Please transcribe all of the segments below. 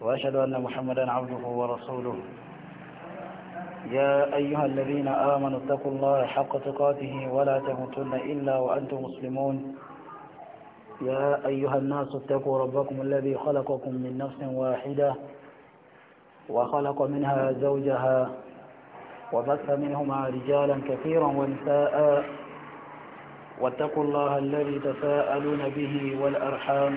وأشهد أن محمدا عبده ورسوله يا أيها الذين آمنوا اتقوا الله حق تقاته ولا تموتن إلا وأنتم مسلمون يا أيها الناس اتقوا ربكم الذي خلقكم من نفس واحدة وخلق منها زوجها وبث منهما رجالا كثيرا ونساء واتقوا الله الذي تساءلون به والأرحام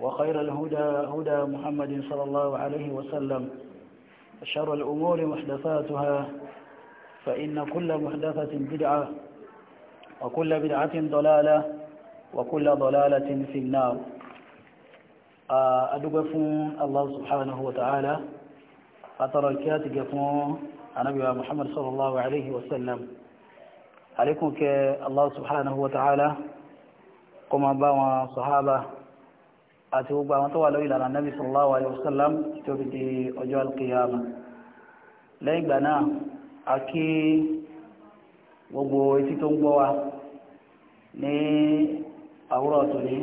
وخير الهدى هدى محمد صلى الله عليه وسلم شر الأمور محدثاتها فإن كل محدثة بدعة وكل بدعة ضلالة وكل ضلالة في النار آه، أدقف الله سبحانه وتعالى أترى الكاتب النبي محمد صلى الله عليه وسلم عليكم كالله سبحانه وتعالى قم أبا صحابه àti gbogbo àwọn tó wà lórí ìlànà nabi sallallahu alayhi wa sallam tó fi di ọjọ́ alkiyama lẹ́yìn ìgbà náà a kí gbogbo etí tó ń gbọ́ wa ní àwúrọ̀ tòní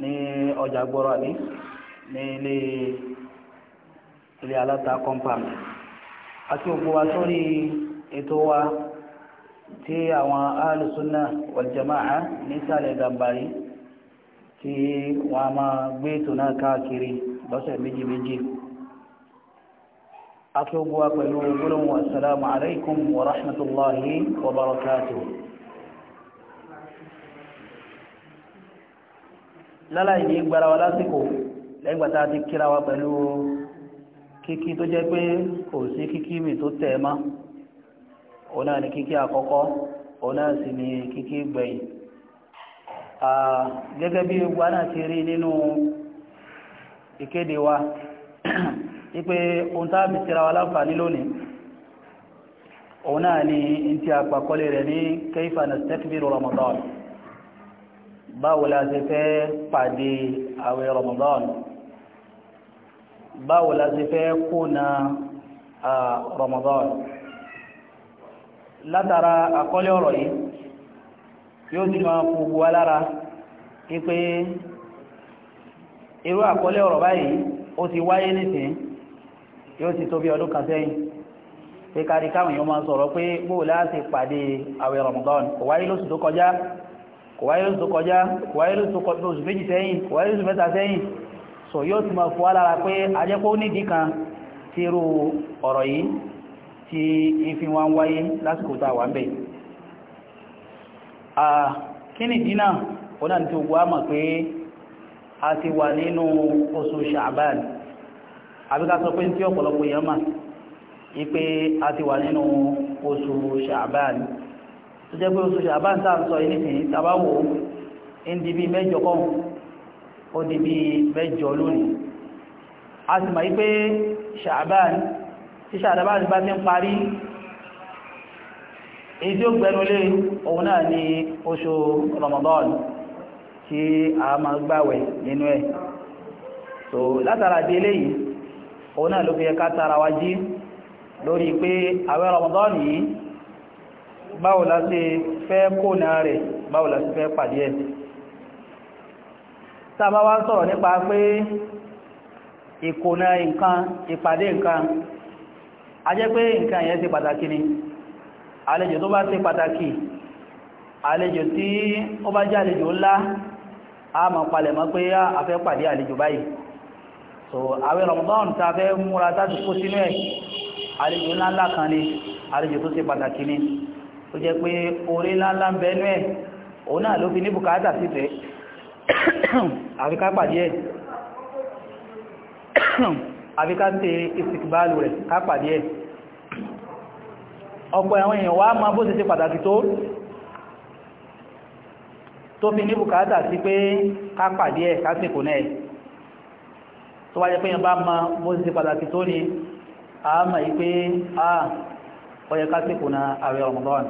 ní ọjà gbọ́rọ̀ àbí ní ilé ilé aláta compound a kí gbogbo wa sórí ètò wa tí àwọn ahlus sunnah wal jama'a ní sàlẹ̀ gàmbàrí tí wọ́n a máa gbé ètò náà káàkiri lọ́sẹ̀ méjì méjì akẹ́gbọ́ pẹ̀lú gbọ́lọ́wọ́ assalamu alaikum wa rahmatullahi wa barakatuh láláì ní gbára wa lásìkò lẹ́gbàtà ti kíra wa pẹ̀lú kíkí tó jẹ́ pé kò sí kíkí mi tó tẹ̀ ma ọ̀nà ni kíkí àkọ́kọ́ ọ̀nà sì ni kíkí gbẹ̀yìn gẹ́gẹ́ bí gbogbo náà ti rí nínú ìkéde wa wípé ohun tá mi tira wa láǹfààní lónìí òun náà ni in ti àpàkọlé rẹ̀ ní kaifa nastakbiru Ramadan báwo la ṣe fẹ́ pàdé àwẹ̀ Ramadan báwo la ṣe fẹ́ kóna Ramadan látara àkọlé ọ̀rọ̀ yìí yóò ti máa kú gbogbo wa lára wípé irú àkọlé ọ̀rọ̀ báyìí ó ti wáyé nísìn yóò ti tó bí ọdún kan sẹ́yìn pé kárí káwọn èèyàn máa sọ̀rọ̀ pé bóò láti pàdé àwẹ̀ Ramadan kò wáyé lóṣù tó kọjá kò wáyé lóṣù tó kọjá kò wáyé lóṣù méjì sẹ́yìn kò wáyé lóṣù mẹ́ta sẹ́yìn sọ yóò ti máa fún wa lára pé ajẹ́pọ̀ nídìí kan ti irú ọ̀rọ̀ yìí ti ìfi wáyé lásìkò tá a wà ń bẹ̀yìí kíni dínà ọ̀nà tí ó gbá mọ̀ pé a ti wà nínú oṣù ṣàbáàlì àbíká sọ pé tí ọ̀pọ̀lọpọ̀ èèyàn mà ipé a ti wà nínú oṣù ṣàbáàlì tó jẹ́ pé oṣù ṣàbáàlì tá à ń sọ yìí nìsín tabawo ndi bíi mẹ́jọ kọ́ ó di bíi mẹ́jọ lónìí a sì mọ̀ ipé parí èyí tí ó gbẹnulé òun náà ni oṣù Ramadan tí a máa gbàwẹ̀ nínú ẹ̀ so látara di eléyìí òun náà ló fi ẹka tara wa jí lórí pé àwẹ̀ Ramadan yìí báwo la ṣe fẹ́ kóna rẹ̀ báwo la ṣe fẹ́ pàdé ẹ̀ tàbá wá sọ̀rọ̀ nípa pé ìkóna nǹkan ìpàdé nǹkan a jẹ́ pé nǹkan yẹn ti pàtàkì ni àlejò tó bá ṣe pàtàkì àlejò tí ó bá jẹ́ àlejò ńlá a mọ̀ palẹ̀mọ́ pé a fẹ́ pàdé àlejò báyìí so àwẹ̀ Ramadan ta fẹ́ múra tàbí kó sínú ẹ̀ àlejò ńláńlá kan ni àlejò tó ṣe pàtàkì ni tó jẹ́ pé orí ńláńlá ń bẹnú ẹ̀ òun náà ló fi ní bùkátà sí tẹ́ àfiká pàdé ẹ̀ àfiká tẹ ìsìnkú ká pàdé ẹ̀ ọ̀pọ̀ àwọn èèyàn wá máa bó ṣe ṣe pàtàkì tó tó fi ní bùkátà sí pé ká pàdé ẹ̀ kásìkò náà tó wáyé pé yẹn bá máa bó ṣe ṣe pàtàkì tó ni a mọ̀ yí pé a ọyẹ kásìkò náà àwẹ̀ Ramadan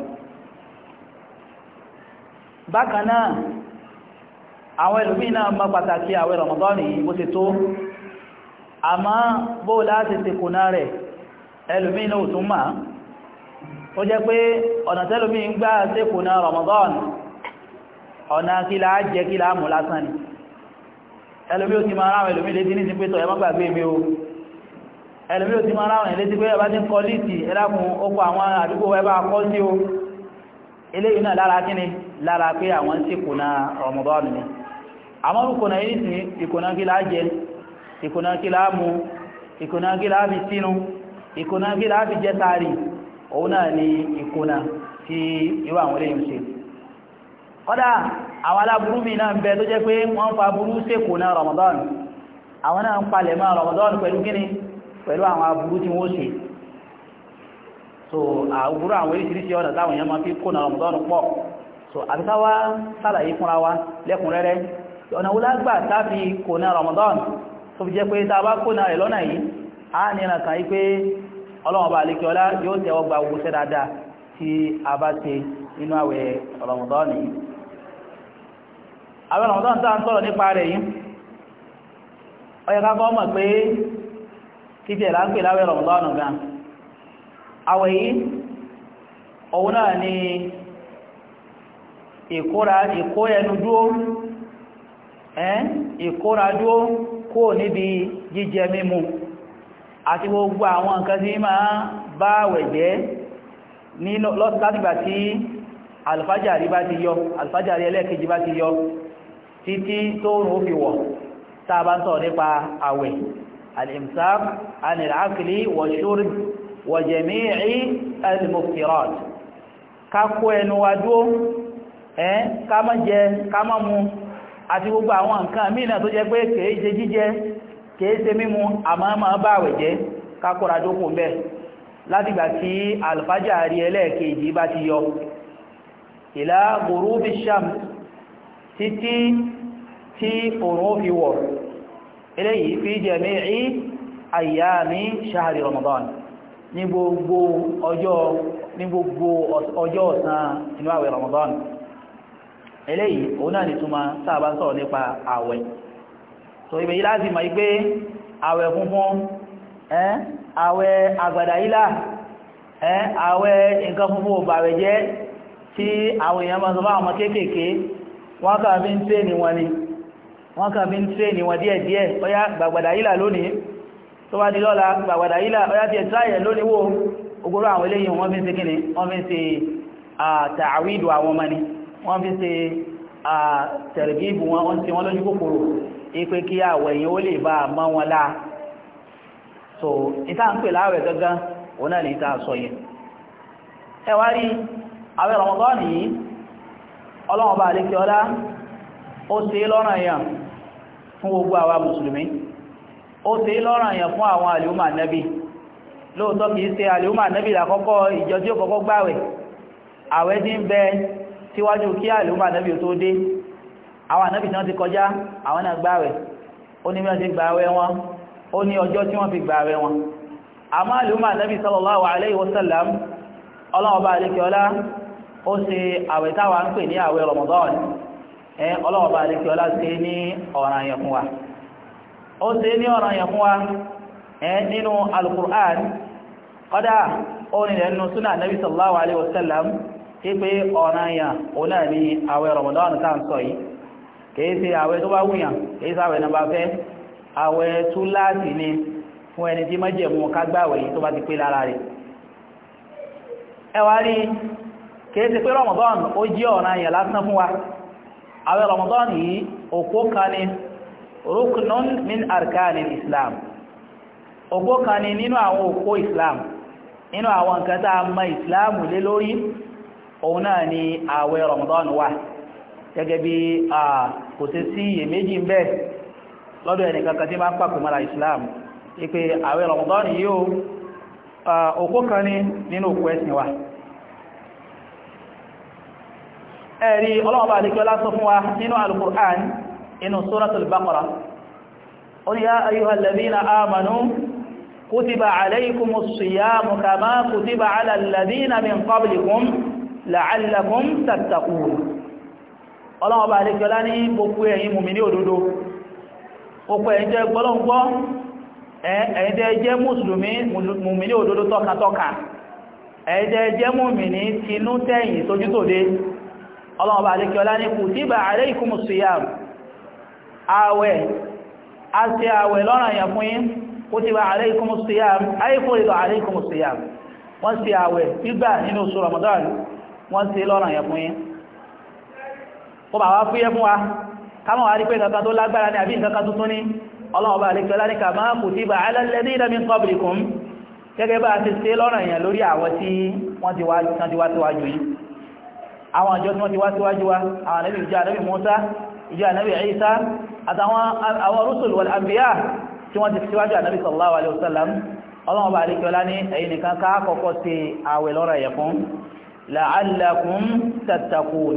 bákan náà àwọn ẹlòmíì náà máa pàtàkì àwẹ̀ Ramadan yìí bó ṣe tó àmọ́ bó láti ṣe kò náà rẹ̀ ẹlòmíì náà tún máa tó jẹ́ pé ọ̀nà tẹ́lómi ń gbá sékò náà Ramadan ọ̀nà kílá jẹ́ kílá mú lásán ni ẹlòmí ó ti máa ráwọn ẹlòmí létí ní ti pé tọ̀ ẹmọ́ gbàgbé mi o ẹlòmí ó ti máa ráwọn ẹlòmí létí pé ẹbá ti kọ líìtì ẹlákùn okò àwọn àdúgbò ẹbá kọ́ sí o eléyìí náà lára kíni lára pé àwọn sí ìkùnà kílá jẹ sínú ìkùnà kílá fi jẹ tààrí òun náà ni ìkùnà tí irú àwọn eléyìí ń ṣe buru àwọn aláburú mi náà ń bẹ tó jẹ́ pé wọ́n fa burú sèkò náà Ramadan àwọn náà ń palẹ̀ máa Ramadan pẹ̀lú kíni pẹ̀lú àwọn aburú tí wọ́n ṣe so àwùrú àwọn táwọn máa fi kó Ramadan pọ̀ so àbíkáwá fúnra wa lẹ́kùnrẹ́rẹ́ ọ̀nà táfi Ramadan fi jẹ́ pé tá a bá kó rẹ̀ lọ́nà yìí ọlọ́wọ́n bá àlékè ọlá yóò tẹ́wọ́ gba owó sẹ́ dáadáa tí a bá ṣe nínú àwẹ̀ Ramadan yìí àwẹ̀ Ramadan tá à ń nípa rẹ̀ yìí ó ká kọ́ mọ̀ pé títí ẹ̀ láwẹ̀ Ramadan ni ìkóra ìkó ẹnu dúó ẹ́ ìkóra dúó kó níbi àti gbogbo àwọn nǹkan tí máa bá wẹ̀jẹ́ ní lọ́sígbà tí alfajari bá ti yọ alfajari ẹlẹ́ẹ̀kejì bá ti yọ títí tó rùn ó fi wọ̀ tá bá ń sọ nípa àwẹ̀ al-imsak anil akli wa shurb ẹnu wa dúó ẹ́ ká má jẹ ká má mu àti gbogbo àwọn nǹkan mìíràn tó jẹ́ pé kèéje jíjẹ kèése mímu àmọ́mọ́ báwẹ̀ jẹ́ kákọ́ra jókòó bẹ́ẹ̀ látìgbà tí alfájà rí ẹlẹ́ẹ̀kejì bá ti yọ ìlà ghurubi shams títí tí òun fi wọ̀ eléyìí fi jami'i ayyami shahri ramadan ní gbogbo ọjọ́ ní gbogbo ọjọ́ ọ̀sán inú àwẹ̀ ramadan eléyìí òun náà nìtúmọ̀ sáàbá sọ̀rọ̀ nípa àwẹ̀ so ibẹ̀ yìí láti mọ̀ pé àwẹ̀ funfun àwẹ̀ àgbàdà ilá àwẹ̀ nǹkan funfun ò bàwẹ̀ jẹ́ tí àwọn èèyàn máa sọ àwọn kéékèèké wọ́n kàn fi ń tré ní wọn ni wọ́n kàn fi ń tré ní wọn díẹ̀díẹ̀ ọyá gbàgbàdà ilá lónìí tó bá di lọ́la gbàgbàdà ilá ọyá ti ẹ̀ tráyẹ̀ lónìí wò ogoro àwọn eléyìí wọ́n fi ń ṣe kíni wọ́n fi ń ṣe àwọn ọmọ ni wọ́n fi ń ṣe tẹ̀rẹ̀gíbù wọn ti wọ́n lójú kòkòrò ipe kí àwọ̀ ẹ̀yìn ó lè bá a mọ́ wọn láà so ìta ń pè láàwẹ̀ gangan òun náà ní ìta sọ yẹn ẹ wá rí àwẹ̀ Ramadan yìí ọlọ́run bá àlékẹ́ ọlá ó ṣe lọ́rùn èèyàn fún gbogbo àwa mùsùlùmí ó ṣe lọ́rùn èèyàn fún àwọn àlùmọ̀ ànábì lóòótọ́ kìí ṣe àlùmọ̀ ànábì lákọ́kọ́ ìjọ tí ó kọ́kọ́ gbàwẹ̀ àwẹ̀ tí ń síwájú kí àlùmọ̀ ànábì tó dé àwọn ànábì tí wọ́n ti kọjá àwọn náà gbààwẹ̀ ó ní mẹ́rin ti gbààwẹ̀ wọn ó ní ọjọ́ tí wọ́n fi gbààwẹ̀ wọn àmọ́ àlùmọ́ ànábì sallallahu alayhi wa sallam ọlọ́wọ́ bá alékiọlá ó ṣe àwẹ̀ òun náà ní àwẹ̀ Ramadan táà ń sọ yìí kìí ṣe àwẹ̀ tó bá wùyàn kìí ṣe àwẹ̀ nàbà fẹ́ àwẹ̀ túláàsì ni fún ẹni tí májẹ̀mú kágbàwẹ̀ yìí tó bá ti pé lára rẹ̀ ẹwà rí kìí ṣe pé Ramadan ó jẹ́ ọ̀nà yẹn lásán fún wa àwẹ̀ Ramadan yìí òpó kan ni rukunun min arkani Islam òpó kan ni nínú àwọn òpó Islam nínú àwọn nǹkan tá Islam lé lórí òun náà ni àwẹ̀ Ramadan wà gẹ́gẹ́ bí kò sí sí iyèméjì ń bẹ lọ́dọ̀ ẹnìkankan tí máa ń pàpọ̀ mọ́ra islam ipe àwẹ̀ rọ̀mọ̀dọ́nì yìí o òkú kan ní nínú òkú ẹ̀sìn wa ẹ̀rí ọlọ́ọ̀bá àdíkọ́lá sọ fún wa nínú al-Qur'an inú suratul Baqara ó ní yá ayyuhal ọlọ́wọ́ bá àdékọ́lá ní gbogbo ẹ̀yin mùmínì òdodo gbogbo ẹ̀yin jẹ́ gbọ́lọ́gbọ́ ẹ̀yin jẹ́ jẹ́ mùsùlùmí mùmínì òdodo tọ́katọ́ka ẹ̀yìn jẹ́ jẹ́ mùmínì tinú tẹ̀yìn tójútòde ọlọ́wọ́ bá àdékọ́lá ní kó bàbá fúyẹ́ fún wa káwọn wà rí pé kankan tó lágbára ní àbí nǹkan tuntun ní ọlọ́run bá àlejò láti kà máa kù sí ibà alẹ́lẹ́dí ìdàmí gẹ́gẹ́ bá ti ṣe lọ́rọ̀ èèyàn lórí àwọn tí wọ́n ti wá síwájú lọ́rọ̀ èèyàn fún la'allakum tattaqun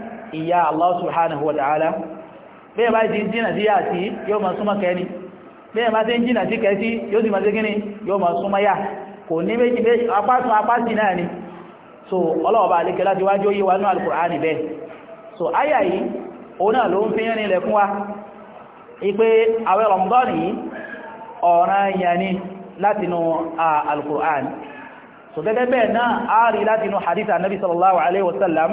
ìyá Allah subhanahu wa ta'ala bẹ́ẹ̀ bá ti jìnà sí yà sí yóò máa súnmọ́ kẹni bẹ́ẹ̀ bá ti jìnà sí kẹsí yóò sì máa sí kíní yóò máa súnmọ́ yà kò ní méjì so ọlọ́ọ̀bá àlekẹ́ láti wájú ó yí wa ní so áyà yìí òun náà ló ń fi rìn ilẹ̀kún wa ipé àwẹ̀ Ramadan yìí so gẹ́gẹ́ bẹ́ẹ̀ náà a rí látinú hadith annabi sallallahu alaihi wasallam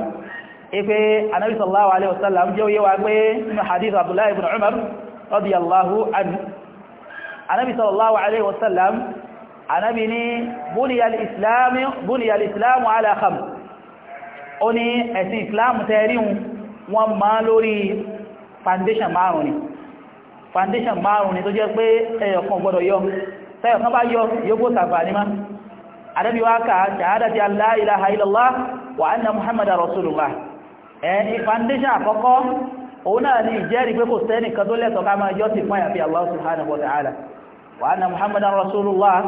ipe anabi sallallahu alaihi wasallam jẹ́ oyewa pé nínú hadith abdullahi ibn umar radiyallahu anhu anabi sallallahu alaihi wasallam anabi ni buniya al-islam buniya al-islam ala khams ó ní ẹ̀sìn islam tẹ́ríun wọ́n ma lórí foundation márùn ni foundation márùn ni tó jẹ́ pé ẹyọ̀kan gbọ́dọ̀ yọ tẹ́yọ̀kan bá yọ yóò sàfà ní má anabi wá ka shahadati an ilaha illallah wa anna muhammadar rasulullah ẹni foundation àkọ́kọ́ òun náà ni ìjẹ́rìí pé kò sẹ́ni kan tó lẹ́tọ̀ọ́ ká máa jọ́sìn fún àyàfi Allah subhanahu wa ta'ala wa anna Muhammadan rasulullah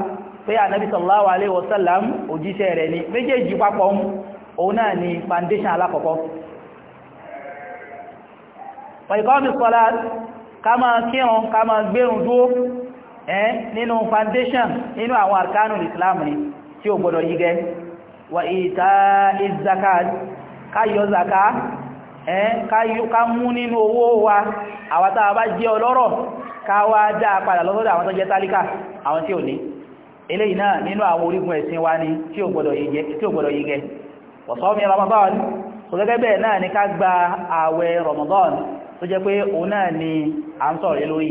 pé ànábì sallallahu alaihi wasallam òjíṣẹ́ rẹ̀ ni méjèèjì ìzakat ká yọ zaka ká mú nínú owó wa àwọn tàà bá jẹ́ ọlọ́rọ̀ ká wá dáa padà lọ́sọ́dọ̀ àwọn tó jẹ́ tálíkà àwọn tí ò ní eléyìí náà nínú àwọn orígun ẹ̀sìn wa ni tí ò gbọdọ̀ yege wọ̀sọ́mí Ramadan tó gẹ́gẹ́ bẹ́ẹ̀ náà ni ká gba ààwẹ̀ Ramadan tó jẹ́ pé òun náà ni à ń sọ̀rọ̀ lórí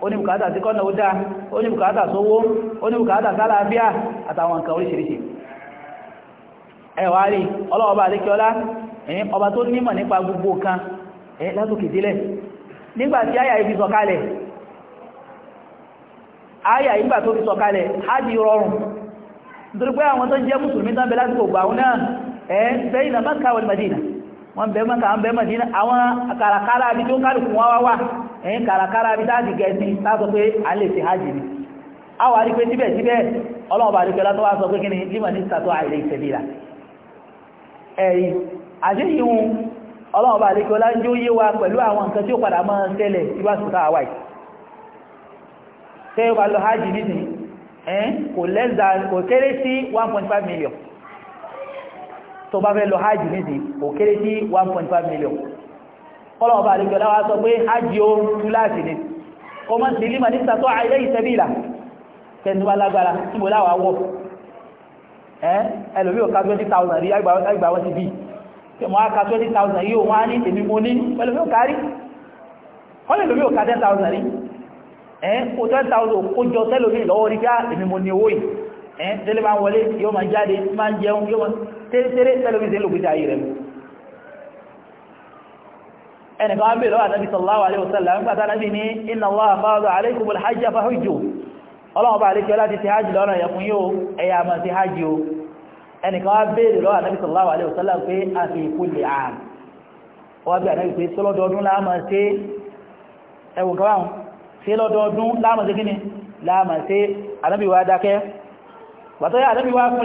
ó ní bùkátà sí kọ́nà ó dá ó ní bùkátà sówó ó ní bùkátà sálàáfíà àtàwọn nǹkan oríṣiríṣi ẹwà rí ọlọ́ọ̀bá àríkíọlá ẹ̀yìn ọba tó nímọ̀ nípa gbogbo kan ẹ̀ látòkè délẹ̀ nígbàtí àyà ibi sọ̀kalẹ̀ àyà ìgbà tó fi sọ̀kalẹ̀ hajj rọrùn nítorí pé àwọn tó jẹ́ mùsùlùmí tán bẹ láti gbogbo àwọn náà ẹ̀ bẹ́ ìnà Mákà wal Madina wọ́n bẹ Mákà wọ́n bẹ Madina àwọn kàràkàrà àbí tó kálùkù wọ́n wá wà ẹ̀yìn kàràkàrà bí dáàdì gẹ̀ẹ́sì láàsọ pé a lè ṣe hajj ni a wà rí pé síbẹ̀síbẹ̀ ọlọ́ọ̀bà rí pẹ́lá tó sọ pé kí lima ní sàtọ́ àìlè ìṣẹ̀lẹ̀ ẹ̀yìn àṣíyíhun ọlọ́ọ̀bà rí pẹ́lá ń jó yé wa pẹ̀lú àwọn nǹkan tí ó padà máa ń tẹ́lẹ̀ síwáṣùtà àwáì tẹ́ ó bá lọ hajj nìsín ẹ̀yìn 1.5 million tó bá fẹ́ lọ hajj nìsín kò kéré sí 1.5 million kọ́lọ̀ ọba àríkẹ́ láwá sọ pé hajji o tú láti ní o mọ́ sí límà níta tó àìlẹ́ ìsẹ́bìlà tẹ́nu bá lágbára tí mo láwà wọ́ ẹlòmí ò ká 20,000 rí àgbà wọ́n ti bí tí mo á ká 20,000 yíò wọ́n á ní èmi mo ní ẹlòmí ò kárí kọ́lẹ̀ ẹlòmí ò ká 10,000 rí ẹ́ kó 10,000 kó jọ tẹ́lòmí lọ́wọ́ rí ká ah, èmi mo ní owó yìí ẹ́ tẹ́lẹ̀ máa wọlé yóò máa jáde máa jẹun yóò máa tẹ́lẹ̀ tẹ́lẹ̀ tẹ́lòmí tẹ́lòmí tẹ́lòmí ẹnìkan bèèrè wà nábi sallallahu alaihi wasallam nígbàtà nábi ní inna Allaha farada alaykum al-hajja fahujju ọlọ́wọ́ bá alékẹ́ láti ti hajji lọ́nà ẹ̀kún yóò ẹ̀yà mọ̀ sí hajji o ẹnìkan bèèrè lọ́wọ́ nábi sallallahu alaihi wasallam pé a fi kulli aam wọ́n bí ànábi pé sílọ́dọọdún láàmà sí ẹwù kan sílọ́dọọdún láàmà sí kíni láàmà sí ànábi wa dákẹ́ wàtọ́yà ànábi wa kún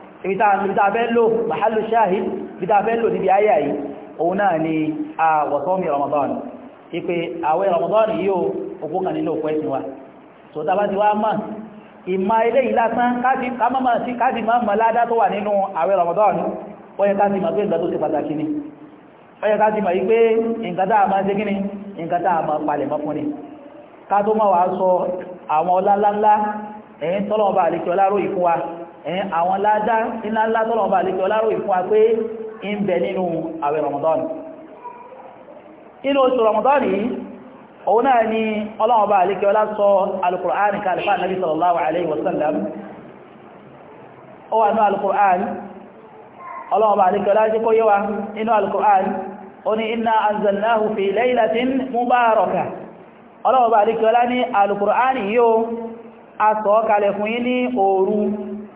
ìtàbẹ́lò mahallu shahid ìtàbẹ́lò níbi ayà yìí òun náà ni a wọ̀sọ́mí ramadan ipe àwẹ̀ ramadan yíò ògbókan nínú òkú ẹ̀sìn wa so tàbá ti wá mọ́ ìmá ilé ìlásán káàdì máa mọ̀ ládá tó wà nínú àwẹ̀ ramadan ó yẹ káàdì máa pé ìgbà tó ṣe pàtàkì ni ó yẹ káàdì máa pé nǹkan tá a máa ṣe kíni nǹkan tá a máa palẹ̀ mọ́ fún ni ká tó máa wàá sọ àwọn ọlá ẹ̀ àwọn ládá iná ńlá tọ́lọ̀ ọba àlejò ọlárò ìfún wa pé ń bẹ nínú àwẹ̀ rọmọdọ́nù inú oṣù rọmọdọ́nù yìí òun náà ni ọlọ́run ọba àlejò ọlá sọ alukur'an kalifa nabi sallallahu alayhi wa sallam ó wà nínú alukur'an ọlọ́run ọba àlejò ọlá jẹ́ kó yé wa nínú alukur'an ó ní àlejò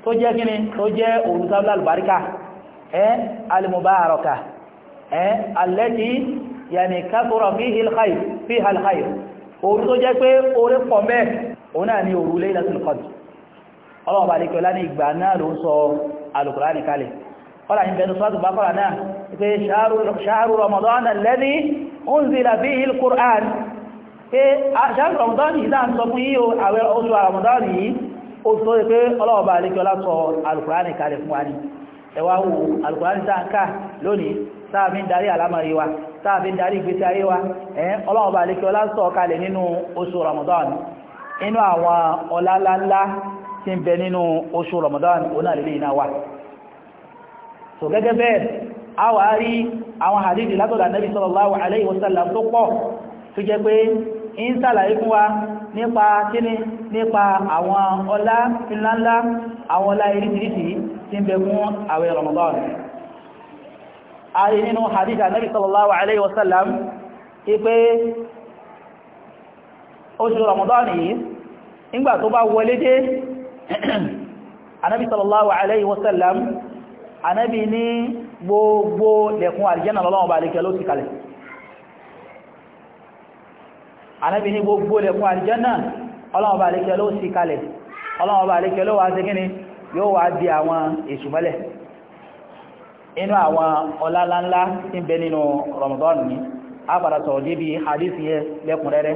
tó jẹ́ kíni tó jẹ́ òru sábúlá àlùbáríkà ẹ́ alìmùbáraka ẹ́ alẹ́tí yàní kásọ̀rọ̀ fi ilkhair fi alkhair òru tó jẹ́ pé orí pọ̀ mẹ́ òun náà ni òru Laylatul Qadr ọlọ́wọ́ bá lékẹ́ láni ìgbà náà ló ń sọ Al-Qur'ani kalẹ̀ kọ́lá ní bẹnu sọ́tù bá kọ́lá náà pé ṣáàrù Ramadan ó tó pé ọlọ́ọ̀bá àríkẹ́ ọlásọ alùkùránì kalẹ̀ fún wa ní ẹwà wo alùkùránì sáǹkà lónìí sáàfin ń darí àlámọ̀rí wa sáàfin ń darí ìgbésí ayé wa ọlọ́ọ̀bá Ramadan inú àwọn ọlálálá tí ń bẹ nínú Ramadan onáàlélẹ́ na wa so a wà rí ń sàlàyé fún wa nípa kíní nípa àwọn ọlá ńláńlá àwọn ọlá irisirisi tí ń bẹ fún àwẹ̀ Ramadan ayé nínú hadith Ànábì sallallahu alaihi wasallam ipé oṣù Ramadan yìí ìgbà tó bá wọlé dé Ànábì sallallahu alaihi wasallam Ànábì ní gbogbo lẹ̀kùn àlìjẹ́nà anábi ní gbogbo lẹ̀kùn àlìjánà ọlọ́ọ̀bà àlékẹ́ ló sì kalẹ̀ ọlọ́ọ̀bà àlékẹ́ ló wá sí kíni yóò wá di àwọn èṣù mọ́lẹ̀ inú àwọn ọláláńlá tí ń bẹ nínú Ramadan ni. àpàdà sọ̀rọ̀ débi hadith yẹ lẹ́kùnrẹ́rẹ́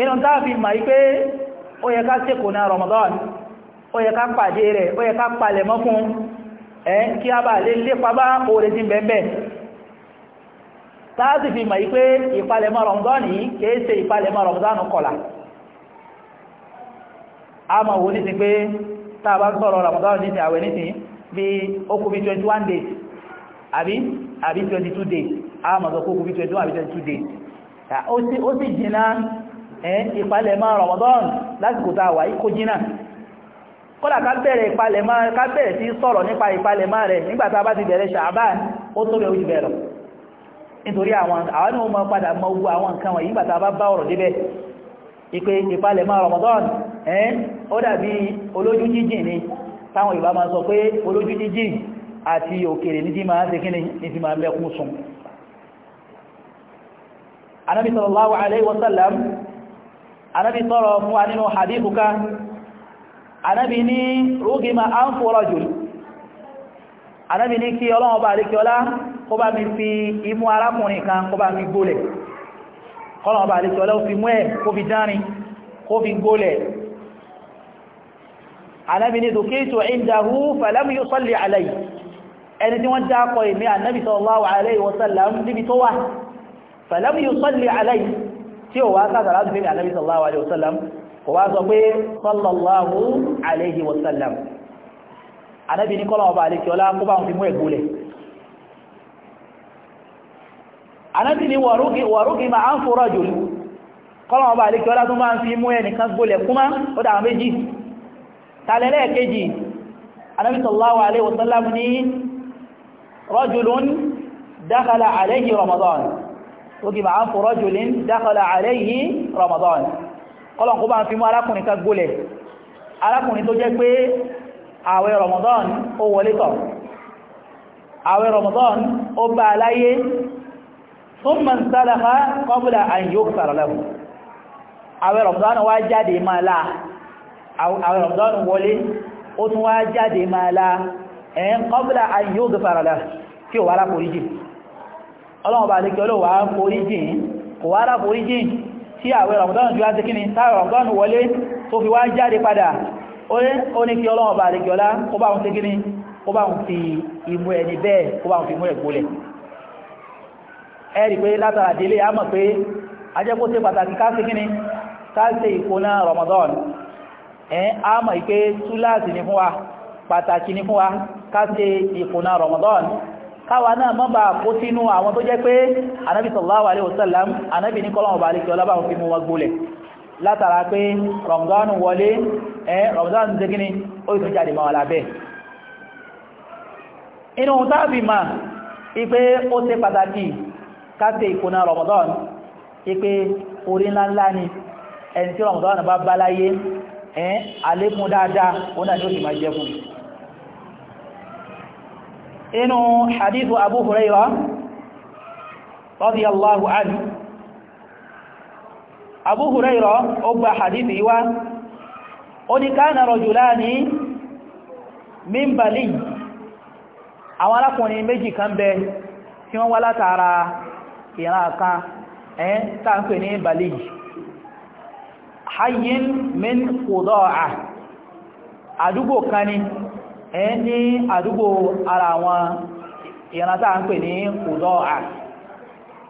inú táàfi mà yí Ramadan ó yẹ ká pàdé rẹ̀ ó yẹ ká palẹ̀mọ́ fún ẹ táàsì fi mọ̀ yí pé ìpalẹ̀mọ́ rọ̀mùdán yìí kìí ṣe ìpalẹ̀mọ́ rọ̀mùdán kọlà a mọ̀ wo ní ti pé tàbá sọ̀rọ̀ rọ̀mùdán ní ti àwẹ̀ ní ti bí okù bí 21 days àbí àbí 22 days a mọ̀ sọ kókù bí 21 àbí 22 days ó sì jìnà ìpalẹ̀mọ́ rọ̀mùdán lásìkò tá a wà kó jìnà kọ́lá ká bẹ̀rẹ̀ ìpalẹ̀mọ́ ká bẹ̀rẹ̀ sí sọ̀rọ̀ nípa ìpalẹ̀mọ́ rẹ̀ nígbà tá a bá nítorí àwọn àwọn ní wọ́n máa padà mọ owó àwọn nǹkan wọ̀nyí bàtà bá bá ọ̀rọ̀ débẹ̀ ipe ìpalẹ̀ máa Ramadan ẹ́n ó dàbí olójú jíjìn ni táwọn Yorùbá máa sọ pé olójú jíjìn àti òkèrè ní tí máa ń ṣe kíni ní tí máa ń mẹ́kún sùn anábi sallallahu alaihi wasallam anábi sọ̀rọ̀ fún wa nínú hadithu ká anábi ní rúgima an fọ́rọ̀ jù anábi ní kí ọlọ́wọ́ bá àríkíọlá kó bá mi fi imú arákùnrin kan kó bá mi gbólẹ̀ kọ́nà ọba àlejò ọlọ́wọ́ fi mú ẹ̀ kó fi dánrin kó fi gbólẹ̀ anábi ní dùkítù ìdáhù fàlámù yóò sọ́lẹ̀ àlẹ́yìn ẹni tí wọ́n dákọ̀ ìmí ànábì sallallahu alayhi wa sallam níbi tó wà fàlámù yóò sọ́lẹ̀ àlẹ́yìn tí ó wá sátàrà tó fèrè ànábì sallallahu alayhi wa anábì ni wàrúkì ma á ń fòrọ̀ jòlú kọ́lọ̀ ọba àlékẹ́ ọlá tó máa ń fi mú ẹnìkan gbólẹ̀ kúmá ó dà méjì tàlẹ́lẹ́ kejì anábì sallallahu alaihi wasallam ni rajulun dakhala alayhi ramadan rúkì ma á ń fòrọ̀ jòlín dakhala alayhi ramadan kọ́lọ̀ kó máa ń fi mú arákùnrin kan gbólẹ̀ arákùnrin thumma salaha qabla an yughfar lahu àwẹ̀ Ramadan wá jáde máa la àwẹ̀ Ramadan wọlé ó tún wá jáde máa la ẹ̀ qabla an yughfar lahu kí o wá lápòrí jì ọlọ́run bá lè kí ọlọ́wà forí jì kò wá lápòrí jì tí àwẹ̀ Ramadan ju láti kíni táwẹ̀ Ramadan wọlé tó fi wá jáde padà ó ní kí kó bá ń fi ìmú ẹni bẹ́ẹ̀ kó bá ń fi ìmú ẹ̀gbólẹ̀ ẹ̀rì pé látara délé a mọ̀ pé ajẹ́kó ṣe pàtàkì káàsì kíní káàsì ìkóná Ramadan ẹ̀ a mọ̀ pé túláàsì ní fún wa pàtàkì ní fún wa káàsì ìkóná Ramadan káwa náà mọ́ bá kó sínú àwọn tó jẹ́ pé anábì alaihi wasallam anábì ní kọ́lọ́mù bá lè kí ọlábà fi Ramadan wọlé ẹ̀ Ramadan ṣe kíní ó ìtún jáde mọ́ wa lábẹ́ inú táàbì ipe ó ṣe pàtàkì káàtẹ̀ ìkùnà Ramadan ipé orí ńláńlá ni ẹni tí Ramadan bá bá láyé ẹn dáadáa ó náà sì máa fún inú hadithu Abu Huraira radiyallahu Abu Huraira ó gba hadithu ó ní àwọn alákùnrin méjì kan bẹ tí wọ́n wá látara ìran kan ẹ́ tàbí ní balij hayyin min khuda'a àdúgbò kan ni ẹ́ ní àdúgbò ara wọn ìran tàbí ní khuda'a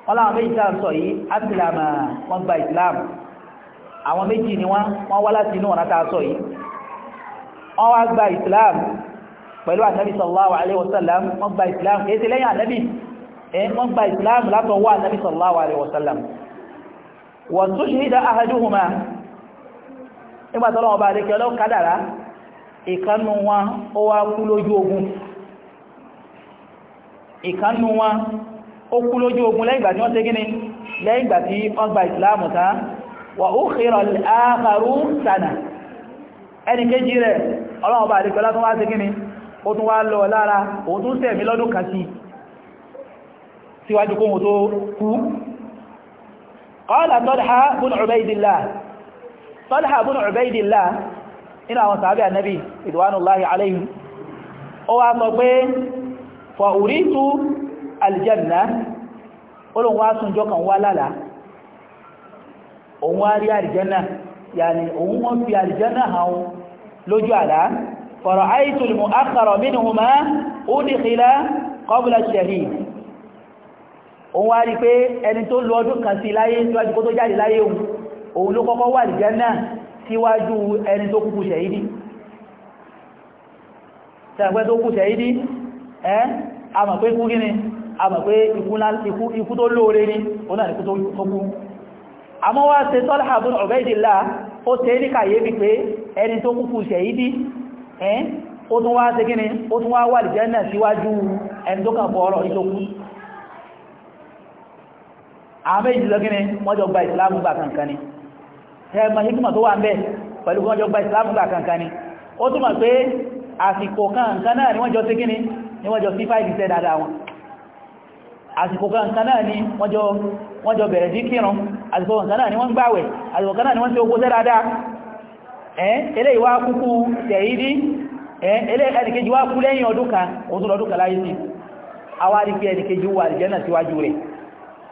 wọ́n láwọn méjì tàbí sọ yìí ápìlàmà wọ́n gba islam àwọn méjì ni wọ́n wọ́n wá láti inú ọ̀nà tàbí sọ yìí wọ́n gba islam pẹ̀lú ànábì sallallahu alaihi wasallam wọ́n islam kìí ṣe lẹ́yìn Eh, wọ́n gba islam látọwọ́ anábi sallallahu alaihi wasallam wọ́n tó ṣe ìdá ahaduhuma nígbàtọ́lọ́wọ́ bá lékẹ́ ọlọ́ kádàrá ìkannú wọn ó wá kú lójú ogun ìkannú wọn ó kú lójú ogun lẹ́yìngbà tí tí wọ́n gba islam ta wà ó kèrọ àkàrú sana ẹni kéjì síwájú kó mú tó kú qala Talha bun Ubaydillah Talha bun Ubaydillah inú àwọn sàábí ànábì ìdíwánuláhi alayhim ó wá sọ pé fa uritu aljanna olóhun wá súnjọ́ kan wá lálàá òun wá rí aljanna yàní òun wọ́n fi aljanna o wá rí pé ẹni tó lò ọdún kan sí láyé síwájú kó tó jáde láyé òun òun ló kọ́kọ́ wà nìjẹ́ náà síwájú ẹni tó kúkú ṣẹ̀yídí ṣẹ̀gbẹ́ tó kú ṣẹ̀yídí ẹ́ a mọ̀ pé ikú gíní a mọ̀ pé ikú tó lóore ní òun náà ikú tó kú àmọ́ wá ṣe Talha bun Ubaydillah ó ṣe ní kàyébí pé ẹni tó kúkú ṣẹ̀yídí ẹ́ ó tún wá ṣe gíní ó àwọn méjì lọ gíní wọ́n jọ gba ìsìlámù gbà kankan ni ẹgbẹ̀rún hikima tó wà ń bẹ pẹ̀lú wọ́n jọ gba ìsìlámù gbà kankan ni ó túnmọ̀ pé àsìkò kankan náà ni wọ́n jọ sí gíní ni wọ́n jọ sí fáìlì tẹ́ dáadáa wọn àsìkò kankan náà ni wọ́n jọ bẹ̀rẹ̀ sí kírun àsìkò kankan náà ni wọ́n gbàwẹ̀ àsìkò kankan náà ni wọ́n ti ogó tẹ́ dáadáa eléyìí wá kúkú tẹ̀yìdí ẹnìkejì wá kú lẹ́yìn ọdún kan òun tó lọ́dún kan láyé sí àwárí pé ẹnìkejì wà àlìjẹ́nà síwájú rẹ̀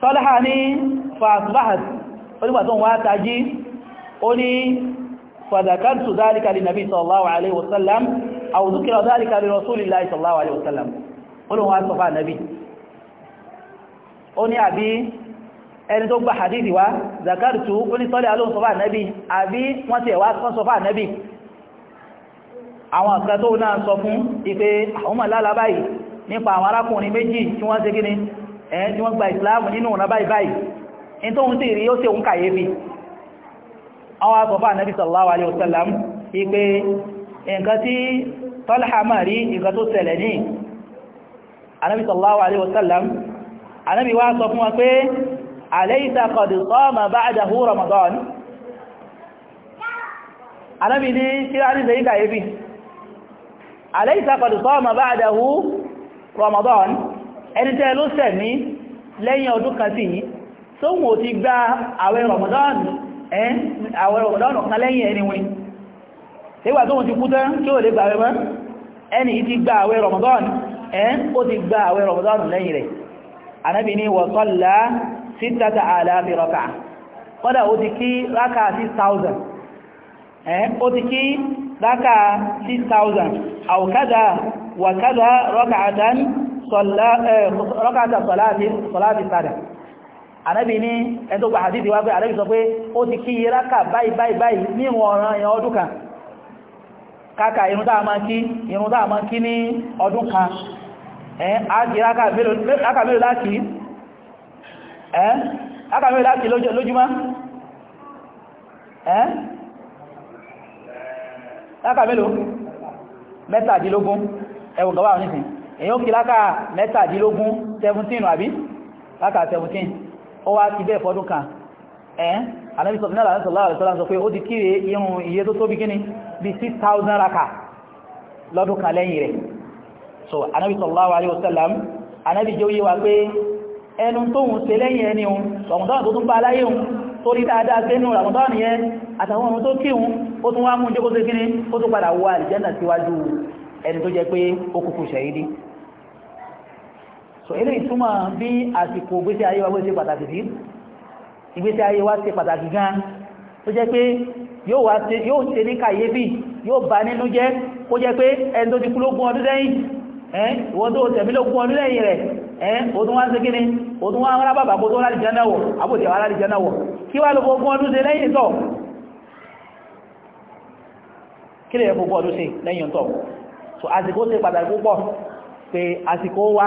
tọ́láhà ní fàṣbáhàt onígbà tó ń wá tají ó ní fàzàkántù dhalika li nabi sallallahu alaihi wasallam aw dhukira dhalika li rasulillahi sallallahu alaihi wasallam olóhun wá sọ fà nabi ó ní àbí ẹni tó gba hadithi wá zakartu ó ní tọ́lẹ̀ alóhun sọ fà nabi àbí wọ́n ti ẹ̀wà sọ fà nabi ẹ̀ẹ́ eh, tí wọ́n gba ìsìláàmù nínú ọ̀nà báyìí báyìí in tó ń sì rí ó sì òun kàyé bí àwọn akọ̀fà anábì sallallahu alaihi wasallam ipé nǹkan tí Talha máa rí nǹkan tó ṣẹlẹ̀ ní anábì sallallahu alaihi wasallam anábì wá sọ fún wa pé alaysa qad sama ba'dahu Ramadan anábì ní kí á ẹni tẹ́ ló sẹ̀mí lẹ́yìn ọdún kan sí yìí sóhun ò ti gba àwẹ̀ rọ̀mọ̀dánù kan lẹ́yìn ẹni wọn nígbà tóhun ti kú tán kí ò lè gbà wẹ́wẹ́ ẹni ti gba àwẹ̀ rọ̀mọ̀dánù ẹn ó ti gba àwẹ̀ rọ̀mọ̀dánù lẹ́yìn rẹ̀ anábì raka kọ́dà ó ti kí ráka 6000 ẹn ó ti kí ráka 6000 aw kada wa kada raka'atan Eh, rọ́kàtà sọ̀láàtì padà anábi ní ẹni tó gba àdídì wá pé sọ pé ó ti kí rákà báyìí báyìí báyìí ní ìwọ̀n ọ̀ràn ọdún kan káàkà irun táa máa kí irun máa kí ní ọdún kan ẹ́n a kí láti ẹ́n rákà mélòó láti lójúmọ́ èyàn kí láka mẹ́tàdínlógún 17 àbí láka 17 ó wá kí bẹ́ẹ̀ fọ́dún kan ẹ́n anábìsọ̀lá sọ pé ó ti kíre irun iye tó tóbi gíní bí 6,000 raka lọ́dún kan lẹ́yìn rẹ̀ so anábìsọ̀lá wa aléwọ̀ sẹ́lám anábì jẹ́ òye wa pé ẹnu tóhun ṣe lẹ́yìn ẹni ohun ọmọdọ́nà so eléyìí túmọ̀ bi àsìkò ìgbésí ayé wa bó ṣe bi, sí ìgbésí ayé wa ṣe pàtàkì gan tó jẹ́ pé yóò wá ṣe yóò ṣe ní kàyéfì yóò bá nínú jẹ́ kó jẹ́ pé ẹni tó ti kú lógún ọdún lẹ́yìn ẹ́n ìwọ́n tó tẹ̀mí lógún ọdún lẹ́yìn rẹ̀ ẹ́n ó tún wá ń ṣe kíni ó tún wá ń rábà bàbá tó láti jẹ́ náwọ̀ àbòtí àwọn láti jẹ́ náwọ̀ kí wá ló gbogbo ọdún ṣe lẹ́yìn tọ̀ kí lè gbogbo ọdún ṣe lẹ́yìn tọ̀ so àsìkò ṣe pàtàkì púpọ̀ pé àsìkò wa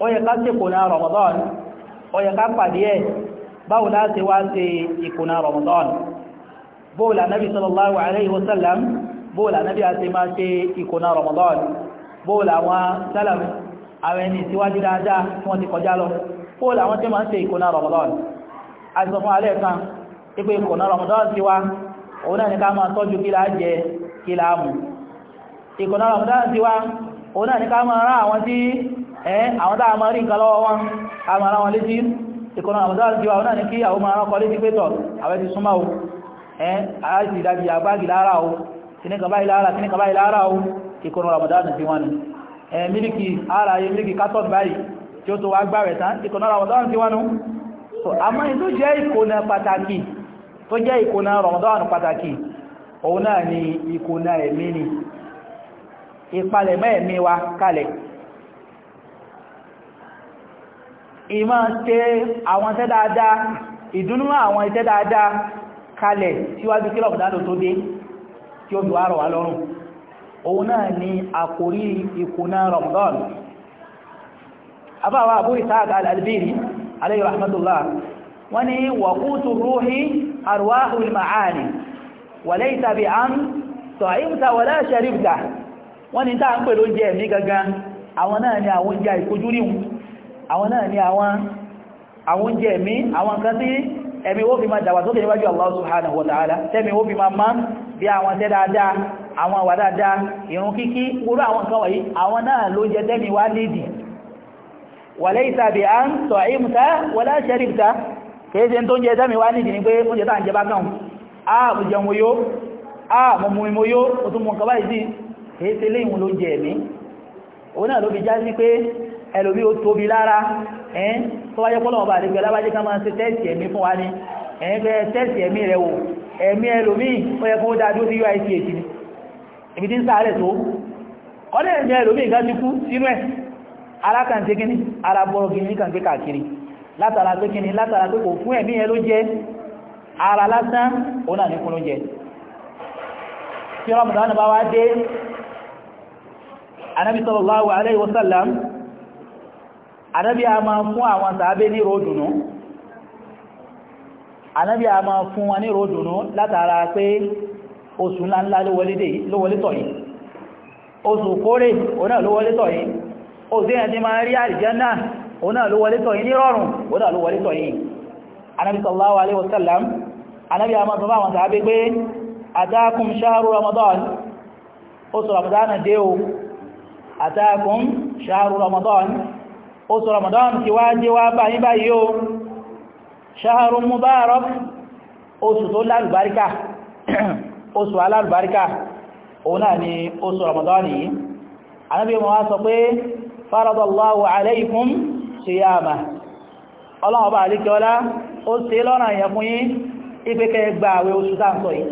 ó yẹ ká ṣe ìkùnà Ramadan ó yẹ ká pàdé ẹ̀ báwo láti wá ṣe ìkùnà Ramadan bóòlà nábi sallallahu alaihi wasallam bóòlà nábi àti máa ṣe ìkùnà Ramadan bóòlà wọn sálàm àwọn ẹni síwájú dáadáa tí wọ́n ti kọjá lọ bóòlà wọn tí máa ṣe ìkùnà Ramadan àti sọ fún alẹ́ kan ipé ìkùnà Ramadan ti wá òun náà ni ká máa tọ́jú kí láá jẹ kí láá ìkùnà Ramadan ti wá òun náà ni ká máa rán àwọn tí ẹ́ eh, àwọn dáa máa rí nǹkan lọ́wọ́ wọn a máa rán wọn létí ìkọ̀nà àmọ̀dára ti wà náà ní kí àwọn máa rán kọ létí pétọ̀ àwẹ́ ti súnmọ́ o ẹ́ àti ìdájì àgbáàgì lára o kìníkàbá ìlara kìníkàbá ìlara o ìkọ̀nà àmọ̀dára ti wà ní ẹ́ eh, mílíkì ara ayé mílíkì kátọ̀t báyìí tí ó tó wá gbáwẹ̀ tán ìkọ̀nà ni ìkọ̀nà ẹ̀mí ni ìpalẹ̀mọ́ ẹ̀mí wa kalẹ̀ ìmọ̀ ṣe àwọn iṣẹ́ dáadáa ìdúnnú àwọn iṣẹ́ dáadáa kalẹ̀ síwájú kí lọ́pùdánù tó dé tí ó bí wá wá lọ́rùn òun náà ni àkórí ìkùnà Ramadan afáwà Abu ruhi ma'ani ta'imta àwọn náà ni àwọn àwọn náà ni àwọn àwọn oúnjẹ ẹ̀mí àwọn nǹkan tí ẹ̀mí ó fi máa dàgbàsókè níwájú Allah subhanahu wa ta'ala tẹ́mi ó fi máa má bí àwọn tẹ́ dáadáa àwọn àwà dáadáa ìrun kíkí gbóró àwọn nǹkan wọ̀nyí àwọn náà ló jẹ tẹ́mi wá nídì wàlẹ́ ìtàbí à ń sọ ìmùta wọlé ṣẹ́rìfta kìí ṣe tó ń jẹ ni pé oúnjẹ tá à ń jẹ bá kàn mo jẹun oyó á mo mu imo yó mo tún mu nǹkan báyìí ẹlòmí ó tóbi lára ẹ́n tó wáyé pọ́lọ́wọ́ bá àdégbé alábájé ká máa ṣe tẹ́sì ẹ̀mí fún wa ni ẹ̀yìn pé tẹ́sì ẹ̀mí rẹ̀ wò ẹ̀mí ẹlòmí ó yẹ kó ó dájú sí uich ni ibi tí ń sáré tó kọ́lẹ̀ ẹ̀mí ẹlòmí nǹkan ti kú sínú ẹ̀ alákàntí kíní ara bọ́rọ̀ kíní ní kàǹgbé káàkiri látara pé kíní látara pé kò fún ẹ̀mí ẹ ló jẹ́ ara lásán òun náà ní kún ló jẹ́ tí rọ́mùdánù bá wá dé anábì sallallahu alaihi wasallam anábí a máa fún àwọn sàábé ní ròdùnú anábí a máa fún wọn ní ròdùnú látara pé oṣù ńláńlá ló wọlé tọ̀ yìí oṣù kórè ọ̀nà ló wọlé tọ̀ yìí oṣù yẹn ti máa rí àlìjánnà ọ̀nà ló wọlé tọ̀ yìí ní rọrùn ọ̀nà ló wọlé tọ̀ yìí anábí sallallahu alaihi wasallam anábí a máa sọ fáwọn sàábé pé oso ramadan kiwaje wa bayi bayo shahrun mubarak oso to la barika oso ala barika ona ni oso ramadan yi anabi ma so pe faradallahu alaykum siyama allah ba ali kola o se lona ya fun yi ipe ke gba we oso tan so yi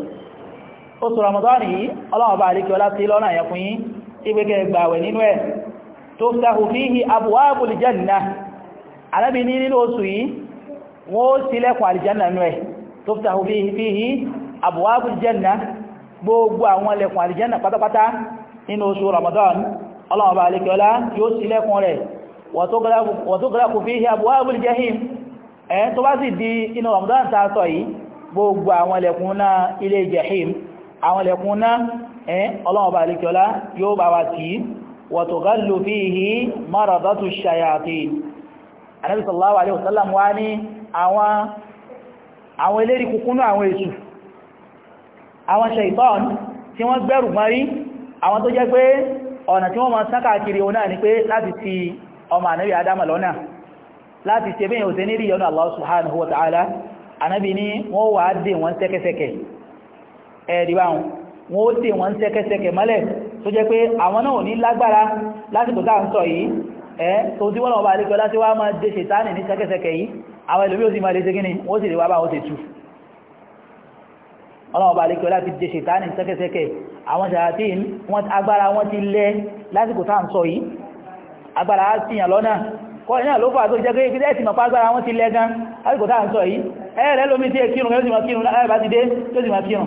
oso ramadan yi allah ba ali kola se lona ya fun yi ipe ke gba we ninu e tuftahu fihi abwabul jannah alábi ní nínú oṣù yìí wọ́n ṣílẹ̀kùn àlìjánà nú ẹ̀ tuftahu fihi abwabul jannah gbogbo àwọn lẹ̀kùn àlìjánà pátápátá nínú oṣù Ramadan ọlọ́ọ̀bá alẹ́kẹ́ọlá yóò ṣílẹ̀kùn rẹ̀ wa tughlaqu fihi abwabul jahim ẹ̀ tó bá sì di inú Ramadan ta sọ yìí gbogbo àwọn wàtọ̀gálò fi hì maradatu shayatin anábi sallallahu alaihi wasallam wá ní àwọn eléri kúkúnú àwọn èṣù àwọn shaitan tí wọ́n gbẹ̀rù mari àwọn tó jẹ́ pé ọ̀nà tí wọ́n ma sáká kiri o náà ni pé láti ti ọmọ anábi adama lọ́nà láti ṣe bí yóò ní ríyọ́nà Allah subhanahu wa ta'ala wọn ó dè wọn ṣẹ́kẹ́ṣẹkẹ̀ mọ́lẹ̀ tó jẹ́ pé àwọn náà ò ní lágbára lásìkò tá à ń sọ yìí ẹ́ tó tí wọ́n lọ́wọ́ bá alékọ́ láti wá máa dé ṣètánì ní ṣẹ́kẹ́ṣẹkẹ̀ yìí àwọn ẹlòmí ò sì máa lè ṣe gíní wọ́n sì lè wá bá wọ́n ṣe tú ọlọ́wọ́ bá alékọ́ láti dé ṣètánì ṣẹ́kẹ́ṣẹkẹ̀ àwọn ṣàtìn agbára wọn ti lẹ lásìkò tá à ń sọ yìí agbára á sì yàn lọ́nà kọ́ iná ló fà tó jẹ́ pé ìpínlẹ̀ ìtìmọ̀ pàgbára wọn ti lẹ lásìkò tá à ń sọ yìí ẹ̀rẹ́ lómi tí ẹ kírun ẹ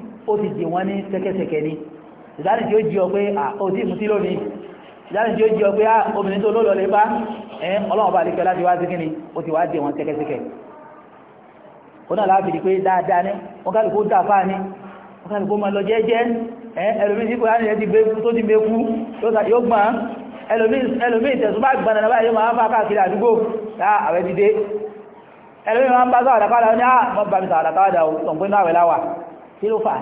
ó ti dì wọ́n ní sẹ́kẹ́sẹ̀kẹ́ ni ìdáni tí ó jí ọ pé àti ìmútí lónìí ìdáni tí ó jí ọ pé obìnrin tó ló lọlé bá ẹ̀ ọlọ́run bá lè fẹ́ láti wá sí kíni ó ti wá dì wọ́n sẹ́kẹ́sẹ̀kẹ́ ó náà láàbìrì pé dáadáa ní wọ́n kálukú dà fáà ní wọ́n kálukú máa lọ jẹ́jẹ́ ẹlòmí sí kòrán ẹ̀ tó ti gbékú yóò gbọ́n ẹlòmí ìtẹ̀sùn bá gbọ́n náà báyìí máa ń kí ló fà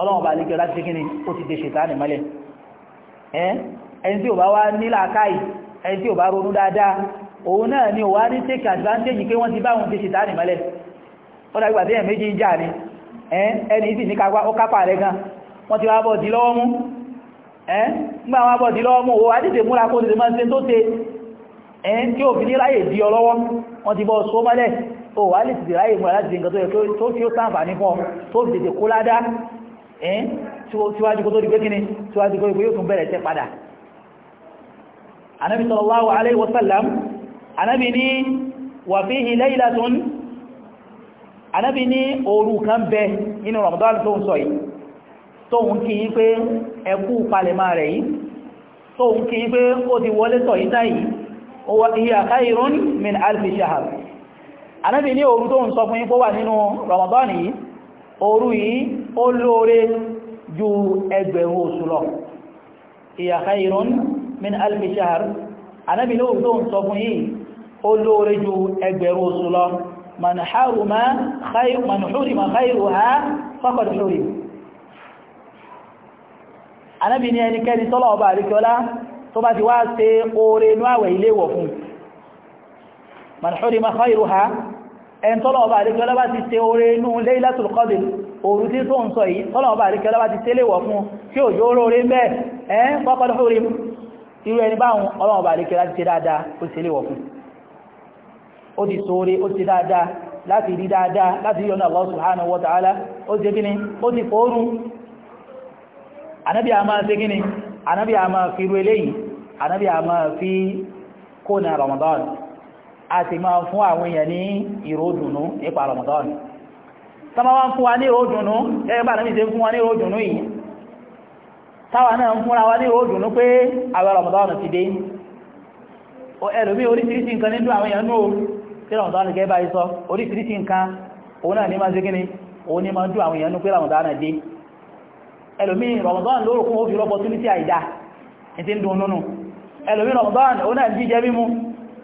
ọlọ́wọ́n bá lékẹ́ láti kíni ó ti dé ṣètánì mọ́lẹ̀ ẹni tí ò bá wá nílà káì ẹni tí ò bá ronú dáadáa òun náà ni ò wá ní take advantage pé wọ́n ti bá wọn dé ṣètánì mọ́lẹ̀ ó dàgbà tí ẹ̀ méjì ń jà ní ẹni sì ní kápá rẹ̀ gan wọ́n ti wá bọ̀ dí lọ́wọ́ mú nígbà wọn bọ̀ dí lọ́wọ́ mú òwò adìsẹ̀ múra kó lè máa ṣe tó ṣe o wà lè tètè ráyè mọ̀ láti nǹkan tó yẹ tó tí ó sàǹfààní fún ọ tó fi tètè kó ládá ẹ́n síwájú kó tó di pé kíni síwájú kó yóò tún bẹ̀rẹ̀ tẹ́ padà anabi sallallahu alayhi wa sallam anabi ní wà fi ilẹ̀ ilẹ̀ tún anabi ní òru kan bẹ inú ramadan tó ń sọ yìí tó ń kí pé ẹkú palẹ̀mọ́ rẹ̀ yìí tó ń kí pé ó ti wọlé sọ yìí táyìí ó wà min alfi shahar anábì ní òru tó ń sọ fún yín kó wà nínú Ramadan yìí òru yìí ó lóore ju ẹgbẹ̀rún oṣù lọ ìyà khairun min alfi shahr anábì ní òru tó ń sọ fún yìí ó lóore ju ẹgbẹ̀rún oṣù lọ man haruma khairuha faqad hurim anábì ní ẹnikẹ́ni tọ́lọ̀ ọba man hurima khayruha ẹn tọ́lọ̀ ọba àríkẹ́ ọlọ́bá ti ṣe oore inú Laylatul Qadr òru tí tó ń sọ yìí tọ́lọ̀ ọba àríkẹ́ ọlọ́bá ti tẹ́lẹ̀wọ̀ fún tí ò yóò róore mẹ́ ẹn faqad hurim irú ẹni báhùn ọlọ́run ọba àríkẹ́ láti ṣe dáadáa ó tẹ́lẹ̀wọ̀ fún ó ti sóore ó ti dáadáa láti rí dáadáa láti rí ọ̀nà Allah subhanahu wa ta'ala ó ti gíní ó ti fòórùn anábì àmà ṣe gíní anábì àmà fi ru eléyìí anábì àmà fi kóna Ramadan a ma fún àwọn èèyàn ní ìròdùnú nípa Ramadan tọ́mọ́ wá fún wa ní ìròdùnú ẹgbẹ́ àdámi ṣe fún wa ní ìròdùnú yìí táwa náà ń fúnra wa ní ìròdùnú pé àwọn Ramadan ti dé ẹlòmí oríṣiríṣi nǹkan nínú àwọn èèyàn náà tí Ramadan gẹ́gẹ́ báyìí sọ oríṣiríṣi nǹkan òun náà ní máa ṣe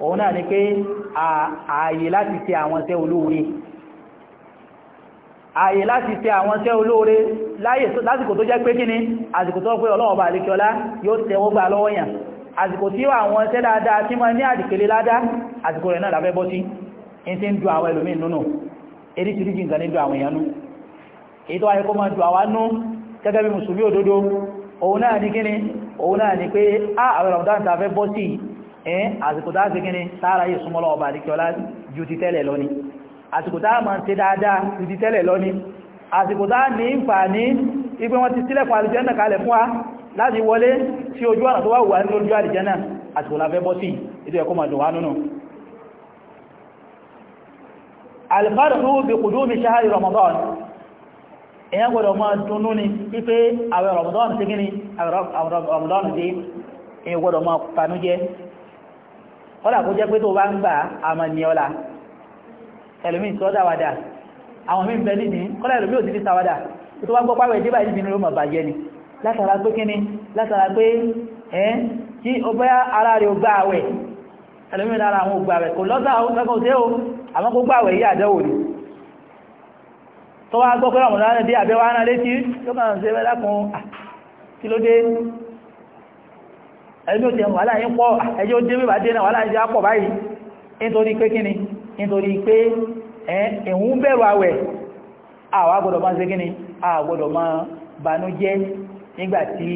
òun náà ni pé ààyè láti ṣe àwọn iṣẹ́ olóore ààyè láti ṣe àwọn iṣẹ́ olóore láyè lásìkò tó jẹ́ pé kíni àsìkò tó pé ọlọ́ọ̀bà àríkíọlá yóò tẹ́wọ́ gbà lọ́wọ́ yàn àsìkò tí àwọn iṣẹ́ dáadáa tí wọ́n ní àdìkèlé ládá àsìkò rẹ̀ náà lábẹ́ bọ́ sí in ti ń du àwọn ẹlòmí nínú eríṣiríṣi nǹkan ní du àwọn èèyàn nú èyí tó wáyé kó máa du àwa nú bọ́ sí ẹ́ eh, àsìkò tá ṣe kíní tára yìí súnmọ́lọ́ ọba àdíkẹ́ọlá ju ti tẹ́lẹ̀ lọ ni àsìkò tá ma ń ṣe dáadáa ju ti tẹ́lẹ̀ lọ ni àsìkò tá ní ń fà ní ipé wọ́n ti sílẹ̀kùn àlìjẹ́nà kalẹ̀ fún wa láti wọlé sí ojú ọ̀nà tó wà wà ní ojú àlìjẹ́nà àsìkò la fẹ́ ramadan ni wípé ramadan ti kọ́lá kó jẹ́ pé tó bá ń gbà àmọ́ ní ọlá ẹlòmí tó dáwàdà àwọn mí bẹ nìdí kọ́lá ẹlòmí ò ti fi sáwàdà tó bá gbọ́ pàwẹ̀ débà ìdí nínú ọmọ bàjẹ́ ni látara pé kíní látara pé ẹ́ kí ó bẹ́ ara rẹ̀ gbà àwẹ̀ ẹlòmí lára àwọn ògbà rẹ̀ kò lọ́sà àwọn kó gbàwẹ̀ yí àdẹ́wò ni ẹni ó ti ẹ̀mù wàhálà yín pọ̀ ẹjọ́ ó dé mẹ́bà dé náà wàhálà yín pọ̀ báyìí nítorí pé kíni nítorí pé ẹ̀hún bẹ̀rù àwẹ̀ àwa gbọ́dọ̀ máa ṣe kíni àwa gbọ́dọ̀ máa banújẹ́ nígbàtí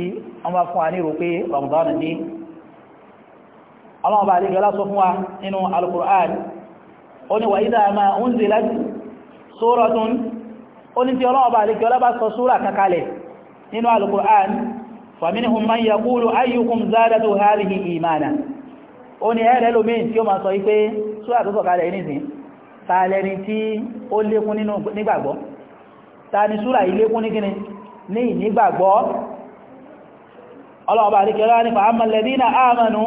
wọ́n bá fún wa ní ìrò pé Ramadan ní ọlọ́run bá àdígbà lásọ fún wa nínú Al-Qur'an فمنهم من يقول أيكم زادت هذه إيمانا ó ní ẹ̀rẹ́ lómi tí ó máa sọ wípé ṣúra tó sọ̀kalẹ̀ ìníṣìn ta lẹni tí ó lékún nínú nígbàgbọ́ ta ni ṣúra ilékún ní gíní ní ìnígbàgbọ́ ọlọ́ọ̀bà àríkẹ́lá nípa amọ̀lẹ́dínà àmànú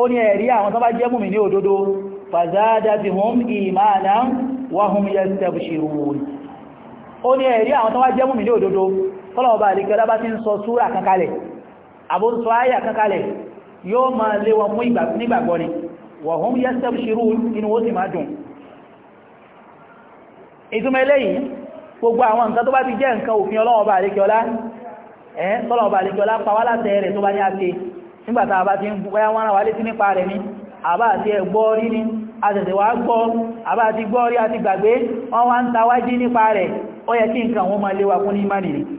ó ní ẹ̀rí àwọn tó bá jẹ́ mùmí ní òdodo fàzádàtìhùn ìmáàdá wahum yastabshirun ó ní ẹ̀rí àwọn tó bá jẹ́ mùmí ní òdodo tọ́lọ̀ ọba àríkẹ́lá bá ti ń sọ súrà kankalẹ̀ àbúnsọ ayà kankalẹ̀ yóò ma lé wọn mú nígbàgbọ́ ni wa hum yastabshirun inú ó sì máa dùn ìtumọ̀ bá òfin ọba wa gbọ́ àbá àti gbọ́ rí àti gbàgbé wọ́n wá ń tawájí nípa rẹ̀ yẹ kí nǹkan fún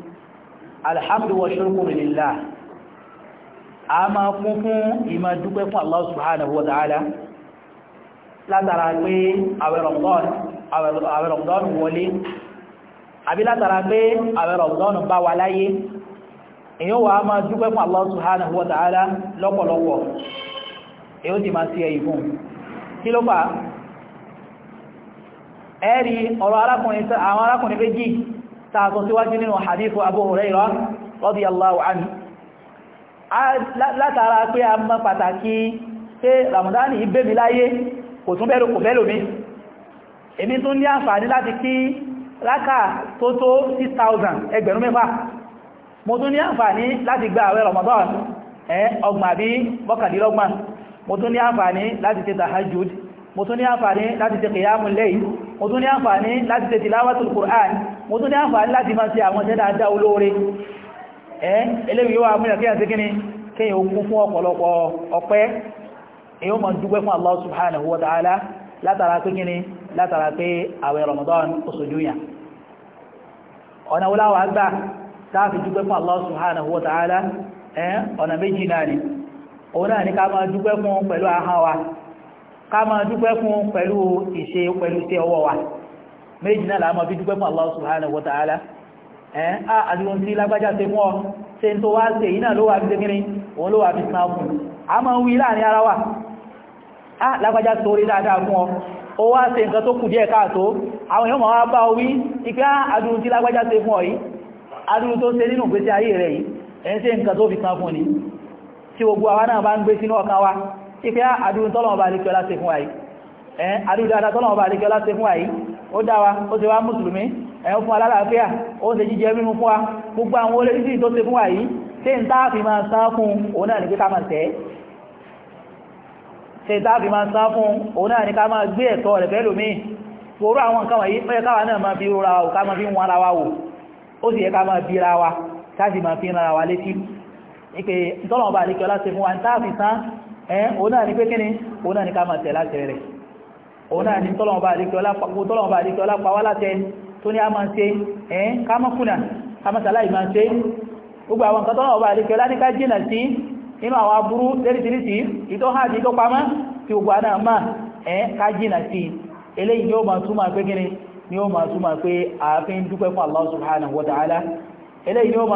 alhamdu wa shukru lillah a máa kún fún ìmọ̀ dúpẹ́ fún Allah subhanahu wa ta'ala látara pé àwẹ̀ Ramadan wọlé àbí látara pé àwẹ̀ Ramadan bá wa láyé èyí wà á máa dúpẹ́ fún Allah subhanahu wa ta'ala lọ́pọ̀lọpọ̀ èyí ó ti máa sí ẹ̀yí kí ló fà á ọ̀rọ̀ arákùnrin méjì tààsọ síwájú nínú hadithu Abu Hurairah radiyallahu anhu látara pé a mọ́ pàtàkì pé Ramadan yìí bẹ́ mi láyé kò tún bẹ́rù kò bẹ́lò mi èmi tún ní àǹfààní láti kí rákà tó tó 6,000 ẹgbẹ̀rún mẹ́fà mo tún ní àǹfààní láti gba àwẹ̀ Ramadan ẹ̀ ọgbọ̀n àbí mọ́kàndínlọ́gbọ̀n mo tún ní àǹfààní láti ṣe tahajjud mo tún ní àǹfààní láti ṣe qiyamul layl mo tún ní àǹfààní láti ṣe tilawatul Qur'an mo tún ní àǹfààní láti máa ṣe àwọn ṣẹ́ dáadáa olóore ẹ́ eléyìí yóò amúyàn kéyàn sí kíní kéyàn ó kún fún ọ̀pọ̀lọpọ̀ ọpẹ́ èyí ó máa dúpẹ́ fún Allah subhanahu wa ta'ala látara pé kíní látara pé àwẹ̀ Ramadan oṣojú yàn ọ̀nà wọláwà gbà táàfi ká máa dúpẹ́ fún pẹ̀lú ìṣe pẹ̀lú iṣẹ́ ọwọ́ wa méjì náà làá fi dúpẹ́ fún Allah subhanahu wa ta'ala ẹ̀ á àdúgbò tí lágbájá ṣe fún ọ ṣe tó wá ṣe yìí náà ló wà fi ṣe kíni òun ló wà fi san fún a máa ń wí láàrin ara wa á lágbájá sórí dáadáa fún ọ ó wá ṣe nǹkan tó kù díẹ̀ káàtó àwọn èèyàn ń gbé sínú ọkàn wa ìfẹ́ àdúrún tọ́lọ̀wọ̀ bá alékẹ́ ọlá ṣe fún wáyé ẹ́ àdúrún dáadáa tọ́lọ̀wọ̀ bá alékẹ́ ọlá fún wáyé ó dáwa ó ṣe wá mùsùlùmí ẹ̀ fún alálàáfíà ó ṣe jíjẹ mímú fún wa gbogbo àwọn olè títí tó ṣe fún wáyé ṣe ń táàfi máa sá fún òun náà ní pé ká máa tẹ́ ṣe ń táàfi máa sá fún òun náà ní ká máa gbé ẹ̀tọ́ rẹ̀ fẹ́ lómi gbòòrò àwọn nǹkan wọ̀nyí ó yẹ káwa náà máa fi rora wa ká máa fi ń wọn ara wa wò ó sì yẹ ká máa fi ra wa ká sì máa fi ń ra wa létí ní pé ìtọ́lọ̀ọ̀bà àlékẹ́ ọlá ṣe fún wa ń táàfi sán ẹ́ òun náà ní pé kíni òun náà ní ká máa tẹ̀ láti rẹ̀ òun náà ní tọ́lọ̀mọba àríkẹ́ ọlápá wá láti tó ní a máa ṣe ẹ́ ká mọ́ kùnà ká mọ́ sàláì máa ṣe gbogbo àwọn nǹkan tọ́lọ̀mọba àríkẹ́ ọlá ní ká jìnà sí inú àwọn aburú lẹ́rìtìrìtì ìtọ́ hàn àti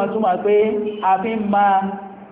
ìtọ́ tí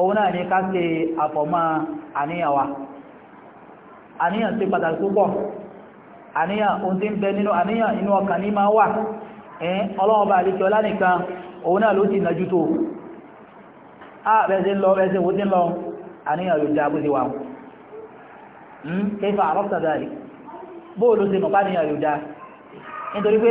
òun náà ni ká ṣe àfọ̀mọ́ àníyàn wa àníyàn ṣe pàtàkì púpọ̀ àníyàn ohun tí ń bẹ nínú àníyàn inú ọkàn ní máa wà ẹ̀yìn ọlọ́ọ̀bà àlejò ọlá nìkan òun náà ló ti nájú tó a bẹ́ẹ̀ṣe lọ bẹ́ẹ̀ṣe wo ti lọ àníyàn yóò dá bó ti wà kéfà àrọ́pùtàdàrí bóò ló ti mọ̀ bá níyàn yóò dá nítorí pé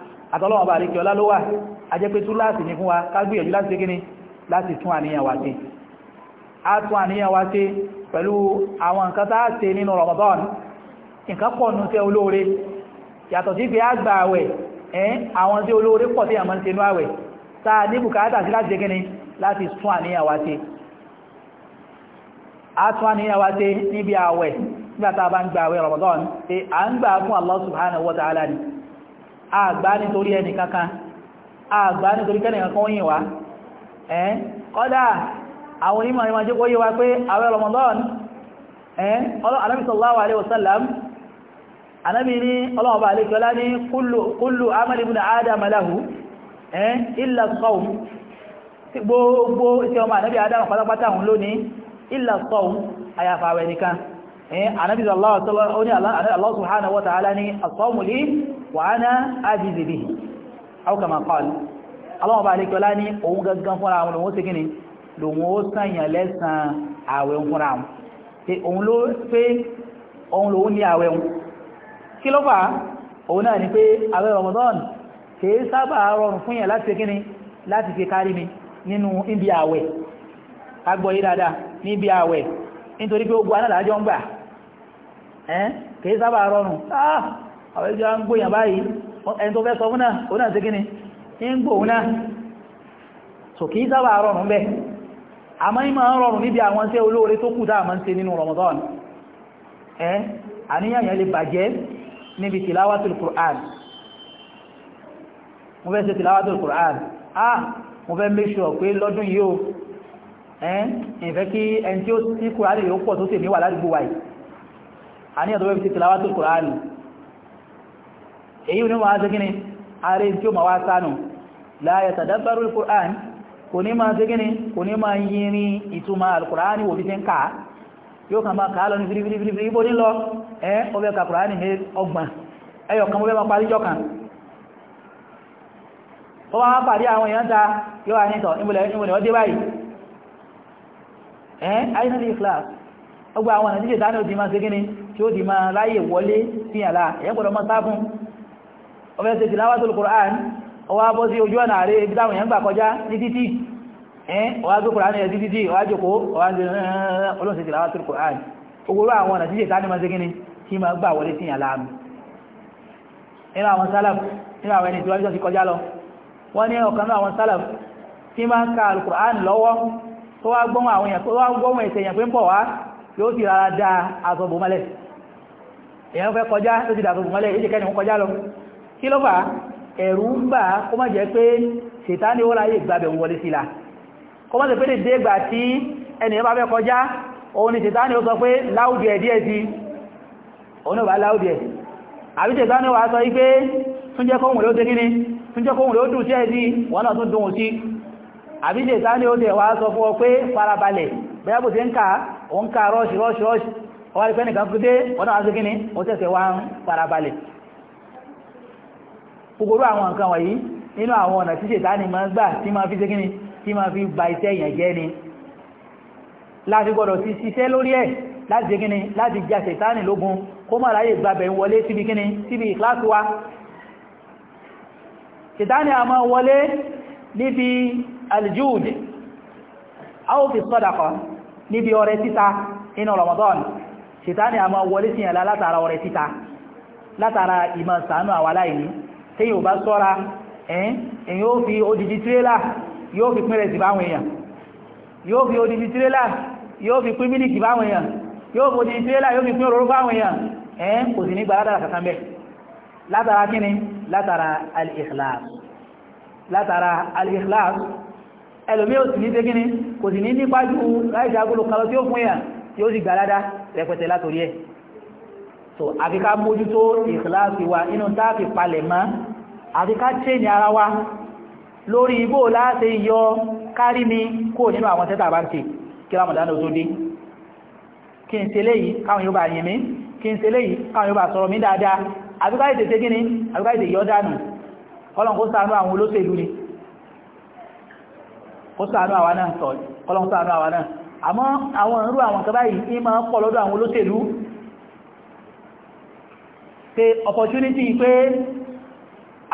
àtọ́lọ́wọ́ bá àríkẹ́ ọlá ló wà a jẹ́ pé tú láti ní fún wa ká gbìyànjú láti gíní láti tún àníyàn wa ṣe a tún àníyàn wa ṣe pẹ̀lú àwọn nǹkan tá ṣe nínú Ramadan nǹkan pọ̀ nù tẹ́ olóore yàtọ̀ sí pé a gba àwẹ̀ ẹ́n àwọn tí olóore pọ̀ tí àmọ́ ń ṣe àwẹ̀ tá ní àgbà nítorí ẹni kankan àgbà nítorí kẹ́nìkankan yìn wá ẹ́n kọ́dá àwọn onímọ̀ ìmọ̀ jẹ́ kó yíwa pé àwẹ́ Ramadan ẹ́n Ànábì sallallahu alaihi wasallam Ànábì ní ọlọ́ọ̀bà alẹ́kọ́lá ní kullu amali ibn adam lahu ẹ́n illa as-sawm gbogbo iṣẹ́ ọmọ Ànábì adam pátápátá òun lónìí illa as-sawm àyàfàwẹ̀ nìkan ẹ́n Ànábì sallallahu alaihi wasallam wàhánà ábìzì bí àwùkàmà kọ́ọ̀lù aláwọ̀ bá alékọ́lá ní òun gangan fúnra àwọn lòun ó ti kíni lòun ó sànyàn lẹ́sàn àwẹ̀ ń fúnra àwọn pé òun ló pé òun lòun ní àwẹ̀ ń kí ló fà òun náà ni pé àwẹ̀ Ramadan kìí sábà rọrùn fún yàn láti kíni láti fi kárí mi nínú ibi àwẹ̀ agbọ̀ yìí dáadáa níbi àwẹ̀ nítorí pé ogun anáàlájọ́ ń gbà ẹ́ kìí sábà rọrùn ah! àwọn ẹjọ́ ń gbóyàn báyìí ẹni tó fẹ́ sọ fúnnà òun náà sí kí ni ń gbò náà so kìí sábà rọrùn bẹ́ àmọ́ ìmọ̀ ń rọrùn níbi àwọn iṣẹ́ olóore tó kù dáa máa ń ṣe nínú Ramadan ẹ́ àníyàn yẹn lè bàjẹ́ níbi tìláwàtìl Qur'an mo fẹ́ Qur'an ah mo fẹ́ make sure pé lọ́dún yìí o ẹ́ Qur'an yóò pọ̀ tó sì níwà ládùúgbò wáyìí àníyàn tó fẹ́ Qur'an Eyi ni wọ́n á ṣe gíní ààrẹ tí ó ma wá sánù láyẹ̀ tàdábàrú al-Qur'an kò ní máa ṣe gíní kò ní ka, yí ka ma ka quran wò bí ti ń lọ ka Qur'an ní ọgbọ̀n ẹyọ kan mọ́bẹ̀ máa parí di máa ṣe gíní tí di máa láyè wọlé fíyànlá ẹ̀yẹ́ gbọ́dọ̀ ọfẹ́ ṣe tilawatul Qur'an ọwọ́ abọ́ sí ojú ọ̀nà àrẹ ibi táwọn èèyàn gbà kọjá ní títì ọwọ́ abọ́ Qur'an ẹ̀ sí títì ọwọ́ àjòkó ọwọ́ ọlọ́run ṣe tilawatul Qur'an ogoro àwọn ọ̀nà tíjẹ̀ tánimọ̀ sí kíní tí ma gbà wọlé sí àlàámi nínú àwọn sálàf nínú àwọn ẹni tí wọ́n ti kọjá lọ wọ́n ní ọ̀kan náà àwọn sálàf tí ma ń ka al-Qur'an lọ́wọ́ tó wá gbọ́mọ̀ àwọn èèyàn tó wá gbọ́mọ̀ ẹ̀sẹ̀ èèyàn kí ló fà ẹ̀rù ń bà kó má jẹ́ pé sètáni ó ráyè gbàbẹ̀ wọlé sí la kó má jẹ́ pé dédé gbà tí ẹnìyàn bá fẹ́ kọjá òun ni sètáni ó sọ pé láwùdí ẹ̀ díẹ̀ sí òun náà bá láwùdí ẹ̀ àbí sètáni wà sọ wípé tún jẹ́ kóhùn ló dé kíní tún jẹ́ kóhùn ló dùn sí ẹ̀ sí wọ́n náà tún dùn sí àbí ìpẹ́ nìkan kú dé wọ́n náà wá ó tẹ̀sẹ̀ wá ń farabalẹ̀ gbogbo àwọn nǹkan wọ̀nyí nínú àwọn ọ̀nà tí ṣètánì máa gbà tí máa fi ṣe kíni tí máa fi ba iṣẹ́ èèyàn jẹ́ ni láti gbọ́dọ̀ ti ṣiṣẹ́ lórí ẹ̀ láti ṣe kíni láti ja ṣètánì lógun kó má ráyè gbàbẹ̀ wọlé síbi kíni síbi ìkíláàsì wa ṣètánì a máa wọlé níbi aljud aw fi sadaqa níbi ọrẹ títa inú Ramadan ṣètánì a wọlé sí látara ọrẹ títa látara ìmọ̀ sànú àwa láìní téyìn ò bá sọ́ra ẹ̀yìn ó fi odidi tirẹ́là yóò fi pín rẹ̀sì báwọn èèyàn yóò fi odidi tirẹ́là yóò fi pín mílìkì báwọn èèyàn yóò fi odidi tirẹ́là yóò fi pín òróró báwọn èèyàn ẹ̀yìn kò sì ní gbàládàra kankan bẹ́ẹ̀ látara kíni látara al-ikhlas látara al-ikhlas ẹlòmí ò sì ní ṣe kíni kò sì ní nípájú láìsí agolo kan tí ó fún èèyàn tí ó sì gbàládà rẹpẹtẹ látòrí ẹ̀ so àfi ká mójútó ìkìláàsì wa inú táàfì palẹ̀ mọ́ àti ká tẹ́ ní ara wa lórí ibò láti yọ kárí mi kó nínú àwọn tẹ́ta bá ń tè kí lámọ̀dánà tó dé kí n ṣe léyìí káwọn yóò bá yìn mí kí n ṣe léyìí káwọn yóò bá sọ̀rọ̀ mí dáadáa àbíká ètè tẹ́ gíní àbíká ètè yọ dànù Ọlọ́run kó ṣàánú àwọn olóṣèlú ni kó ṣàánú àwa náà sọ Ọlọ́run ṣàánú àwa náà àmọ́ àwọn irú àwọn kan báyìí ní máa ń pọ̀ lọ́dọ̀ àwọn olóṣèlú pé opportunity pé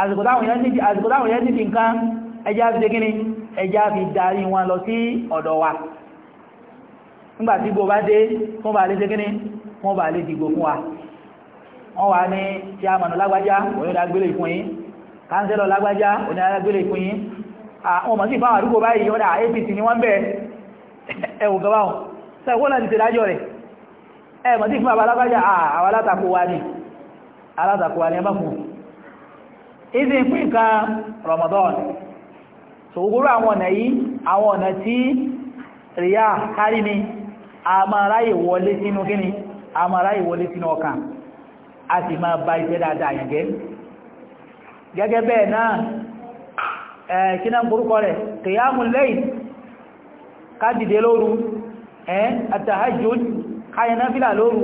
àsìkò táwọn yẹn níbi nǹkan ẹjá fi ṣe kíní ẹjá fi darí wọn lọ sí ọ̀dọ̀ wa nígbàtí gbò bá dé fún bá lè ṣe kíní fún bá lè dìgbò fún wa wọ́n wà ní tí a mọ̀nà lágbájá òyìn lágbélé ìfún ni wọ́n bẹ̀ẹ́ ẹwù gabáwọn sẹ́wọ́n láti ṣe dájọ́ rẹ̀ ẹ mọ̀ sí alátakò wa ni alátakò fún un ìsìn fún nǹkan Ramadan ṣògbóró àwọn ọ̀nà yìí àwọn ọ̀nà tí ríyà kárí ni a máa ráyè wọlé sínú a máa ráyè wọlé sínú a sì máa ba iṣẹ́ dáadáa yẹn gẹ́gẹ́ bẹ́ẹ̀ náà kí náà gbórúkọ rẹ̀ kìyàmù lẹ́yìn kájìdé lóru àtàhájú káyẹnáfílà lóru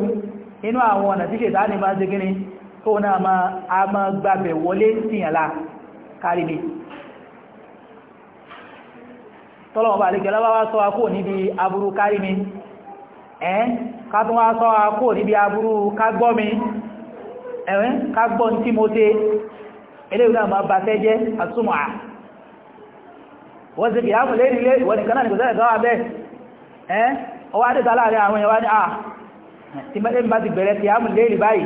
inú àwọn ọ̀nà tí ṣètà ní máa ń tó náà a ma gbàbẹ̀ wọlé síyànlá kárí ni tọ́lọ̀wọ̀n bá àlejò alábáwá sọ akó níbi aburú kárí mi ẹ́ ká tún wá sọ akó níbi aburú kágbọ́ mi ẹ̀wẹ́ kágbọ́ tí mo ma bá fẹ́ jẹ́ àtúmọ̀ à wọ́n ti kìí ápù lérí ilé ìwọ̀n nìkan náà nìkan sọ́wọ́ abẹ́ ẹ́ ọwọ́ adẹ́ta láàrin àwọn ẹ̀wà ní à tí mẹ́lẹ́ bá ti bẹ̀rẹ̀ kìí ápù lérí báyìí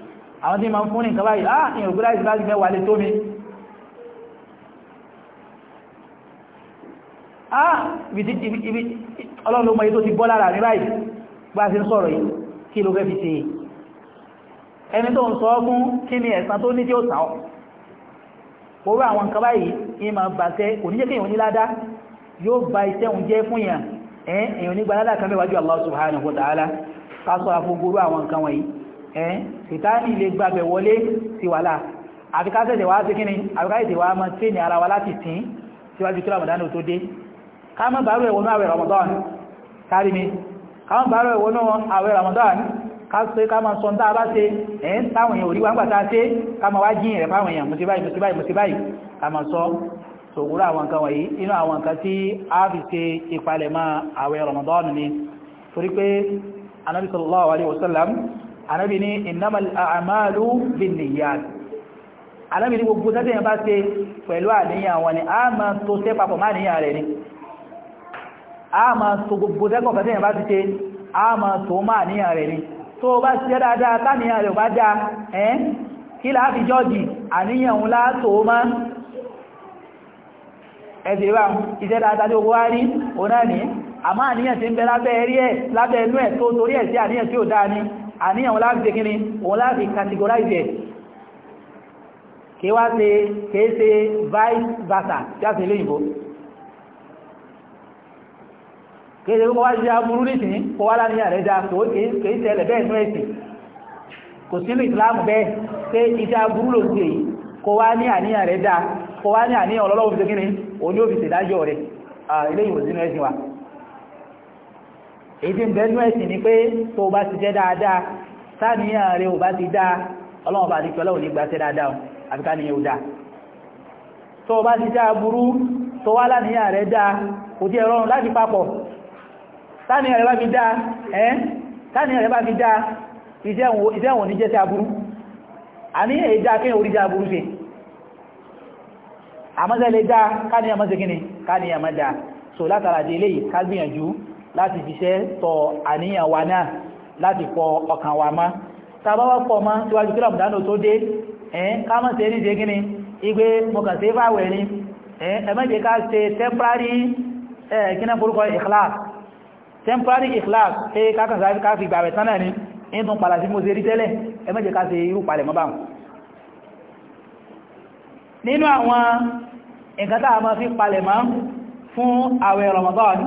àwọn tí ma ń fún ní nǹkan báyìí ah ní ògúnlá ìsìláàsì mẹ́wàá lè tó mi ah ibi ọlọ́run mọ́ yí tó ti bọ́ lára mi báyìí bá sí ń sọ̀rọ̀ yìí kí ló fẹ́ fi ṣe ẹni tó ń sọ ọgbún kí ni ẹ̀san tó ní tí ó sàn ọ́ orú àwọn nǹkan báyìí ní ma bàtẹ́ kò ní jẹ́ kí èèyàn ní ládá yóò ba iṣẹ́ òun jẹ́ fún èèyàn èèyàn nígbà ládá kan mẹ́wàá ju Allah subhanahu wa ta'ala ká sọ àfogorú àwọn nǹkan wọ̀nyìí ẹ́ sìtáàní lè gbàbẹ̀ wọlé sí wàhálà àfikáṣẹ̀ṣẹ̀ wá sí kíni àfikáṣẹ̀ṣẹ̀ wá mọ́ tí ní ara wa láti tìǹ síwájú kí Ramadan tó dé ká Ramadan kárí mi ká má bàárù ẹ̀wọ̀nú àwẹ̀ Ramadan ká ṣe ká máa sọ́n táa bá ṣe ẹ̀ ń táwọn èèyàn orí wá ń gbàtà ṣe ká máa wá jíyìn rẹ̀ fáwọn èèyàn mùsí báyìí mùsí báyìí mùsí báyìí ká máa sọ sòwúrò àwọn nǹkan wọ̀nyí inú àwọn nǹkan tí a Ramadan ni torí pé Ànábì sallallahu alaihi wasallam anábì ní innamal a'malu binniyat anábì ní gbogbo tẹ́tẹ̀ yẹn bá ṣe pẹ̀lú àníyàn wọn ni a máa tó tẹ́ papọ̀ má níyàn rẹ̀ ni a máa tó gbogbo tẹ́tẹ̀ yẹn bá ti ṣe a máa tó má níyàn rẹ̀ ni tó bá ṣe dáadáa táníyàn rẹ̀ bá dáa ẹ́ kí láàfi jọ́ọ̀jì àníyàn wọn látò má ẹ̀sẹ̀ bá iṣẹ́ ẹ̀ àníyàn wọ́n láti kíní wọ́n láti categorize ẹ̀ kéwàá ṣe kéése vice versa tí a sì lè yìnbó kéèsè kó wá ṣe aburú nìsìn kó wá láníyàn rẹ̀ dá tó kéèsè ẹlẹ̀ bẹ́ẹ̀ fún ẹ̀sìn kò sínú ìsìláàmù bẹ́ẹ̀ pé iṣẹ́ aburú ló ṣe yìí kó wá ní àníyàn rẹ̀ dá kó wá ní àníyàn ọlọ́lọ́wọ́ fi ṣe kíní òní òfìsè dájọ́ rẹ̀ eléyìí ò sínú ẹ̀sìn wa èyí tí ń bẹ́ẹ̀ nú ẹ̀sìn ni pé tó o bá ti jẹ́ dáadáa sáàníyàn rẹ ò bá ti dáa ọlọ́run bá àdìkẹ́ ọlọ́run ní gbàṣẹ́ dáadáa o àfi ká nìyẹn ò dáa tó o bá ti já burú tó wá láníyàn rẹ dáa kò tí ẹ rọrùn láti papọ̀ ní jẹ́ sí aburú lè dáa káníyàn mọ́ sí káníyàn mọ́ dáa so látara dé eléyìí ká gbìyànjú láti fiṣẹ́ tọ àníyàn wa náà láti fọ ọkàn wa mọ́ tàbá wá fọ mọ́ síwájú kí rọ̀mùdánù tó dé ẹ̀ẹ́n ká mọ̀ sí ẹni ṣe gíní igbe mọ̀kàn fàwẹ̀ ni ẹ̀mẹ́jẹ́ ká ṣe temporary kíná forúkọ ikhlas temporary ikhlas pé ká fi gbàwẹ̀ ni ń tún padà sí mo ṣe rí tẹ́lẹ̀ ẹ̀mẹ́jẹ́ ká ṣe irú palẹ̀ mọ́ báwọn nínú àwọn nǹkan fún àwẹ̀ Ramadan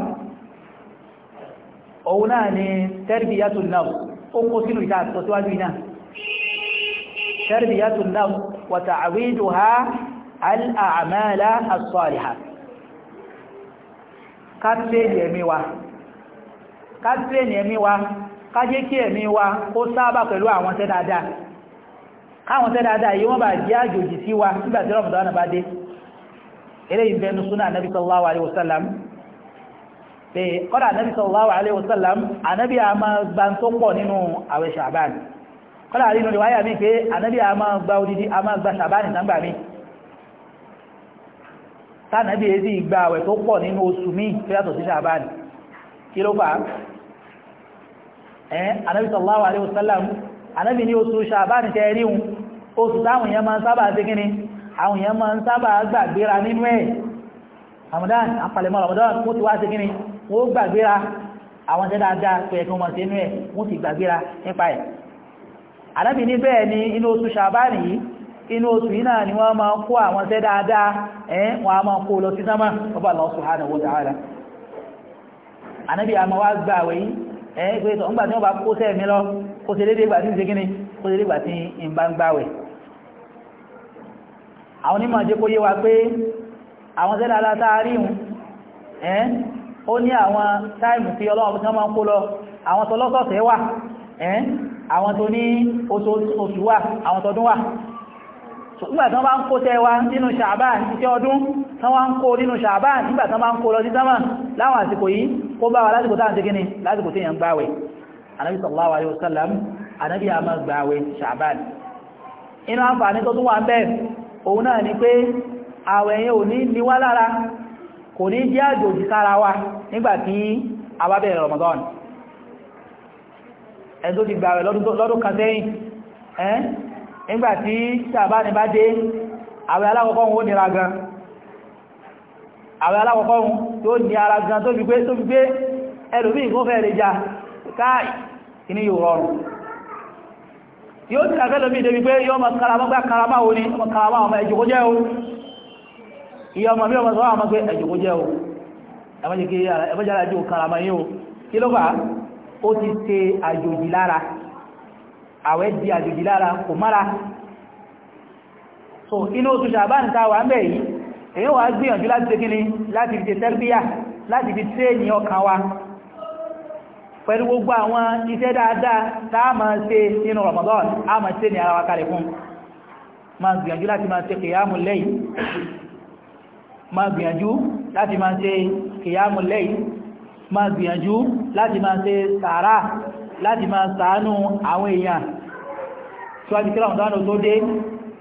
òun náà ni tarbiyatul nafs ó kó sínú ìta àtọ́ síwájú iná tarbiyatul nafs wa ta'awiduha al-a'mala as-salihah ká tẹ́lì ẹ̀mí wa ká tẹ́lì ẹ̀mí wa ká jẹ́ kí ẹ̀mí wa kó sábà pẹ̀lú àwọn tẹ́ dáadáa káwọn tẹ́ dáadáa yìí bá jẹ́ àjòjì sí wa nígbàtí rọ̀mùdánà bá dé eléyìí bẹnu súnà nabi sallallahu alaihi pé kọ́dà anábì sallallahu alaihi wasallam anábì a máa gba tó pọ̀ nínú àwẹ̀ ṣàbán kọ́dà nínú ìwáyà mi pé anábì a máa gba odidi a máa gba ṣàbán ìtàǹgbà mi tánàbí èdè ìgbà àwẹ̀ tó pọ̀ nínú oṣù mi tó yàtọ̀ sí ṣàbán kí ló fà ẹ́ anábì sallallahu alaihi wasallam anábì ní oṣù ṣàbán tẹ́ ríhun oṣù Ramadan apalẹ̀mọ́ Ramadan mo ti wá ṣe kíni wọn ó gbàgbéra àwọn tẹ́ dáadáa pé ẹ̀kọ́ wọn sínú ẹ̀ wọ́n sì gbàgbéra nípa ẹ̀ àdábì ní bẹ́ẹ̀ ni inú oṣù ṣàbáàrì yìí inú oṣù yìí náà ni wọ́n máa kó àwọn tẹ́ dáadáa ẹ̀ wọ́n á máa kó lọ sí sámà ọba Allah subhanahu wa ta'ala ànábì àmọ́ wá gbà wẹ̀ yìí ẹ̀ pé tọ̀ ńgbà tí wọ́n bá kó sẹ́ mi lọ kó ṣe déédéé gbà tí ń ṣe kíni kó ṣe déédéé ó ní àwọn táìmù tí ọlọ́run tí wọ́n máa ń kó lọ àwọn tọlọ́sọ̀ọ̀sẹ̀ wà ẹ́n àwọn tó ní oṣù wà àwọn tọdún wà nígbà tán bá ń kó tẹ́wa nínú ṣàbáà iṣẹ́ ọdún tán wá ń kó nínú ṣàbáà nígbà tán bá ń kó lọ sí sánmà láwọn àsìkò yìí kó bá wa lásìkò táà ń tegíní lásìkò tí yàn gbáwẹ̀ anábì sallallahu alaihi wasallam anábì a máa gbáwẹ̀ ṣàbáà inú àǹfààní tó tún wà ń bẹ́ẹ̀ òun náà ni pé àwẹ̀yìn ò ní ní wá lára kò ní jẹ́ àjòjì sára wa nígbàtí a bá bẹ̀rẹ̀ Ramadan ẹ̀n tó ti gbààwẹ̀ lọ́dún kan sẹ́yìn ẹ́n nígbàtí sàbá ní bá dé àwẹ̀ alákọ̀ọ́kọ́ wọn ó nira gan àwẹ̀ alákọ̀ọ́kọ́ wọn tó ní ara gan tó fi gbé ẹlòmí ìgbófẹ́ rẹ̀ já káì kí ni yóò rọrùn yóò ti àfẹ́lòmí ìdẹ́bí pé yóò mọ̀ karama gbá karama òní mọ̀ karama ọmọ ẹ̀jọ̀kọ́jẹ́ òní ìyá ọmọ mi ọmọ sọ àwọn ah, ọmọgbé ẹ̀jọ̀kó jẹ́ o ẹ̀mọ́jẹ́ kí ẹ̀mọ́jẹ́ alájú karama yín o kí ló fà á ó ti ṣe àjòjì lára àwẹ̀ di àjòjì lára kò mára so inú oṣù ṣàbáǹ ta wà ń bẹ̀ yìí èyí wà á gbìyànjú láti ṣe kíni láti fi ṣe tẹ́rbíyà láti fi ṣe ní ọkàn wa pẹ̀lú gbogbo àwọn iṣẹ́ dáadáa tá a máa ṣe nínú Ramadan a máa ṣe ní ara wa kalẹ̀ fún máa gbìyànjú láti máa ṣe kìyàmù lẹ́yìn máa gbìyànjú láti máa ṣe kìyàmù lẹ́yìn máa gbìyànjú láti máa ṣe sàárà láti máa ṣàánú àwọn èèyàn síwájú kí láwọn dánù tó dé